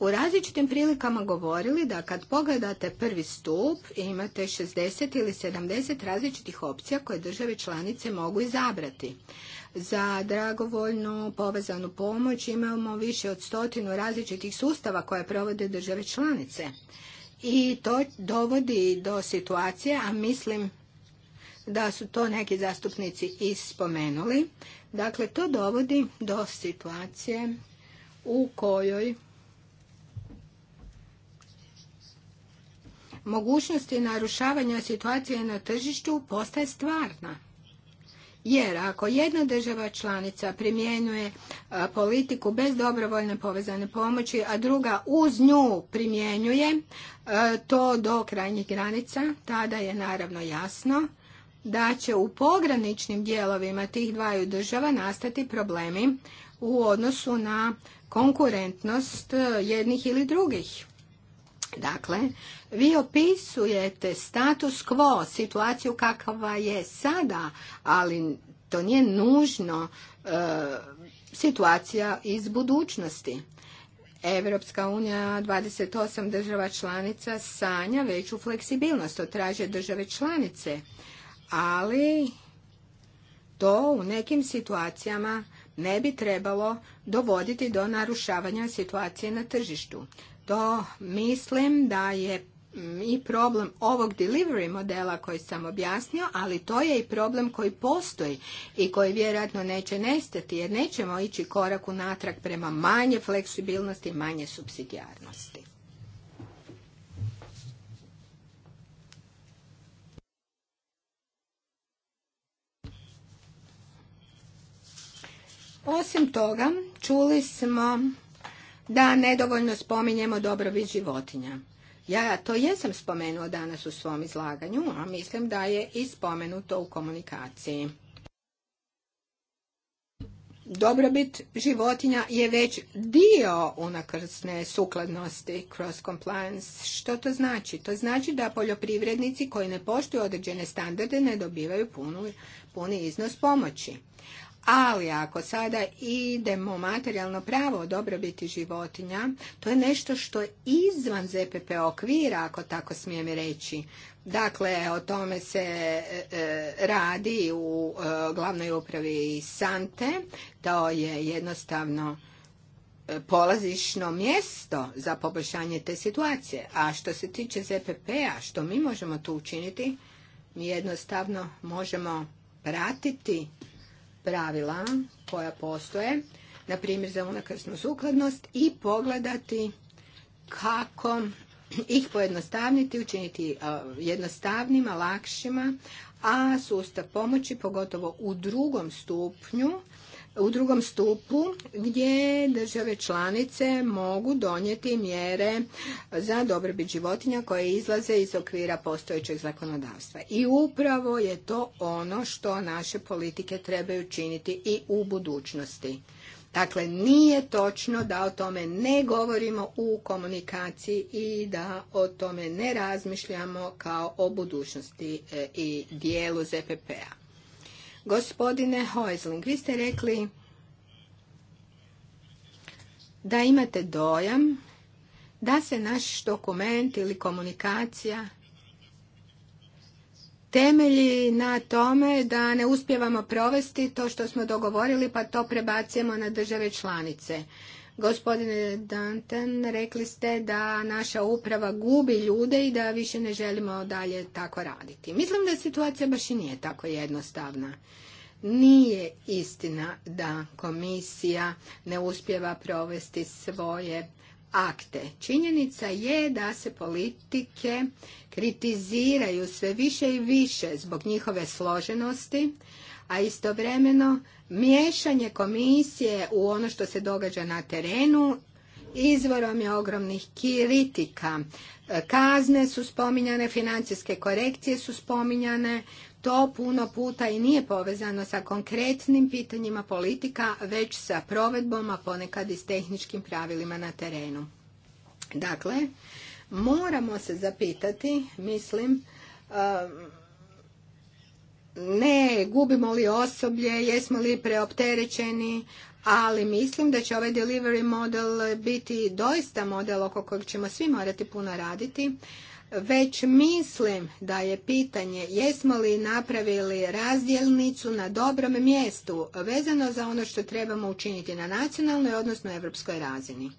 u različitim prilikama govorili da kad pogledate prvi stup imate 60 ili 70 različitih opcija koje države članice mogu izabrati. Za dragovoljnu povezanu pomoć imamo više od stotinu različitih sustava koje provode države članice i to dovodi do situacije, a mislim da su to neki zastupnici ispomenuli, dakle to dovodi do situacije u kojoj mogućnosti narušavanja situacije na tržištu postaje stvarna. Jer ako jedna država članica primjenjuje politiku bez dobrovoljne povezane pomoći, a druga uz nju primjenjuje to do krajnjih granica, tada je naravno jasno da će u pograničnim dijelovima tih dvaju država nastati problemi u odnosu na konkurentnost jednih ili drugih. Dakle, vi opisujete status quo, situaciju kakva je sada, ali to nije nužno e, situacija iz budućnosti. Evropska unija 28 država članica sanja veću fleksibilnost, to traže države članice, ali to u nekim situacijama ne bi trebalo dovoditi do narušavanja situacije na tržištu. To mislim da je i problem ovog delivery modela koji sam objasnio, ali to je i problem koji postoji i koji vjerojatno neće nestati jer nećemo ići korak unatrag prema manje fleksibilnosti, i manje subsidijarnosti. Osim toga, čuli smo da nedovoljno spominjemo dobrobit životinja. Ja to jesam spomenuo danas u svom izlaganju, a mislim da je i spomenuto u komunikaciji. Dobrobit životinja je već dio unakrsne sukladnosti cross compliance. Što to znači? To znači da poljoprivrednici koji ne poštuju određene standarde ne dobivaju puni iznos pomoći ali ako sada idemo materijalno pravo o dobrobiti životinja, to je nešto što je izvan ZPP okvira, ako tako smijem reći. Dakle, o tome se e, e, radi u e, glavnoj upravi Sante. To je jednostavno polazišno mjesto za poboljšanje te situacije. A što se tiče ZPP-a, što mi možemo tu učiniti? Mi jednostavno možemo pratiti pravila koja postoje, na primjer za unakrsnu sukladnost i pogledati kako ih pojednostavniti, učiniti jednostavnima, lakšima, a sustav pomoći, pogotovo u drugom stupnju, u drugom stupu gdje države članice mogu donijeti mjere za dobrobit životinja koje izlaze iz okvira postojećeg zakonodavstva. I upravo je to ono što naše politike trebaju činiti i u budućnosti. Dakle, nije točno da o tome ne govorimo u komunikaciji i da o tome ne razmišljamo kao o budućnosti e, i dijelu ZPP-a. Gospodine Hojzling, vi ste rekli da imate dojam da se naš dokument ili komunikacija temelji na tome da ne uspjevamo provesti to što smo dogovorili pa to prebacimo na države članice. Gospodine Danten, rekli ste da naša uprava gubi ljude i da više ne želimo dalje tako raditi. Mislim da situacija baš i nije tako jednostavna. Nije istina da komisija ne uspjeva provesti svoje akte. Činjenica je da se politike kritiziraju sve više i više zbog njihove složenosti, a istovremeno miješanje komisije u ono što se događa na terenu izvorom je ogromnih kritika. Kazne su spominjane, financijske korekcije su spominjane, to puno puta i nije povezano sa konkretnim pitanjima politika, već sa provedbom, a ponekad i s tehničkim pravilima na terenu. Dakle, moramo se zapitati, mislim, ne gubimo li osoblje, jesmo li preopterećeni, ali mislim da će ovaj delivery model biti doista model oko kojeg ćemo svi morati puno raditi. Već mislim da je pitanje jesmo li napravili razdjelnicu na dobrom mjestu vezano za ono što trebamo učiniti na nacionalnoj, odnosno evropskoj razini.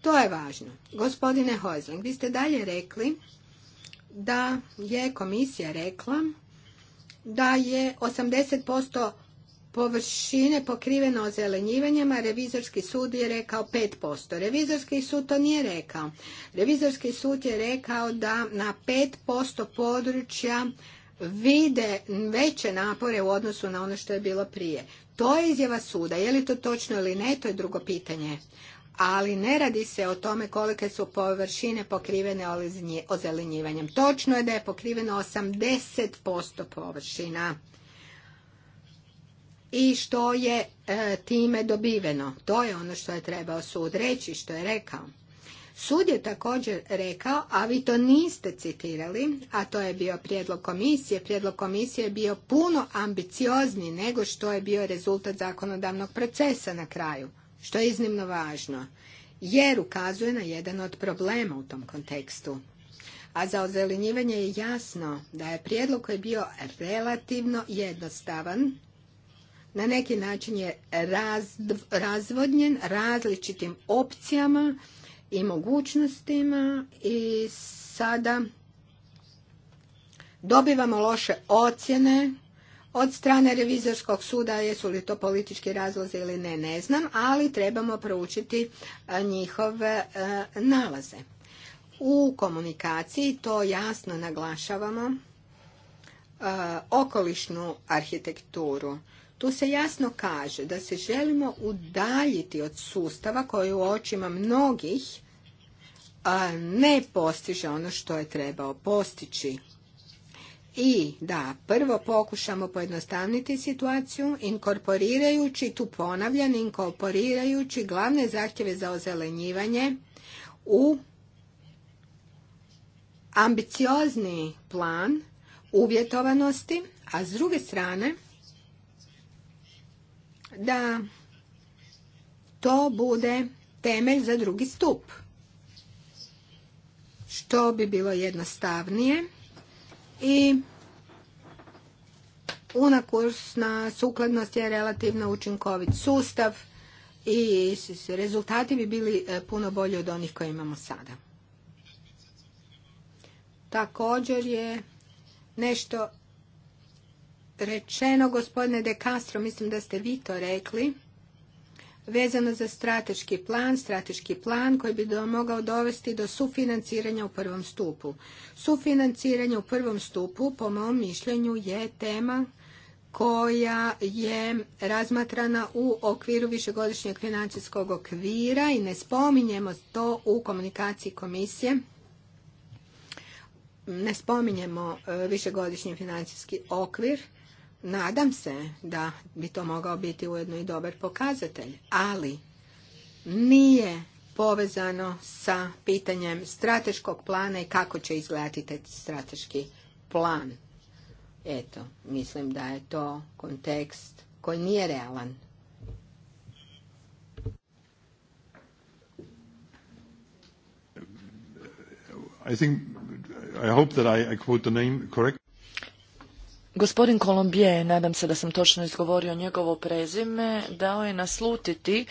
To je važno. Gospodine Hojzling, vi ste dalje rekli da je komisija rekla da je 80% površine pokriveno ozelenjivanjima, revizorski sud je rekao 5%. Revizorski sud to nije rekao. Revizorski sud je rekao da na 5% područja vide veće napore u odnosu na ono što je bilo prije. To je izjava suda. Je li to točno ili ne, to je drugo pitanje ali ne radi se o tome kolike su površine pokrivene ozelenjivanjem. Točno je da je pokriveno 80% površina. I što je e, time dobiveno? To je ono što je trebao sud reći, što je rekao. Sud je također rekao, a vi to niste citirali, a to je bio prijedlog komisije. Prijedlog komisije je bio puno ambiciozniji nego što je bio rezultat zakonodavnog procesa na kraju što je iznimno važno, jer ukazuje na jedan od problema u tom kontekstu. A za ozelenjivanje je jasno da je prijedlog koji je bio relativno jednostavan, na neki način je razvodnjen različitim opcijama i mogućnostima i sada dobivamo loše ocjene od strane revizorskog suda, jesu li to politički razlozi ili ne, ne znam, ali trebamo proučiti e, njihove e, nalaze. U komunikaciji to jasno naglašavamo, e, okolišnu arhitekturu. Tu se jasno kaže da se želimo udaljiti od sustava koji u očima mnogih ne postiže ono što je trebao postići i da prvo pokušamo pojednostavniti situaciju inkorporirajući, tu ponavljam, inkorporirajući glavne zahtjeve za ozelenjivanje u ambiciozni plan uvjetovanosti, a s druge strane da to bude temelj za drugi stup. Što bi bilo jednostavnije i unakursna sukladnost je relativno učinkovit sustav i rezultati bi bili e, puno bolji od onih koje imamo sada. Također je nešto rečeno, gospodine De Castro, mislim da ste vi to rekli, vezano za strateški plan, strateški plan koji bi mogao dovesti do sufinanciranja u prvom stupu. Sufinanciranje u prvom stupu, po mom mišljenju, je tema koja je razmatrana u okviru višegodišnjeg financijskog okvira i ne spominjemo to u komunikaciji komisije. Ne spominjemo e, višegodišnji financijski okvir Nadam se da bi to mogao biti ujedno i dobar pokazatelj, ali nije povezano sa pitanjem strateškog plana i kako će izgledati taj strateški plan. Eto, mislim da je to kontekst koji nije realan. I think I hope that I, I quote the name Gospodin Kolombije, nadam se da sam točno izgovorio njegovo prezime, dao je naslutiti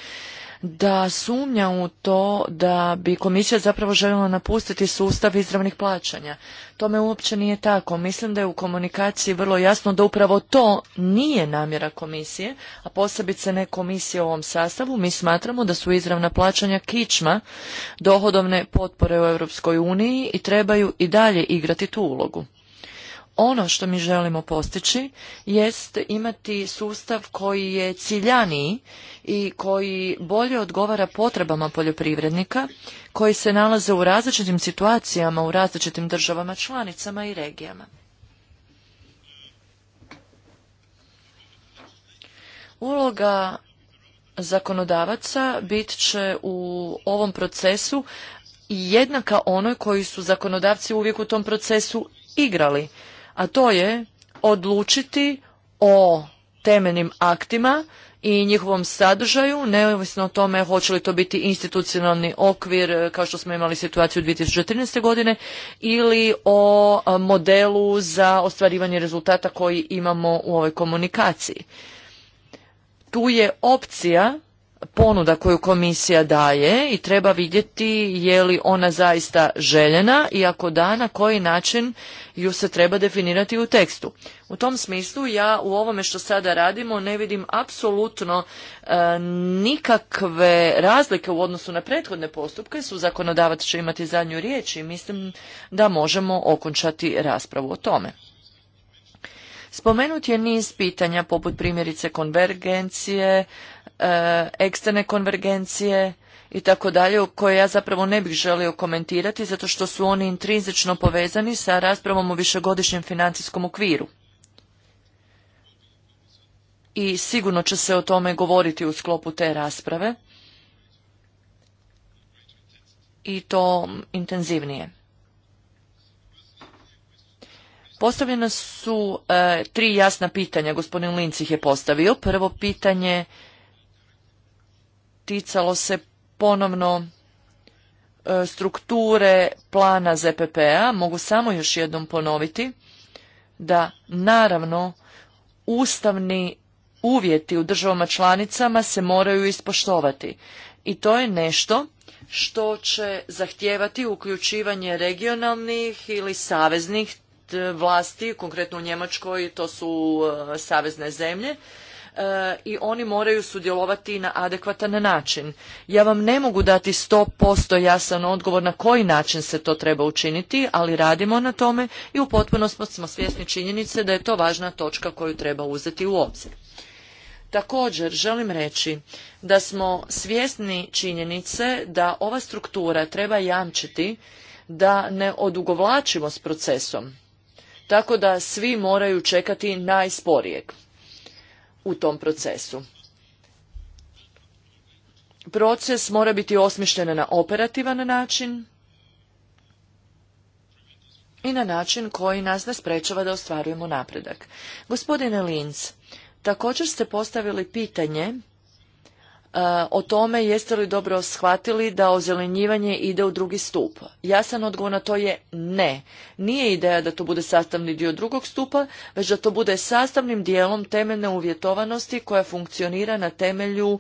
da sumnja u to da bi komisija zapravo željela napustiti sustav izravnih plaćanja. Tome uopće nije tako. Mislim da je u komunikaciji vrlo jasno da upravo to nije namjera komisije, a posebice ne komisije u ovom sastavu. Mi smatramo da su izravna plaćanja kičma dohodovne potpore u Europskoj uniji i trebaju i dalje igrati tu ulogu ono što mi želimo postići jest imati sustav koji je ciljaniji i koji bolje odgovara potrebama poljoprivrednika koji se nalaze u različitim situacijama u različitim državama, članicama i regijama. Uloga zakonodavaca bit će u ovom procesu jednaka onoj koji su zakonodavci uvijek u tom procesu igrali a to je odlučiti o temeljnim aktima i njihovom sadržaju, neovisno o tome hoće li to biti institucionalni okvir e, kao što smo imali situaciju 2013. godine ili o modelu za ostvarivanje rezultata koji imamo u ovoj komunikaciji. Tu je opcija ponuda koju komisija daje i treba vidjeti je li ona zaista željena i ako da, na koji način ju se treba definirati u tekstu. U tom smislu ja u ovome što sada radimo ne vidim apsolutno e, nikakve razlike u odnosu na prethodne postupke, su zakonodavac će imati zadnju riječ i mislim da možemo okončati raspravu o tome. Spomenut je niz pitanja poput primjerice konvergencije, e, eksterne konvergencije i tako dalje, koje ja zapravo ne bih želio komentirati, zato što su oni intrinzično povezani sa raspravom o višegodišnjem financijskom okviru. I sigurno će se o tome govoriti u sklopu te rasprave i to intenzivnije. Postavljena su e, tri jasna pitanja, gospodin Linci ih je postavio. Prvo pitanje ticalo se ponovno e, strukture plana ZPP-a. Mogu samo još jednom ponoviti da naravno ustavni uvjeti u državama članicama se moraju ispoštovati. I to je nešto što će zahtijevati uključivanje regionalnih ili saveznih vlasti, konkretno u Njemačkoj, to su e, savezne zemlje, e, i oni moraju sudjelovati na adekvatan način. Ja vam ne mogu dati 100% jasan odgovor na koji način se to treba učiniti, ali radimo na tome i u potpunosti smo svjesni činjenice da je to važna točka koju treba uzeti u obzir. Također želim reći da smo svjesni činjenice da ova struktura treba jamčiti da ne odugovlačimo s procesom tako da svi moraju čekati najsporijeg u tom procesu. Proces mora biti osmišljen na operativan način i na način koji nas ne sprečava da ostvarujemo napredak. Gospodine Linz, također ste postavili pitanje E, o tome jeste li dobro shvatili da ozelenjivanje ide u drugi stup. Jasan odgovor na to je ne. Nije ideja da to bude sastavni dio drugog stupa, već da to bude sastavnim dijelom temeljne uvjetovanosti koja funkcionira na temelju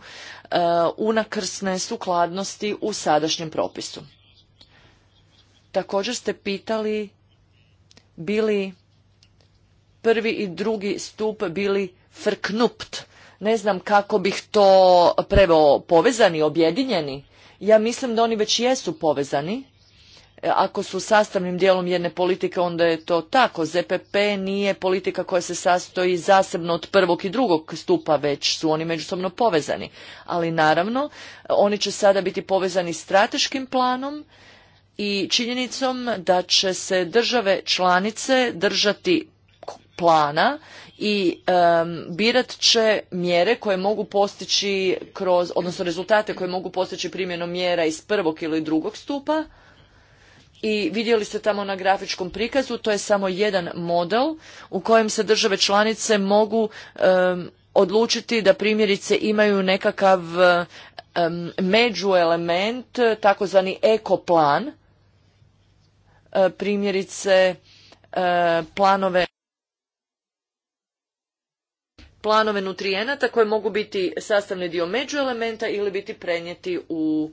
e, unakrsne sukladnosti u sadašnjem propisu. Također ste pitali bili prvi i drugi stup bili frknupt ne znam kako bih to preveo, povezani, objedinjeni. Ja mislim da oni već jesu povezani. E, ako su sastavnim dijelom jedne politike, onda je to tako. ZPP nije politika koja se sastoji zasebno od prvog i drugog stupa, već su oni međusobno povezani. Ali naravno, oni će sada biti povezani strateškim planom i činjenicom da će se države članice držati plana i birat će mjere koje mogu postići kroz, odnosno rezultate koje mogu postići primjenom mjera iz prvog ili drugog stupa i vidjeli ste tamo na grafičkom prikazu, to je samo jedan model u kojem se države članice mogu odlučiti da primjerice imaju nekakav um, element, takozvani ekoplan, e, primjerice e, planove planove nutrijenata koje mogu biti sastavni dio međuelementa ili biti prenijeti u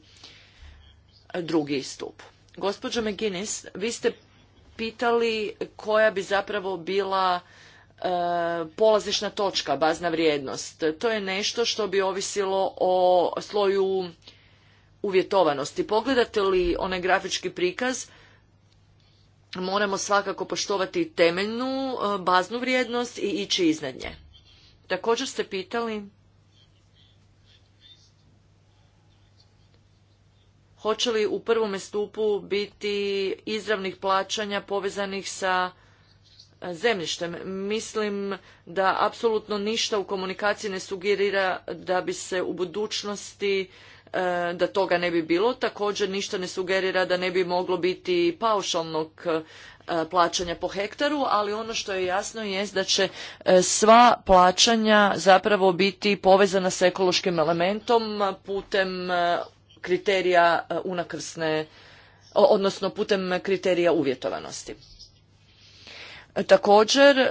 drugi stup. Gospođo McGuinness, vi ste pitali koja bi zapravo bila e, polazišna točka, bazna vrijednost. To je nešto što bi ovisilo o sloju uvjetovanosti. Pogledate li onaj grafički prikaz, moramo svakako poštovati temeljnu e, baznu vrijednost i ići iznad nje. Također ste pitali hoće li u prvome stupu biti izravnih plaćanja povezanih sa e, zemljištem. Mislim da apsolutno ništa u komunikaciji ne sugerira da bi se u budućnosti e, da toga ne bi bilo. Također ništa ne sugerira da ne bi moglo biti paušalnog E, plaćanja po hektaru, ali ono što je jasno je da će e, sva plaćanja zapravo biti povezana s ekološkim elementom putem e, kriterija unakrsne, odnosno putem kriterija uvjetovanosti. Također,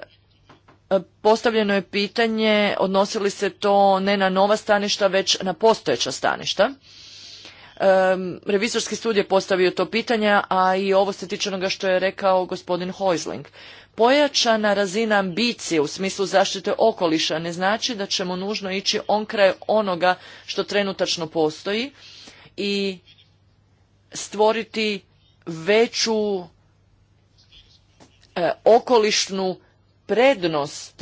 postavljeno je pitanje, odnosili se to ne na nova staništa, već na postojeća staništa revizorski sud je postavio to pitanje, a i ovo se tiče onoga što je rekao gospodin Hojzling. Pojačana razina ambicije u smislu zaštite okoliša ne znači da ćemo nužno ići on kraj onoga što trenutačno postoji i stvoriti veću e, okolišnu prednost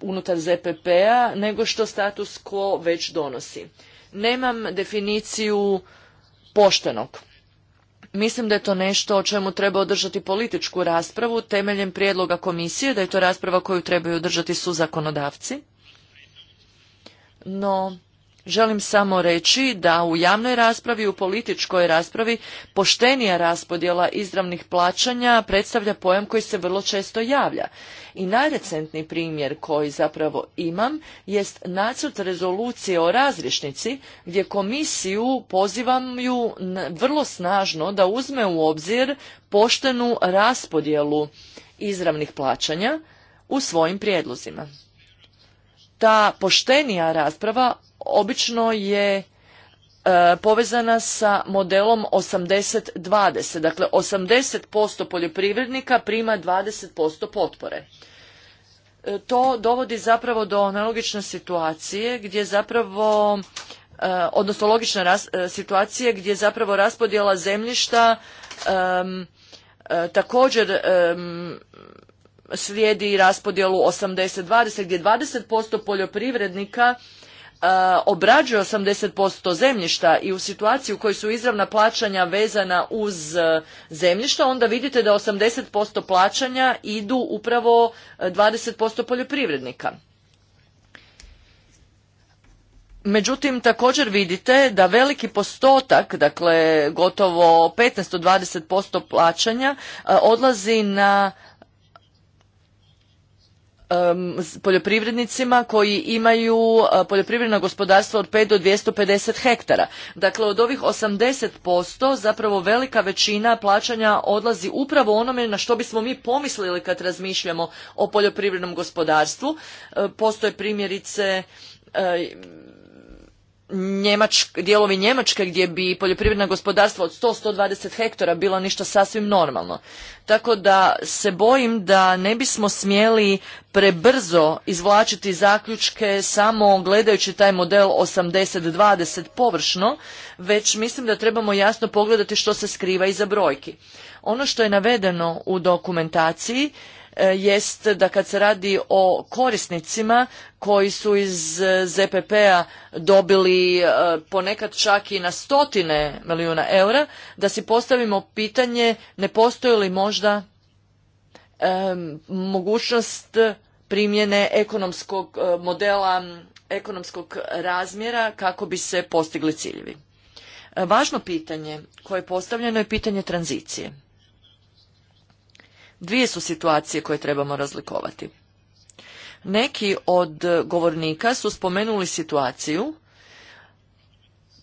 unutar ZPP-a nego što status quo već donosi nemam definiciju poštenog. Mislim da je to nešto o čemu treba održati političku raspravu temeljem prijedloga komisije, da je to rasprava koju trebaju održati su zakonodavci. No, Želim samo reći da u javnoj raspravi, u političkoj raspravi, poštenija raspodjela izravnih plaćanja predstavlja pojam koji se vrlo često javlja. I najrecentni primjer koji zapravo imam jest nacrt rezolucije o razrišnici gdje komisiju pozivam ju vrlo snažno da uzme u obzir poštenu raspodjelu izravnih plaćanja u svojim prijedlozima. Ta poštenija rasprava obično je e, povezana sa modelom 80-20. Dakle, 80% poljoprivrednika prima 20% potpore. E, to dovodi zapravo do analogične situacije gdje zapravo e, odnosno logične situacije gdje zapravo raspodjela zemljišta također slijedi raspodjelu 80-20 gdje 20% poljoprivrednika Eh, obrađuje 80% zemljišta i u situaciji u kojoj su izravna plaćanja vezana uz eh, zemljišta, onda vidite da 80% plaćanja idu upravo 20% eh, poljoprivrednika. Međutim, također vidite da veliki postotak, dakle gotovo 15-20% plaćanja, odlazi na poljoprivrednicima koji imaju e, poljoprivredno gospodarstvo od 5 do 250 hektara. Dakle, od ovih 80% zapravo velika većina plaćanja odlazi upravo onome na što bismo mi pomislili kad razmišljamo o poljoprivrednom gospodarstvu. E, postoje primjerice e, dijelovi Njemačke gdje bi poljoprivredna gospodarstva od 100-120 hektara bilo ništa sasvim normalno. Tako da se bojim da ne bismo smjeli prebrzo izvlačiti zaključke samo gledajući taj model 80-20 površno, već mislim da trebamo jasno pogledati što se skriva iza brojki. Ono što je navedeno u dokumentaciji E, jest da kad se radi o korisnicima koji su iz e, ZPP-a dobili e, ponekad čak i na stotine milijuna eura, da si postavimo pitanje ne postoji li možda mogućnost primjene ekonomskog modela, ekonomskog razmjera kako bi se postigli ciljevi. Važno pitanje koje je postavljeno je pitanje tranzicije. Dvije su situacije koje trebamo razlikovati. Neki od govornika su spomenuli situaciju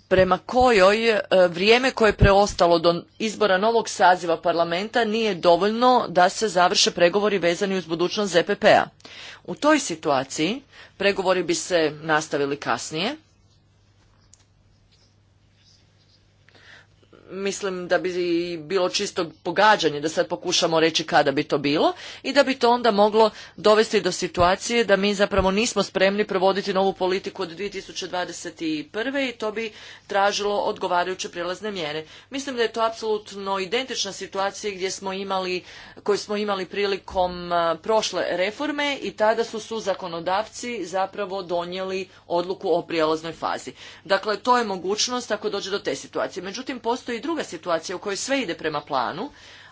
prema kojoj e, vrijeme koje je preostalo do izbora novog saziva parlamenta nije dovoljno da se završe pregovori vezani uz budućnost ZPP-a. U toj situaciji pregovori bi se nastavili kasnije, mislim da bi bilo čisto pogađanje da sad pokušamo reći kada bi to bilo i da bi to onda moglo dovesti do situacije da mi zapravo nismo spremni provoditi novu politiku od 2021. i to bi tražilo odgovarajuće prijelazne mjere. Mislim da je to apsolutno identična situacija gdje smo imali, koju smo imali prilikom prošle reforme i tada su su zakonodavci zapravo donijeli odluku o prijelaznoj fazi. Dakle, to je mogućnost ako dođe do te situacije. Međutim, postoji postoji druga situacija u kojoj sve ide prema planu,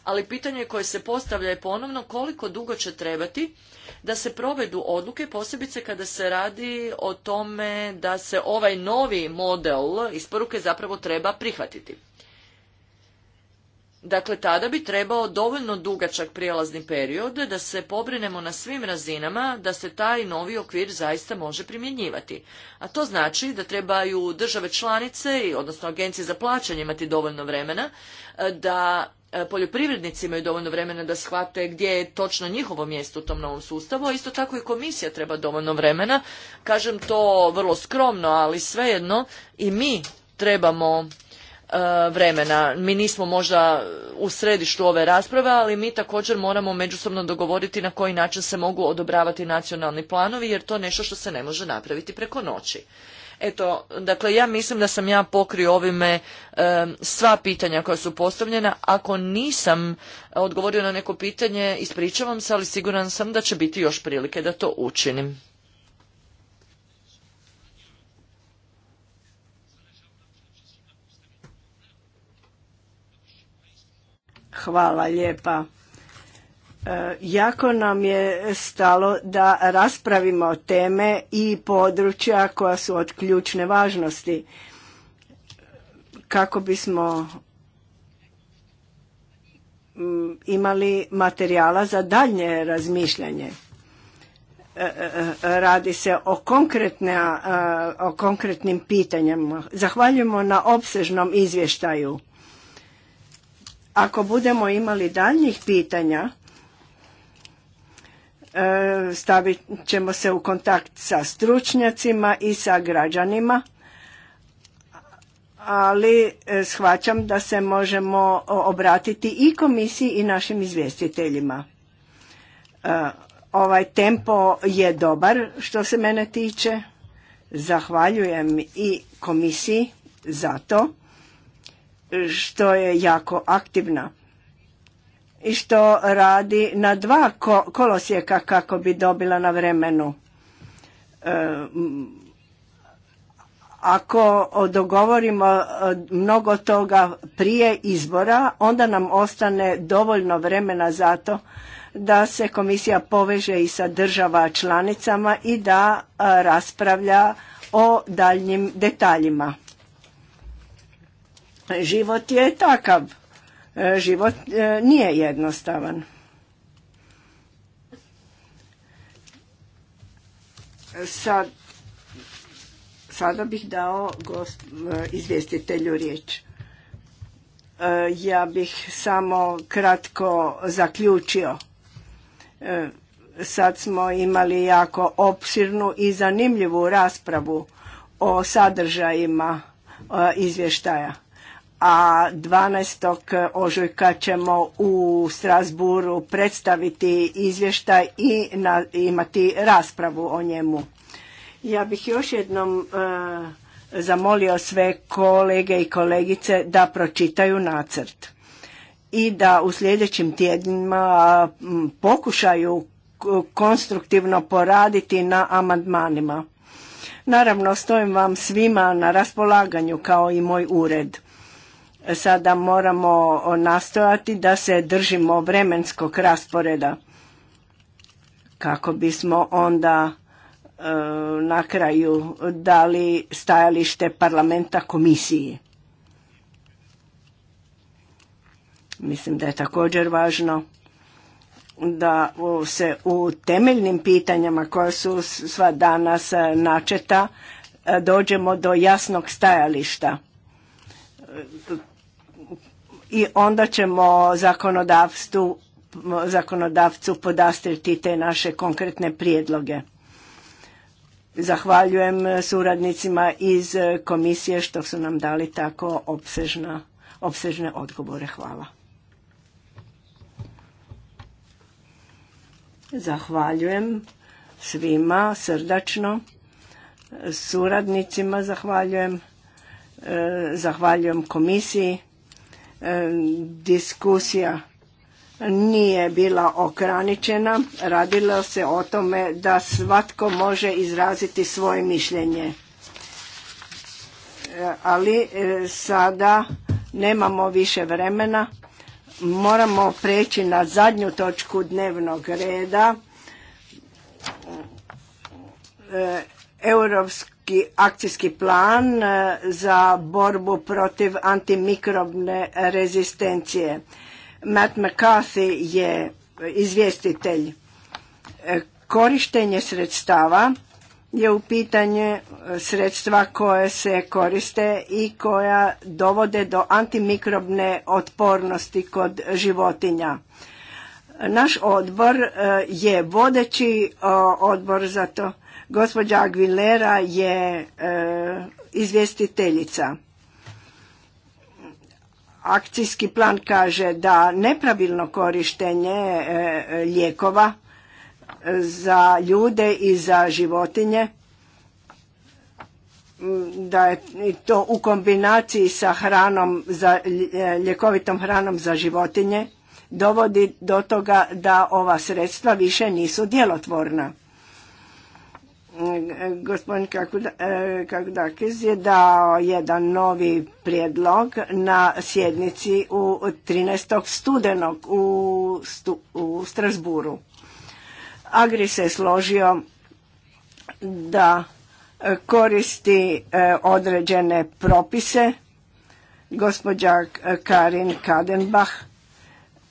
ali pitanje koje se postavlja je ponovno koliko dugo će trebati da se provedu odluke, posebice kada se radi o tome da se ovaj novi model isporuke zapravo treba prihvatiti. Dakle, tada bi trebao dovoljno dugačak prijelazni period da se pobrinemo na svim razinama da se taj novi okvir zaista može primjenjivati. A to znači da trebaju države članice, odnosno agencije za plaćanje imati dovoljno vremena, e, da e, poljoprivrednici imaju dovoljno vremena da shvate gdje je točno njihovo mjesto u tom novom sustavu, a isto tako i komisija treba dovoljno vremena. Kažem to vrlo skromno, ali svejedno i mi trebamo E, vremena. Mi nismo možda u središtu ove rasprave, ali mi također moramo međusobno dogovoriti na koji način se mogu odobravati nacionalni planovi, jer to je nešto što se ne može napraviti preko noći. Eto, dakle, ja mislim da sam ja pokrio ovime e, sva pitanja koja su postavljena. Ako nisam odgovorio na neko pitanje, ispričavam se, ali siguran sam da će biti još prilike da to učinim. Hvala lijepa. E, jako nam je stalo da raspravimo teme i područja koja su od ključne važnosti kako bismo mm, imali materijala za daljnje razmišljanje. E, e, radi se o, o konkretnim pitanjima. Zahvaljujemo na opsežnom izvještaju. Ako budemo imali daljnjih pitanja, e, stavit ćemo se u kontakt sa stručnjacima i sa građanima, ali e, shvaćam da se možemo obratiti i komisiji i našim izvjestiteljima. E, ovaj tempo je dobar što se mene tiče. Zahvaljujem i komisiji za to što je jako aktivna i što radi na dva kolosijeka kako bi dobila na vremenu. E, ako dogovorimo e, mnogo toga prije izbora, onda nam ostane dovoljno vremena za to da se komisija poveže i sa država članicama i da e, raspravlja o daljnjim detaljima. Život je takav. E, život e, nije jednostavan. Sad, sada bih dao e, izvjestitelju riječ. Ja bih samo kratko zaključio. Sad smo imali jako opširnu i zanimljivu raspravu o sadržajima izvještaja a 12. ožujka ćemo u Strasburu predstaviti izvještaj i imati raspravu o njemu. Ja bih još jednom e, zamolio sve kolege i kolegice da pročitaju nacrt i da u sljedećim tjednima pokušaju konstruktivno poraditi na amandmanima. Naravno, stojim vam svima na raspolaganju kao i moj ured. Sada moramo nastojati da se držimo vremenskog rasporeda kako bismo onda e, na kraju dali stajalište parlamenta komisiji. Mislim da je također važno da se u temeljnim pitanjama koja su sva danas e, načeta e, dođemo do jasnog stajališta i onda ćemo zakonodavstvu, zakonodavcu podastriti te naše konkretne prijedloge. Zahvaljujem suradnicima iz komisije što su nam dali tako obsežna, obsežne odgovore. Hvala. Zahvaljujem svima srdačno, suradnicima zahvaljujem, e, zahvaljujem komisiji diskusija nije bila ograničena, radilo se o tome da svatko može izraziti svoje mišljenje. E, ali e, sada nemamo više vremena, moramo preći na zadnju točku dnevnog reda. E, Europska akcijski plan e, za borbu protiv antimikrobne rezistencije. Matt McCarthy je izvjestitelj. E, korištenje sredstava je u pitanje e, sredstva koje se koriste i koja dovode do antimikrobne otpornosti kod životinja. Naš odbor je vodeći odbor za to Gospođa Aguilera je e, izvjestiteljica. Akcijski plan kaže da nepravilno korištenje e, lijekova e, za ljude i za životinje da je to u kombinaciji sa hranom za ljekovitom hranom za životinje dovodi do toga da ova sredstva više nisu djelotvorna gospodin Kakudakis e, je dao jedan novi prijedlog na sjednici u 13. studenog u, stu, u Strasburu. Agri se složio da koristi e, određene propise. Gospođa Karin Kadenbach,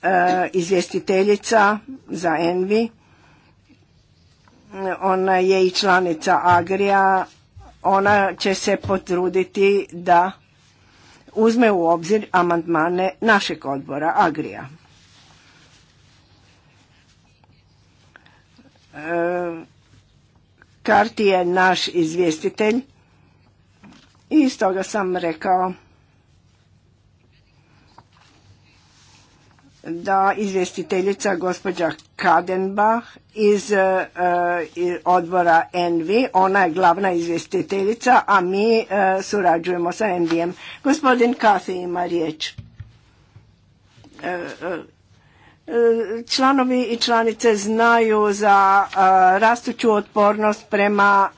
e, izvjestiteljica za Envi, ona je i članica Agrija. Ona će se potruditi da uzme u obzir amandmane našeg odbora Agrija. E, Karti je naš izvjestitelj i stoga sam rekao da izvjestiteljica gospođa Kadenbach iz e, e, odbora Envi, ona je glavna izvjestiteljica, a mi e, surađujemo sa Envijem. Gospodin Kasi ima riječ. članovi i članice znaju za rastuću otpornost prema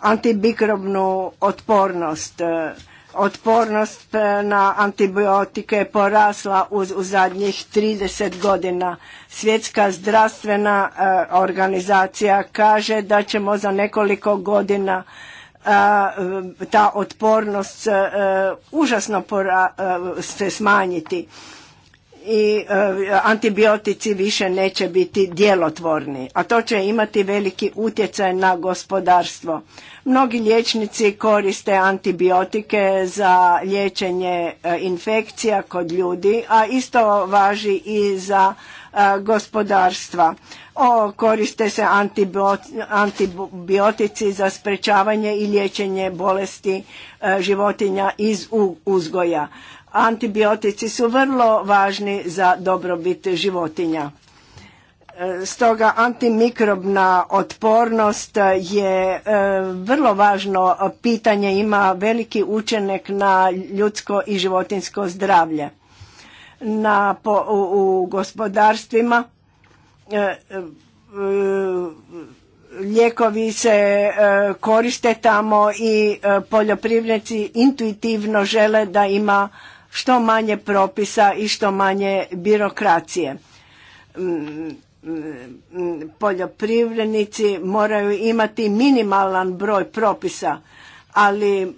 antibikrobnu otpornost otpornost e, na antibiotike je porasla u zadnjih 30 godina. Svjetska zdravstvena e, organizacija kaže da ćemo za nekoliko godina e, ta otpornost užasno se smanjiti i eh, antibiotici više neće biti djelotvorni, a to će imati veliki utjecaj na gospodarstvo. Mnogi liječnici koriste antibiotike za liječenje eh, infekcija kod ljudi, a isto važi i za eh, gospodarstva. koriste se antibiotici za sprečavanje i liječenje bolesti životinja iz uzgoja. Antibiotici su vrlo važni za dobrobit životinja. E, stoga antimikrobna otpornost je e, vrlo važno pitanje, ima veliki učenek na ljudsko i životinsko zdravlje. Na, u, gospodarstvima ljekovi e, lijekovi se koriste tamo i poljoprivrednici intuitivno žele da ima što manje propisa i što manje birokracije. Poljoprivrednici moraju imati minimalan broj propisa, ali e,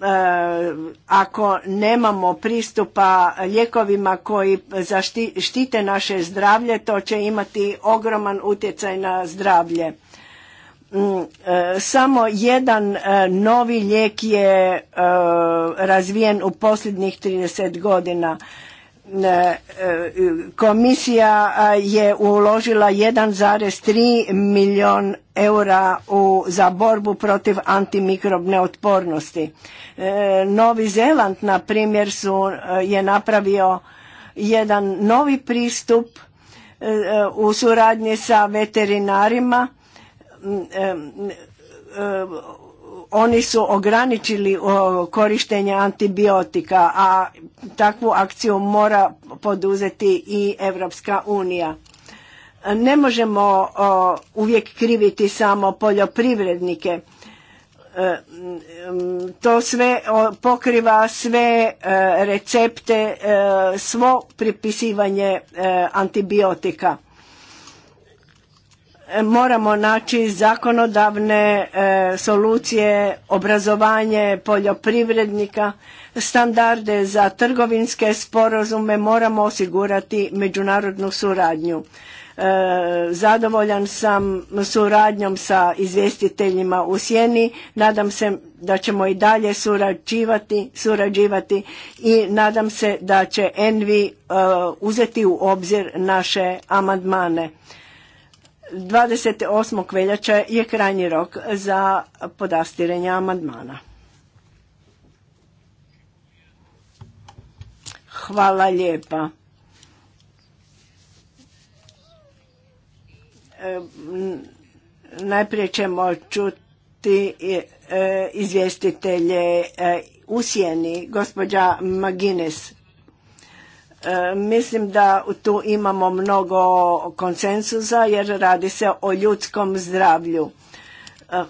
ako nemamo pristupa lijekovima koji zaštite naše zdravlje, to će imati ogroman utjecaj na zdravlje Mm, e, samo jedan e, novi lijek je e, razvijen u posljednjih 30 godina. Komisija je uložila 1,3 milijon eura za borbu protiv antimikrobne otpornosti. Novi Zeland, na primjer, su, je napravio jedan novi pristup u suradnji sa veterinarima oni su ograničili korištenje antibiotika, a takvu akciju mora poduzeti i Evropska unija. Ne možemo uvijek kriviti samo poljoprivrednike. E, to sve pokriva sve e, recepte, e, svo pripisivanje antibiotika moramo naći zakonodavne e, solucije, obrazovanje poljoprivrednika, standarde za trgovinske sporazume, moramo osigurati međunarodnu suradnju. E, zadovoljan sam suradnjom sa izvjestiteljima u Sjeni, nadam se da ćemo i dalje surađivati, surađivati i nadam se da će Envi e, uzeti u obzir naše amandmane. 28. veljača je krajnji rok za podastiranje amandmana. Hvala lijepa. E, najprije ćemo čuti e, izvjestitelje e, u sjeni, gospođa Magines. E, mislim da tu imamo mnogo konsenzusa jer radi se o ljudskom zdravlju. E,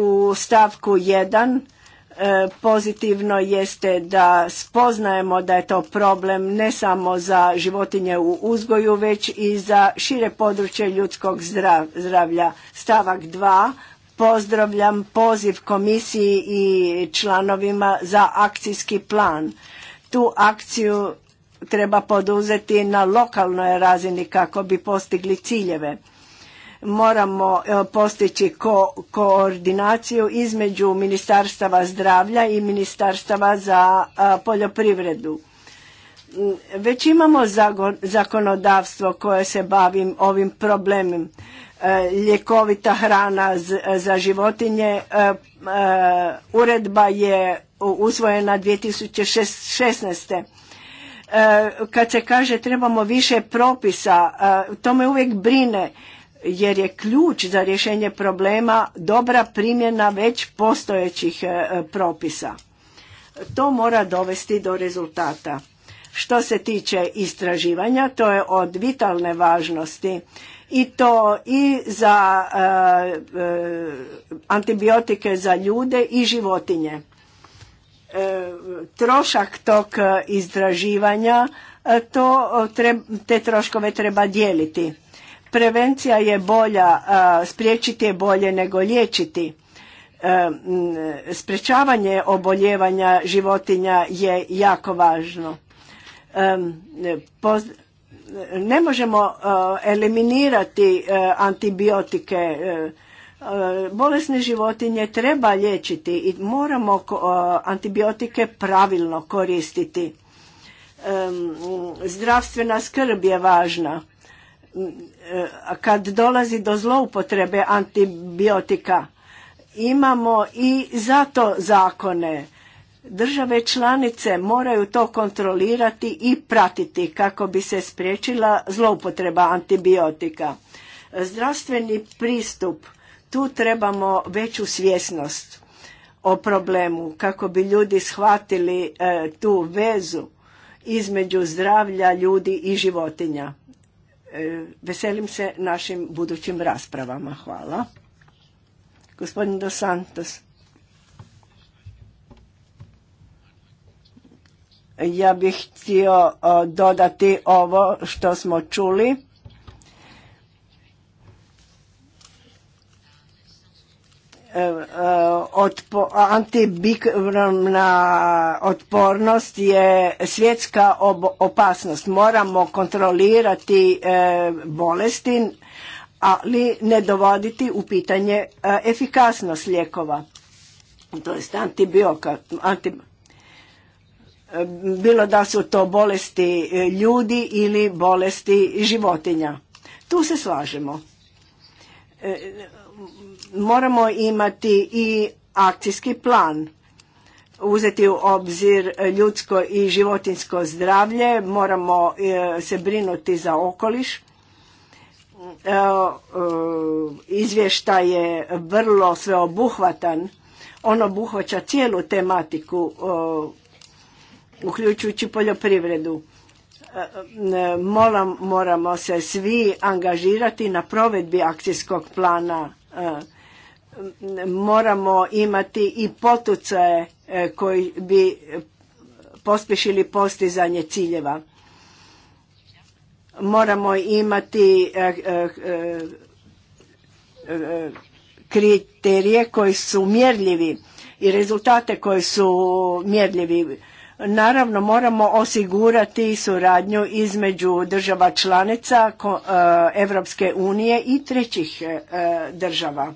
u stavku 1 e, pozitivno jeste da spoznajemo da je to problem ne samo za životinje u uzgoju, već i za šire područje ljudskog zdravlja. Stavak 2. Pozdravljam poziv komisiji i članovima za akcijski plan. Tu akciju treba poduzeti na lokalnoj razini kako bi postigli ciljeve. Moramo e, postići ko koordinaciju između Ministarstava zdravlja i Ministarstava za e, poljoprivredu. Mm, već imamo zakonodavstvo koje se bavi ovim problemom. E, ljekovita hrana za životinje, uredba je usvojena 2016 E, kad se kaže trebamo više propisa, e, to me uvijek brine jer je ključ za rješenje problema dobra primjena već postojećih e, propisa. To mora dovesti do rezultata. Što se tiče istraživanja, to je od vitalne važnosti i to i za antibiotike za ljude i životinje. E, trošak tog e, izdraživanja, e, to, te troškove treba dijeliti. Prevencija je bolja, spriječiti je bolje nego liječiti. Sprječavanje oboljevanja životinja je jako važno. Ne možemo eliminirati antibiotike, E, bolesne životinje treba liječiti i moramo e, antibiotike pravilno koristiti. E, zdravstvena skrb je važna. Kad dolazi do zloupotrebe antibiotika, imamo i zato zakone. Države članice moraju to kontrolirati i pratiti kako bi se spriječila zloupotreba antibiotika. Zdravstveni pristup tu trebamo veću svjesnost o problemu kako bi ljudi shvatili e, tu vezu između zdravlja ljudi i životinja. E, veselim se našim budućim raspravama. Hvala. Gospodin Dos Santos. Ja bih htio dodati ovo što smo čuli E, e, otpo, otpornost je svjetska opasnost. Moramo kontrolirati e, bolesti, ali ne dovoditi u pitanje efikasnost lijekova. To je antibioka. bilo da su to bolesti ljudi ili bolesti životinja. Tu se slažemo moramo imati i akcijski plan uzeti u obzir ljudsko i životinsko zdravlje, moramo e, se brinuti za okoliš. E, e, izvještaj je vrlo sveobuhvatan, on obuhvaća cijelu tematiku, uključujući poljoprivredu. Moramo se svi angažirati na provedbi akcijskog plana moramo imati i potucaje e, koji bi pospješili postizanje ciljeva. Moramo imati e, e, kriterije koji su mjerljivi i rezultate koji su mjerljivi. Naravno moramo osigurati suradnju između država članica Europske unije i trećih država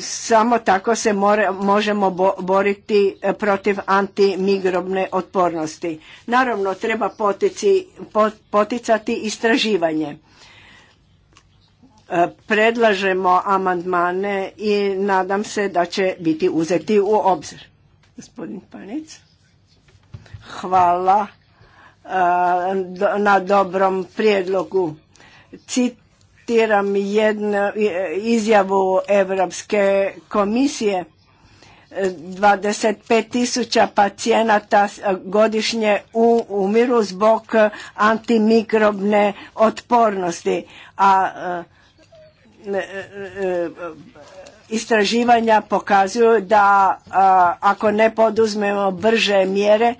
samo tako se možemo boriti e, protiv antimigrobne otpornosti. Naravno, treba poticati istraživanje. E, predlažemo amandmane i nadam se da će biti uzeti u obzir. Gospodin Panic. Hvala e, na dobrom prijedlogu. Cit citiram jednu e, izjavu Europske komisije. 25.000 tisuća pacijenata e, godišnje umiru zbog antimikrobne otpornosti, a e, istraživanja pokazuju da ako ne poduzmemo brže mjere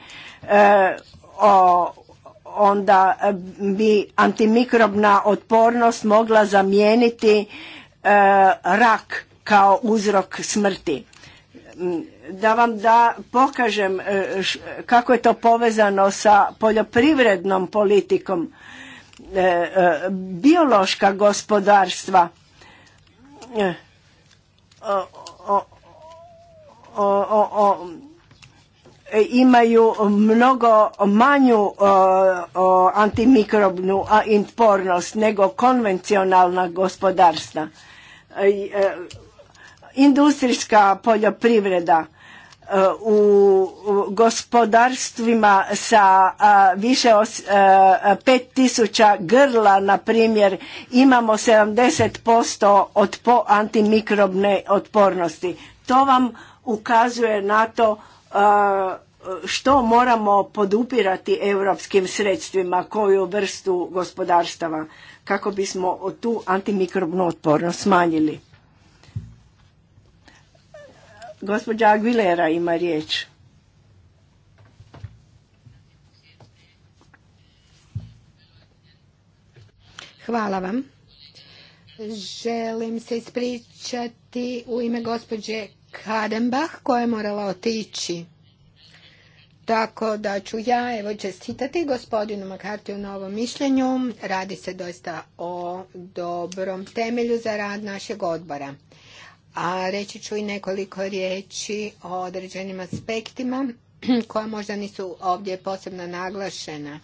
onda eh, bi antimikrobna otpornost mogla zamijeniti eh, rak kao uzrok smrti. Mm, da vam da pokažem eh, kako je to povezano sa poljoprivrednom politikom biološka gospodarstva o, E, imaju mnogo manju e, antimikrobnu intpornost nego konvencionalna gospodarstva. E, industrijska poljoprivreda u gospodarstvima sa više od 5000 grla, na primjer, imamo 70% od antimikrobne otpornosti. To vam ukazuje na to što moramo podupirati europskim sredstvima, koju vrstu gospodarstava, kako bismo tu antimikrobnu otpornost smanjili. Gospođa Aguilera ima riječ. Hvala vam. Želim se ispričati u ime gospođe Kadenbach koja je morala otići. Tako da ću ja evo čestitati gospodinu Makartiju na ovom mišljenju. Radi se doista o dobrom temelju za rad našeg odbora. A reći ću i nekoliko riječi o određenim aspektima koja možda nisu ovdje posebno naglašena.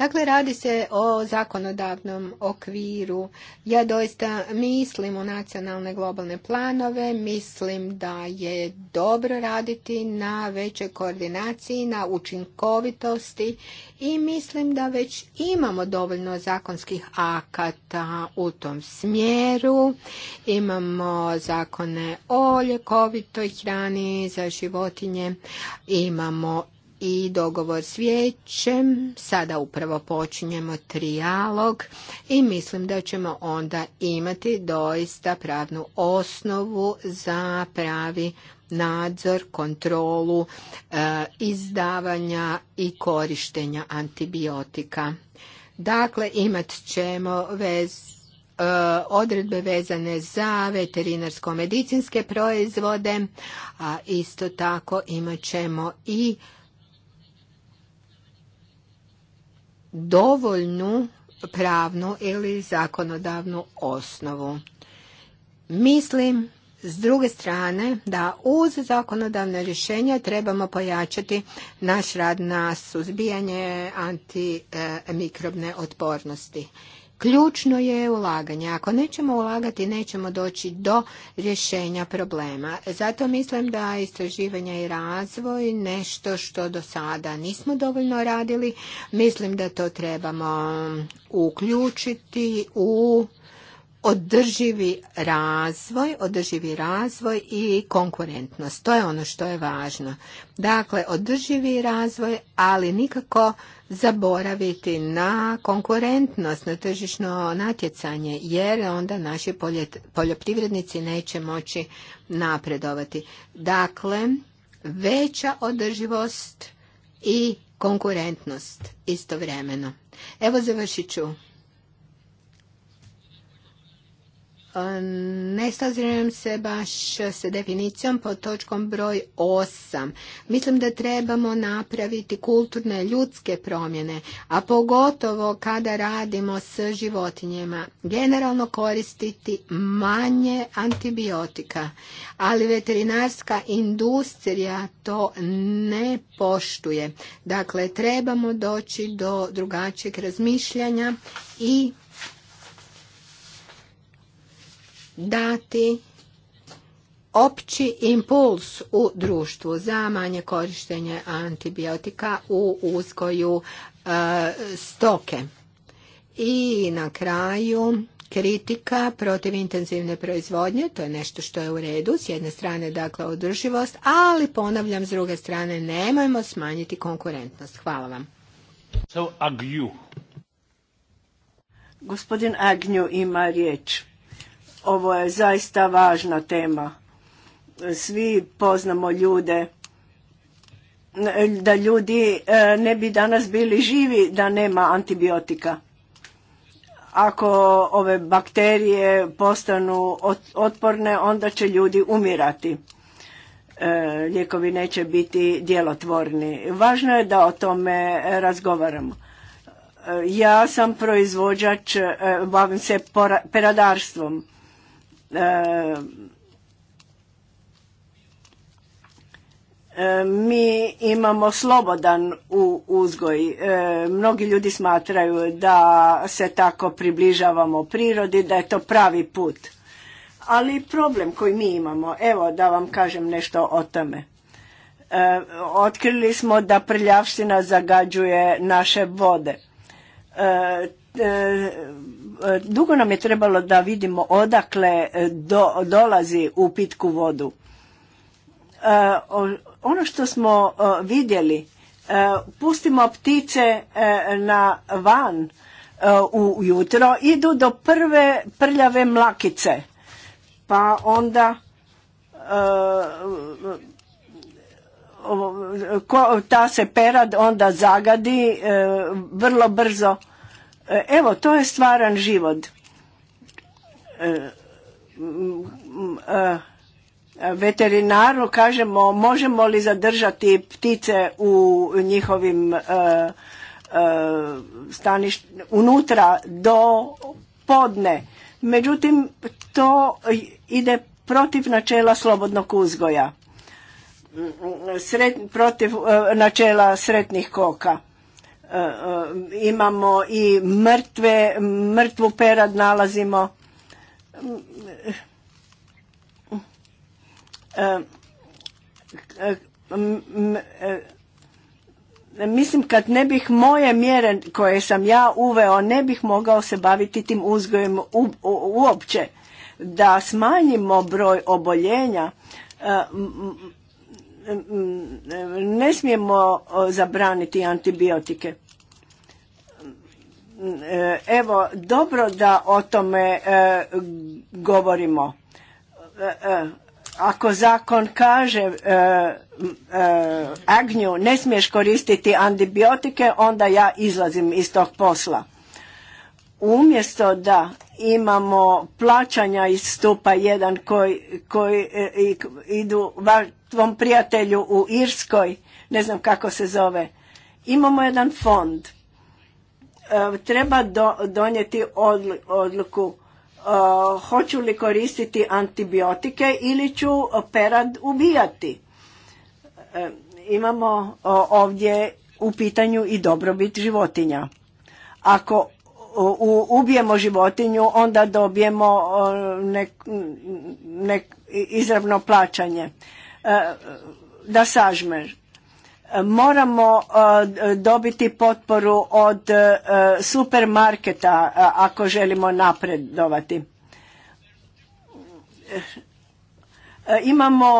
Dakle, radi se o zakonodavnom okviru. Ja doista mislim u nacionalne globalne planove, mislim da je dobro raditi na većoj koordinaciji, na učinkovitosti i mislim da već imamo dovoljno zakonskih akata u tom smjeru. Imamo zakone o ljekovitoj hrani za životinje, imamo i dogovor s vijećem. Sada upravo počinjemo trijalog i mislim da ćemo onda imati doista pravnu osnovu za pravi nadzor, kontrolu e, izdavanja i korištenja antibiotika. Dakle, imat ćemo vez e, odredbe vezane za veterinarsko-medicinske proizvode, a isto tako imat ćemo i dovoljnu pravnu ili zakonodavnu osnovu. Mislim s druge strane da uz zakonodavne rješenja trebamo pojačati naš rad na suzbijanje antimikrobne otpornosti Ključno je ulaganje. Ako nećemo ulagati, nećemo doći do rješenja problema. Zato mislim da istraživanje i razvoj nešto što do sada nismo dovoljno radili, mislim da to trebamo uključiti u održivi razvoj, održivi razvoj i konkurentnost. To je ono što je važno. Dakle, održivi razvoj, ali nikako zaboraviti na konkurentnost, na tržišno natjecanje, jer onda naši poljoprivrednici neće moći napredovati. Dakle, veća održivost i konkurentnost istovremeno. Evo završit ću ne slažem se baš s definicijom pod točkom broj osam. Mislim da trebamo napraviti kulturne ljudske promjene, a pogotovo kada radimo s životinjama. Generalno koristiti manje antibiotika, ali veterinarska industrija to ne poštuje. Dakle, trebamo doći do drugačijeg razmišljanja i dati opći impuls u društvu za manje korištenje antibiotika u uzgoju e, stoke. I na kraju kritika protiv intenzivne proizvodnje, to je nešto što je u redu, s jedne strane dakle održivost, ali ponavljam s druge strane nemojmo smanjiti konkurentnost. Hvala vam. Gospodin Agnju ima riječ. Ovo je zaista važna tema. Svi poznamo ljude da ljudi e, ne bi danas bili živi da nema antibiotika. Ako ove bakterije postanu otporne, onda će ljudi umirati. E, lijekovi neće biti djelotvorni. Važno je da o tome razgovaramo. E, ja sam proizvođač, bavim se peradarstvom mi imamo slobodan u uzgoj. Mnogi ljudi smatraju da se tako približavamo prirodi, da je to pravi put. Ali problem koji mi imamo, evo da vam kažem nešto o tome. Otkrili smo da prljavština zagađuje naše vode. E, dugo nam je trebalo da vidimo odakle e, dolazi u pitku vodu. E, ono što smo vidjeli, pustimo ptice na van ujutro, idu do prve prljave mlakice, pa onda ta se perad onda zagadi vrlo brzo E, evo, to je stvaran život. E, e, veterinaru kažemo možemo li zadržati ptice u njihovim staništima unutra do podne. Međutim, to ide protiv načela slobodnog uzgoja, protiv načela sretnih koka. E, e, imamo i mrtve, mrtvu perad nalazimo. E, mislim kad ne bih moje mjere koje sam ja uveo ne bih mogao se baviti tim uzgojem uopće. Da smanjimo broj oboljenja ne smijemo zabraniti antibiotike. E, evo, dobro da o tome e, govorimo. E, ako zakon kaže agnju ne smiješ koristiti antibiotike, onda ja izlazim iz tog posla. Umjesto da imamo plaćanja iz stupa 1 koji, koji idu tvom prijatelju u Irskoj, ne znam kako se zove. Imamo jedan fond. E, treba donijeti odluku e, hoću li koristiti antibiotike ili ću perad ubijati. E, imamo ovdje u pitanju i dobrobit životinja. Ako ubijemo životinju, onda dobijemo nek, nek, izravno plaćanje. E, da sažmer. E, moramo e, dobiti potporu od supermarketa ako želimo napredovati. Imamo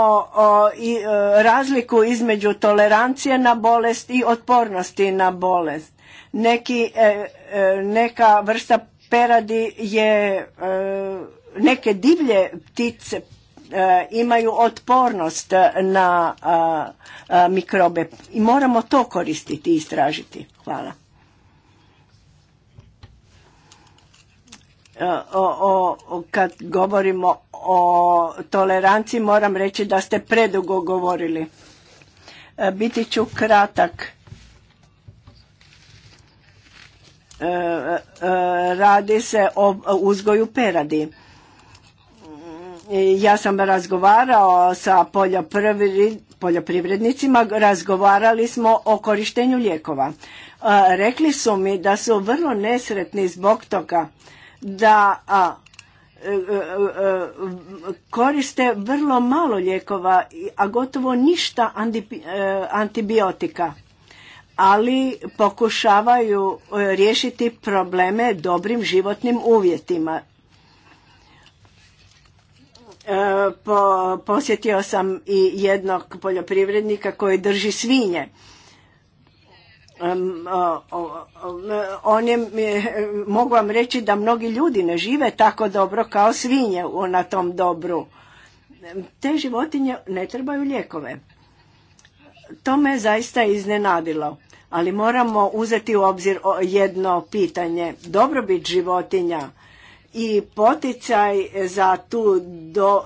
razliku između tolerancije na bolest i otpornosti na bolest. Neki, neka vrsta peradi je neke divlje ptice E, imaju otpornost na mikrobe i moramo to koristiti i istražiti. Hvala. E, kad govorimo o toleranciji moram reći da ste predugo govorili. E, biti ću kratak. radi se o uzgoju peradi. E, ja sam razgovarao sa poljoprivrednicima, razgovarali smo o korištenju lijekova. E, rekli su mi da su vrlo nesretni zbog toga da e, koriste vrlo malo lijekova, a gotovo ništa antibiotika, ali pokušavaju riješiti probleme dobrim životnim uvjetima. E, po, posjetio sam i jednog poljoprivrednika koji drži svinje. on je, e, mogu vam reći da mnogi ljudi ne žive tako dobro kao svinje na tom dobru. Te životinje ne trebaju lijekove. To me zaista iznenadilo. Ali moramo uzeti u obzir jedno pitanje. Dobrobit životinja i poticaj za tu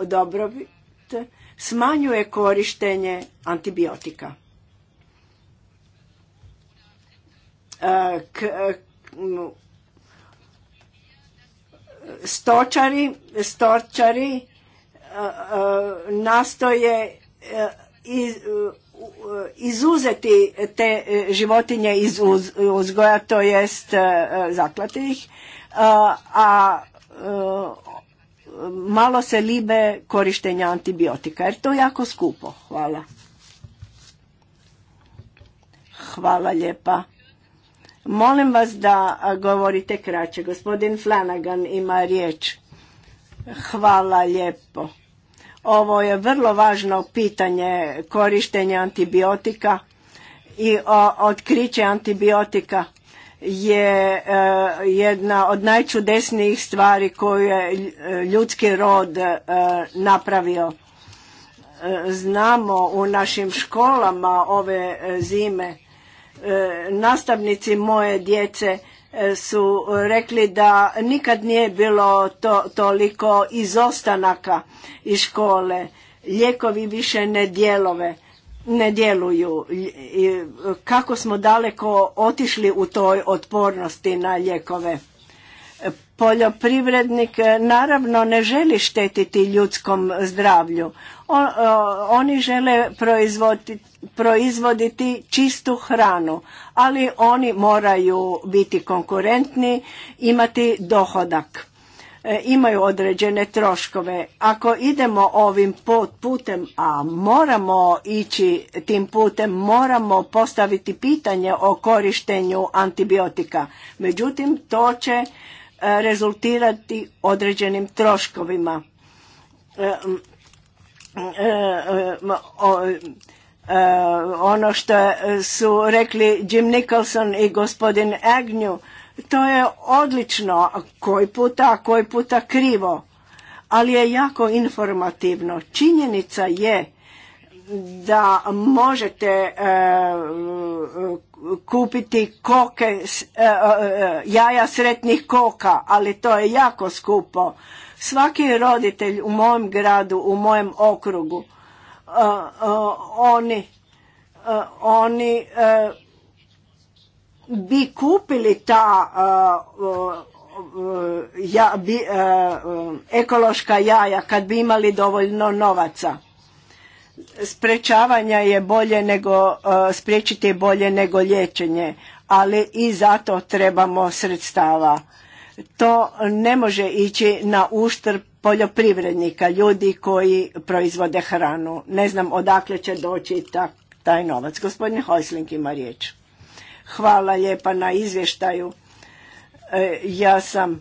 dobrobit smanjuje korištenje antibiotika. E, k, e, stočari, stočari e, nastoje izuzeti te životinje iz uzgoja, to jest zaklati ih, a malo se libe korištenja antibiotika jer to je jako skupo. Hvala. Hvala lijepa. Molim vas da govorite kraće. Gospodin Flanagan ima riječ. Hvala lijepo. Ovo je vrlo važno pitanje korištenja antibiotika i otkriće antibiotika je e, jedna od najčudesnijih stvari koju je e, ljudski rod e, napravio. Znamo u našim školama ove zime, nastavnici moje djece su rekli da nikad nije bilo to, toliko izostanaka iz škole, lijekovi više ne dijelove ne djeluju. Kako smo daleko otišli u toj otpornosti na ljekove? Poljoprivrednik eh, naravno ne želi štetiti ljudskom zdravlju. oni žele proizvoditi čistu hranu, ali oni moraju biti konkurentni, imati dohodak. E, imaju određene troškove. Ako idemo ovim putem, a moramo ići tim putem, moramo postaviti pitanje o korištenju antibiotika. Međutim, to će e, rezultirati određenim troškovima. E, ono što su rekli Jim Nicholson i gospodin Agnew, to je odlično, koji puta, a koji puta krivo, ali je jako informativno. Činjenica je da možete e, kupiti koke, e, e, jaja sretnih koka, ali to je jako skupo. Svaki roditelj u mojem gradu, u mojem okrugu, oni, oni bi kupili ta uh, uh, ja, bi, uh, ekološka jaja kad bi imali dovoljno novaca sprečavanja je bolje nego spriječiti je bolje nego liječenje ali i zato trebamo sredstava to ne može ići na uštrb poljoprivrednika ljudi koji proizvode hranu ne znam odakle će doći taj novac gospodin Hojsling ima riječ Hvala lijepa na izvještaju. E, ja sam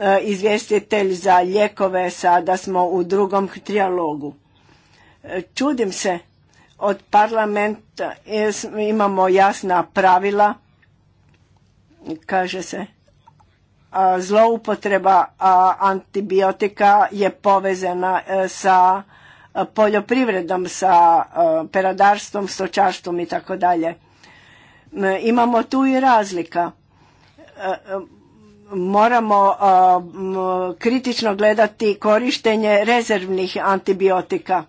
e, izvjestitelj za ljekove, sada smo u drugom trijalogu. E, čudim se, od parlamenta imamo jasna pravila, kaže se, zloupotreba antibiotika je povezana sa poljoprivredom, sa peradarstvom, stočarstvom i tako dalje. E, imamo tu i razlika. E, e, moramo kritično gledati korištenje rezervnih antibiotika.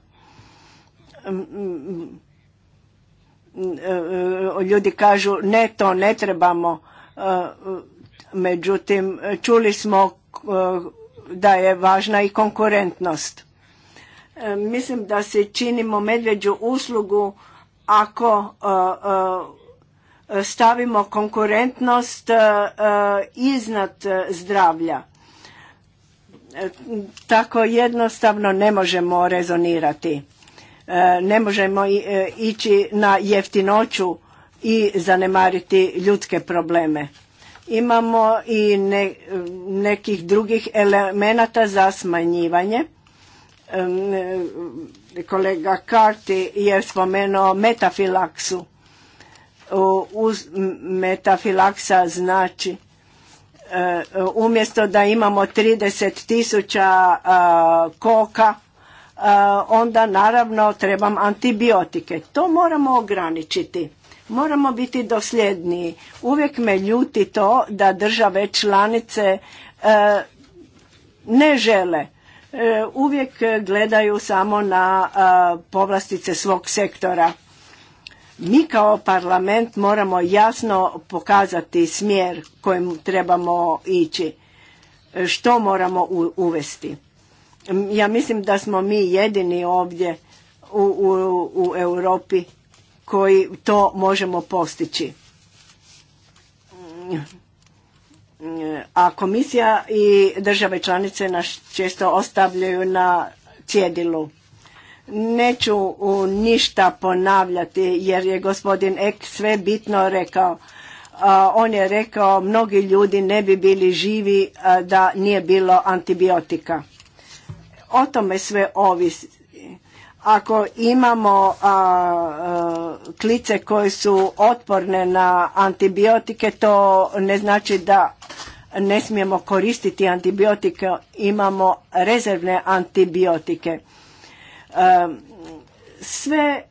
Ljudi kažu ne to ne trebamo. Međutim, čuli smo da je važna i konkurentnost. Mislim da se činimo medveđu uslugu ako stavimo konkurentnost e, e, iznad zdravlja. E, tako jednostavno ne možemo rezonirati. Ne možemo ići na jeftinoću i zanemariti ljudske probleme. Imamo i nekih drugih elemenata za smanjivanje. Kolega Karti je spomenuo metafilaksu uz metafilaksa znači e, umjesto da imamo 30 tisuća e, koka e, onda naravno trebam antibiotike. To moramo ograničiti. Moramo biti dosljedniji. Uvijek me ljuti to da države članice ne žele. Uvijek gledaju samo na povlastice svog sektora mi kao parlament moramo jasno pokazati smjer kojim trebamo ići, što moramo uvesti. Ja mislim da smo mi jedini ovdje u, u, u Europi koji to možemo postići. A komisija i države članice nas često ostavljaju na cjedilu. Neću ništa ponavljati jer je gospodin Ek sve bitno rekao. On je rekao mnogi ljudi ne bi bili živi da nije bilo antibiotika. O tome sve ovisi. Ako imamo klice koje su otporne na antibiotike, to ne znači da ne smijemo koristiti antibiotike, imamo rezervne antibiotike sve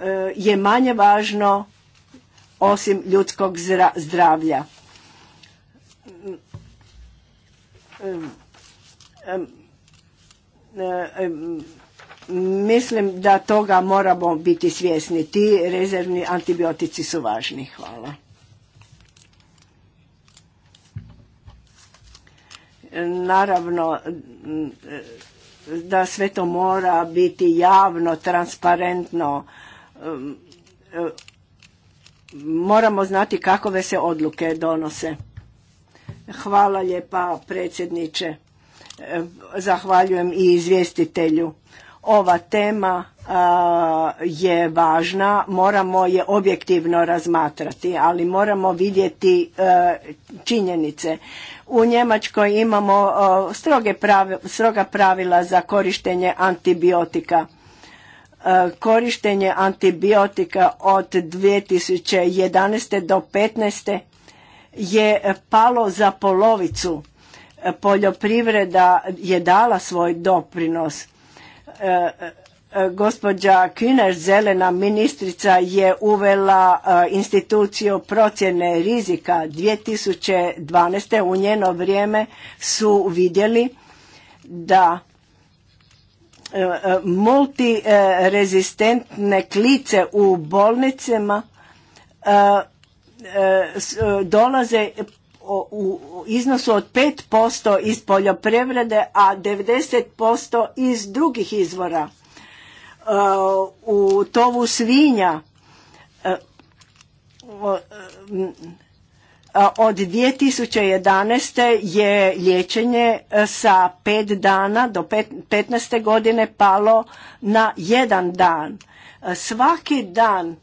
e, je manje važno osim ljudskog zdravlja. Mislim da toga moramo biti svjesni. Ti rezervni antibiotici su važni. Hvala. Naravno, da sve to mora biti javno, transparentno. Um, um, moramo znati kakove se odluke donose. Hvala lijepa predsjedniče. Ehm, zahvaljujem i izvjestitelju. Ova tema je važna, moramo je objektivno razmatrati, ali moramo vidjeti e, činjenice. U Njemačkoj imamo e, stroga pravila za korištenje antibiotika. E, korištenje antibiotika od 2011. do 2015. je palo za polovicu. Poljoprivreda je dala svoj doprinos E, e, gospođa Kuner, zelena ministrica, je uvela e, instituciju procjene rizika 2012. U njeno vrijeme su vidjeli da multirezistentne klice u bolnicama dolaze u iznosu od 5% iz poljoprivrede, a 90% iz drugih izvora. E, u tovu svinja e, e, od 2011. je liječenje sa 5 dana do 15. godine palo na jedan dan. Svaki dan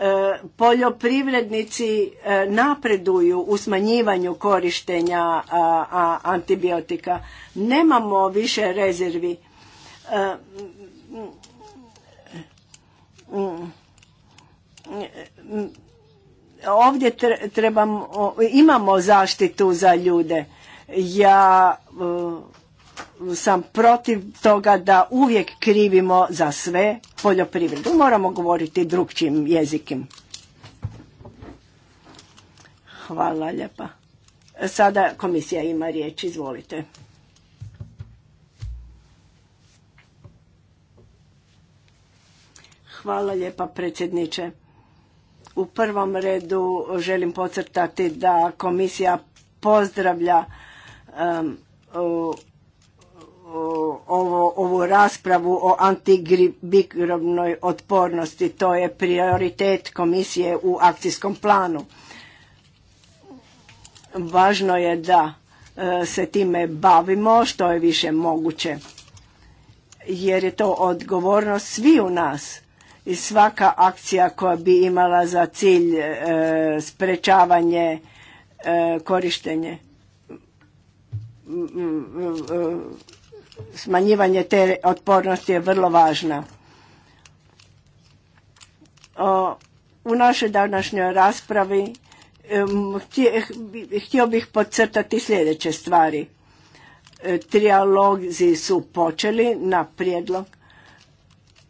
E, poljoprivrednici e, napreduju u smanjivanju korištenja antibiotika. Nemamo više rezervi. E, ovdje trebamo, imamo zaštitu za ljude. Ja sam protiv toga da uvijek krivimo za sve poljoprivredu. Moramo govoriti drugčijim jezikim. Hvala lijepa. Sada komisija ima riječ, izvolite. Hvala lijepa predsjedniče. U prvom redu želim podcrtati da komisija pozdravlja um, ovo, ovu raspravu o antigribikrobnoj otpornosti. To je prioritet komisije u akcijskom planu. Važno je da e, se time bavimo što je više moguće jer je to odgovornost svi u nas i svaka akcija koja bi imala za cilj e, sprečavanje e, korištenje Smanjivanje te otpornosti je vrlo važna. U našoj današnjoj raspravi htio bih podcrtati sljedeće stvari. E, Trialozi su počeli na prijedlog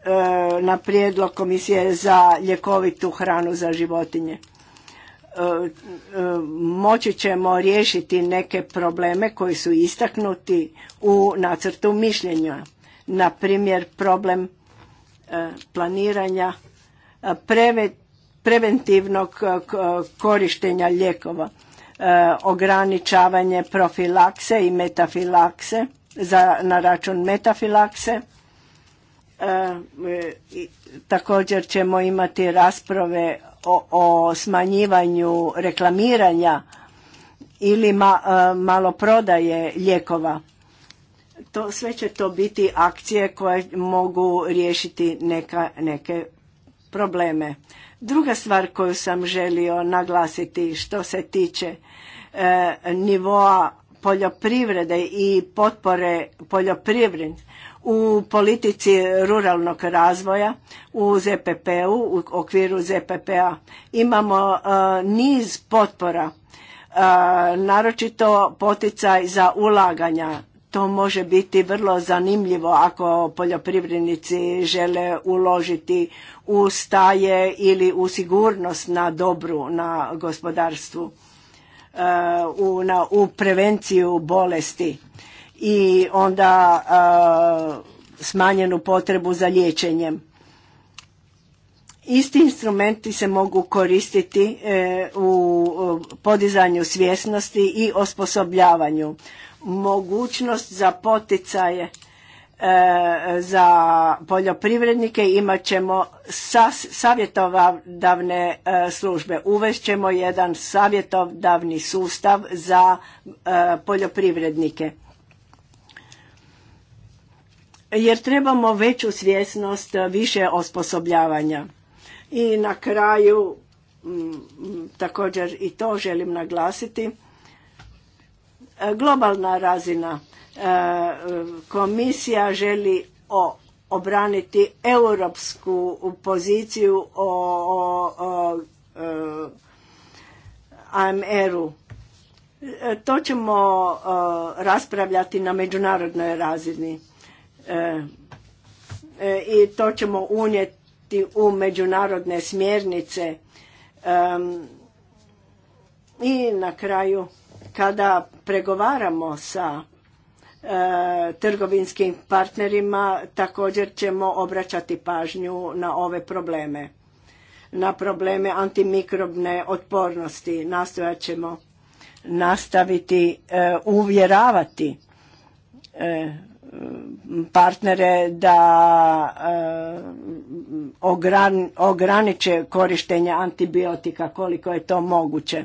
e, na prijedlog Komisije za ljekovitu hranu za životinje. E, e, moći ćemo riješiti neke probleme koji su istaknuti u nacrtu mišljenja. Na primjer problem e, planiranja preventivnog korištenja lijekova, ograničavanje profilakse i metafilakse za, na račun metafilakse. također ćemo imati rasprave o, smanjivanju reklamiranja ili e, maloprodaje lijekova. To, sve će to biti akcije koje mogu riješiti neke probleme. Druga stvar koju sam želio naglasiti što se tiče e, nivoa poljoprivrede i potpore poljoprivrednih, u politici ruralnog razvoja u ZPP-u, u okviru ZPP-a imamo e, niz potpora, e, naročito poticaj za ulaganja. To može biti vrlo zanimljivo ako poljoprivrednici žele uložiti u staje ili u sigurnost na dobru, na gospodarstvu, e, u, na, u prevenciju bolesti i onda smanjenu potrebu za liječenjem. Isti instrumenti se mogu koristiti e, u podizanju svjesnosti i osposobljavanju. Mogućnost za poticaje e, za poljoprivrednike imat ćemo savjetodavne e, službe. Uvest ćemo jedan savjetodavni sustav za poljoprivrednike jer trebamo veću svjesnost, više osposobljavanja. I na kraju, mm, mm, također i to želim naglasiti, e, globalna razina. E, komisija želi obraniti europsku poziciju o, o, e, AMR-u. To ćemo raspravljati na međunarodnoj razini E, e, i to ćemo unijeti u međunarodne smjernice i na kraju kada pregovaramo sa e, trgovinskim partnerima također ćemo obraćati pažnju na ove probleme na probleme antimikrobne otpornosti nastojat ćemo nastaviti uvjeravati partnere da e, ograniče korištenje antibiotika koliko je to moguće.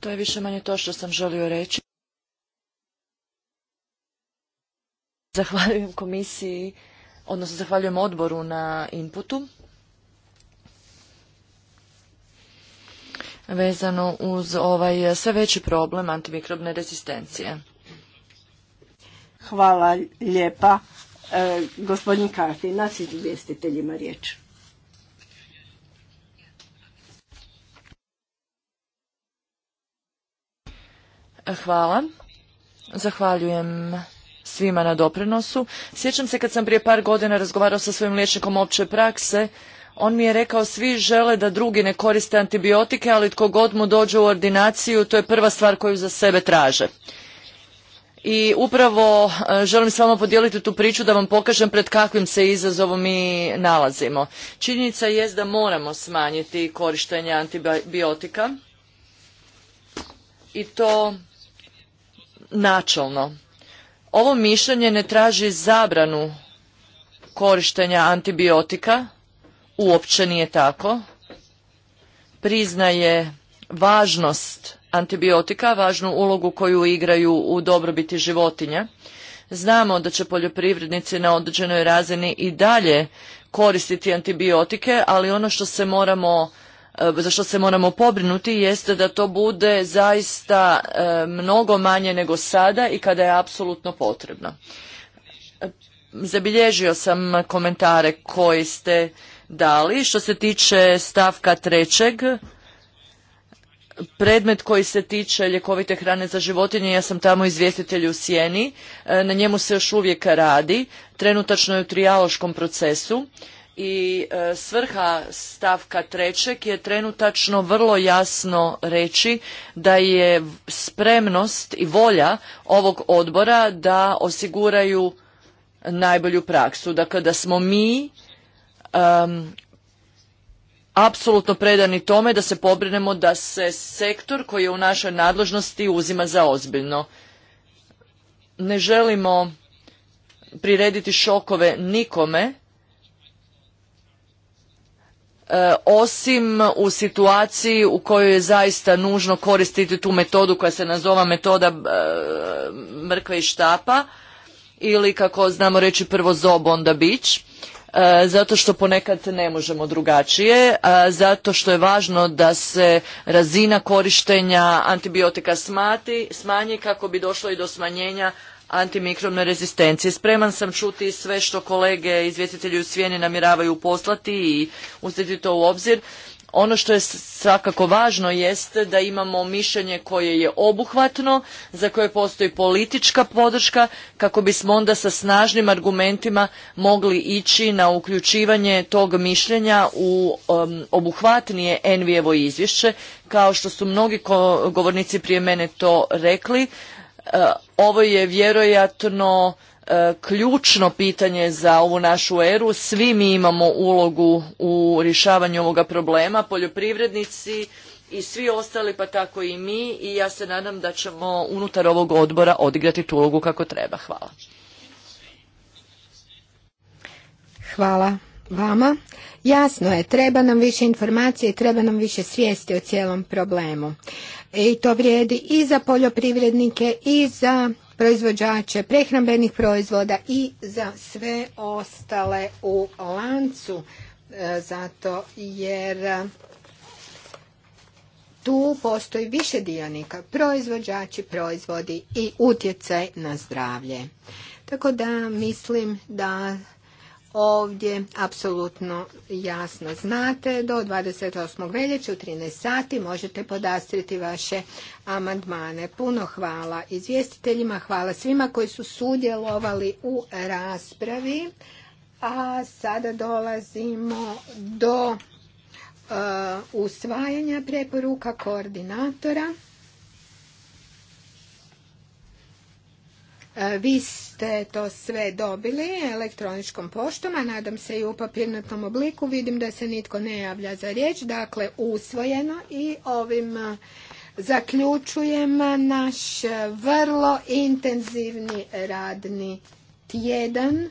To je više manje to što sam želio reći. Zahvaljujem komisiji, odnosno zahvaljujem odboru na inputu. vezano uz ovaj eh, sve veći problem antimikrobne rezistencije. Hvala lijepa. Eh, gospodin Karti, nas izvjestiteljima riječ. Eh, hvala. Zahvaljujem svima na doprinosu. Sjećam se kad sam prije par godina razgovarao sa svojim liječnikom opće prakse on mi je rekao svi žele da drugi ne koriste antibiotike, ali tko god mu dođe u ordinaciju, to je prva stvar koju za sebe traže. I upravo e, želim s vama podijeliti tu priču da vam pokažem pred kakvim se izazovom mi nalazimo. Činjenica je da moramo smanjiti korištenje antibiotika i to načelno. Ovo mišljenje ne traži zabranu korištenja antibiotika, uopće nije tako. Priznaje važnost antibiotika, važnu ulogu koju igraju u dobrobiti životinja. Znamo da će poljoprivrednici na određenoj razini i dalje koristiti antibiotike, ali ono što se moramo e, za što se moramo pobrinuti jeste da to bude zaista e, mnogo manje nego sada i kada je apsolutno potrebno. E, zabilježio sam komentare koji ste dali. Što se tiče stavka trećeg, predmet koji se tiče ljekovite hrane za životinje, ja sam tamo izvjestitelj u Sjeni, e, na njemu se još uvijek radi, trenutačno je u trijaloškom procesu i e, svrha stavka trećeg je trenutačno vrlo jasno reći da je spremnost i volja ovog odbora da osiguraju najbolju praksu. Dakle, da smo mi apsolutno predani tome da se pobrinemo da se sektor koji je u našoj nadležnosti uzima za ozbiljno. Ne želimo prirediti šokove nikome, e, osim u situaciji u kojoj je zaista nužno koristiti tu metodu koja se nazova metoda e, mrkve i štapa ili kako znamo reći prvo zob onda bić E, zato što ponekad ne možemo drugačije, e, zato što je važno da se razina korištenja antibiotika smati, smanji kako bi došlo i do smanjenja antimikrobne rezistencije. Spreman sam čuti sve što kolege izvjestitelji u svijeni namjeravaju poslati i uzeti to u obzir. Ono što je svakako važno jeste da imamo mišljenje koje je obuhvatno, za koje postoji politička podrška kako bismo onda sa snažnim argumentima mogli ići na uključivanje tog mišljenja u obuhvatnije Envijevo izvješće. Kao što su mnogi govornici prije mene to rekli, e, ovo je vjerojatno E, ključno pitanje za ovu našu eru. Svi mi imamo ulogu u rješavanju ovoga problema, poljoprivrednici i svi ostali, pa tako i mi i ja se nadam da ćemo unutar ovog odbora odigrati tu ulogu kako treba. Hvala. Hvala vama. Jasno je, treba nam više informacije i treba nam više svijesti o cijelom problemu. I to vrijedi i za poljoprivrednike i za proizvođače prehrambenih proizvoda i za sve ostale u lancu e, zato jer tu postoji više dionika, proizvođači, proizvodi i utjecaj na zdravlje. Tako da mislim da ovdje apsolutno jasno znate. Do 28. veljače u 13 sati možete podastriti vaše amandmane. Puno hvala izvjestiteljima, hvala svima koji su sudjelovali u raspravi. A sada dolazimo do e, usvajanja preporuka koordinatora. E, vi ste to sve dobili elektroničkom poštom, a nadam se i u papirnatom obliku. Vidim da se nitko ne javlja za riječ. Dakle, usvojeno i ovim e, zaključujem naš vrlo intenzivni radni tjedan.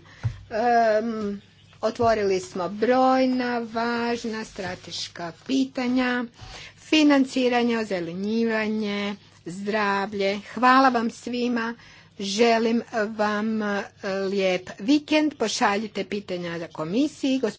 otvorili smo brojna važna strateška pitanja, financiranje, ozelenjivanje, zdravlje. Hvala vam svima Želim vam eh, lijep vikend. Pošaljite pitanja za komisiji.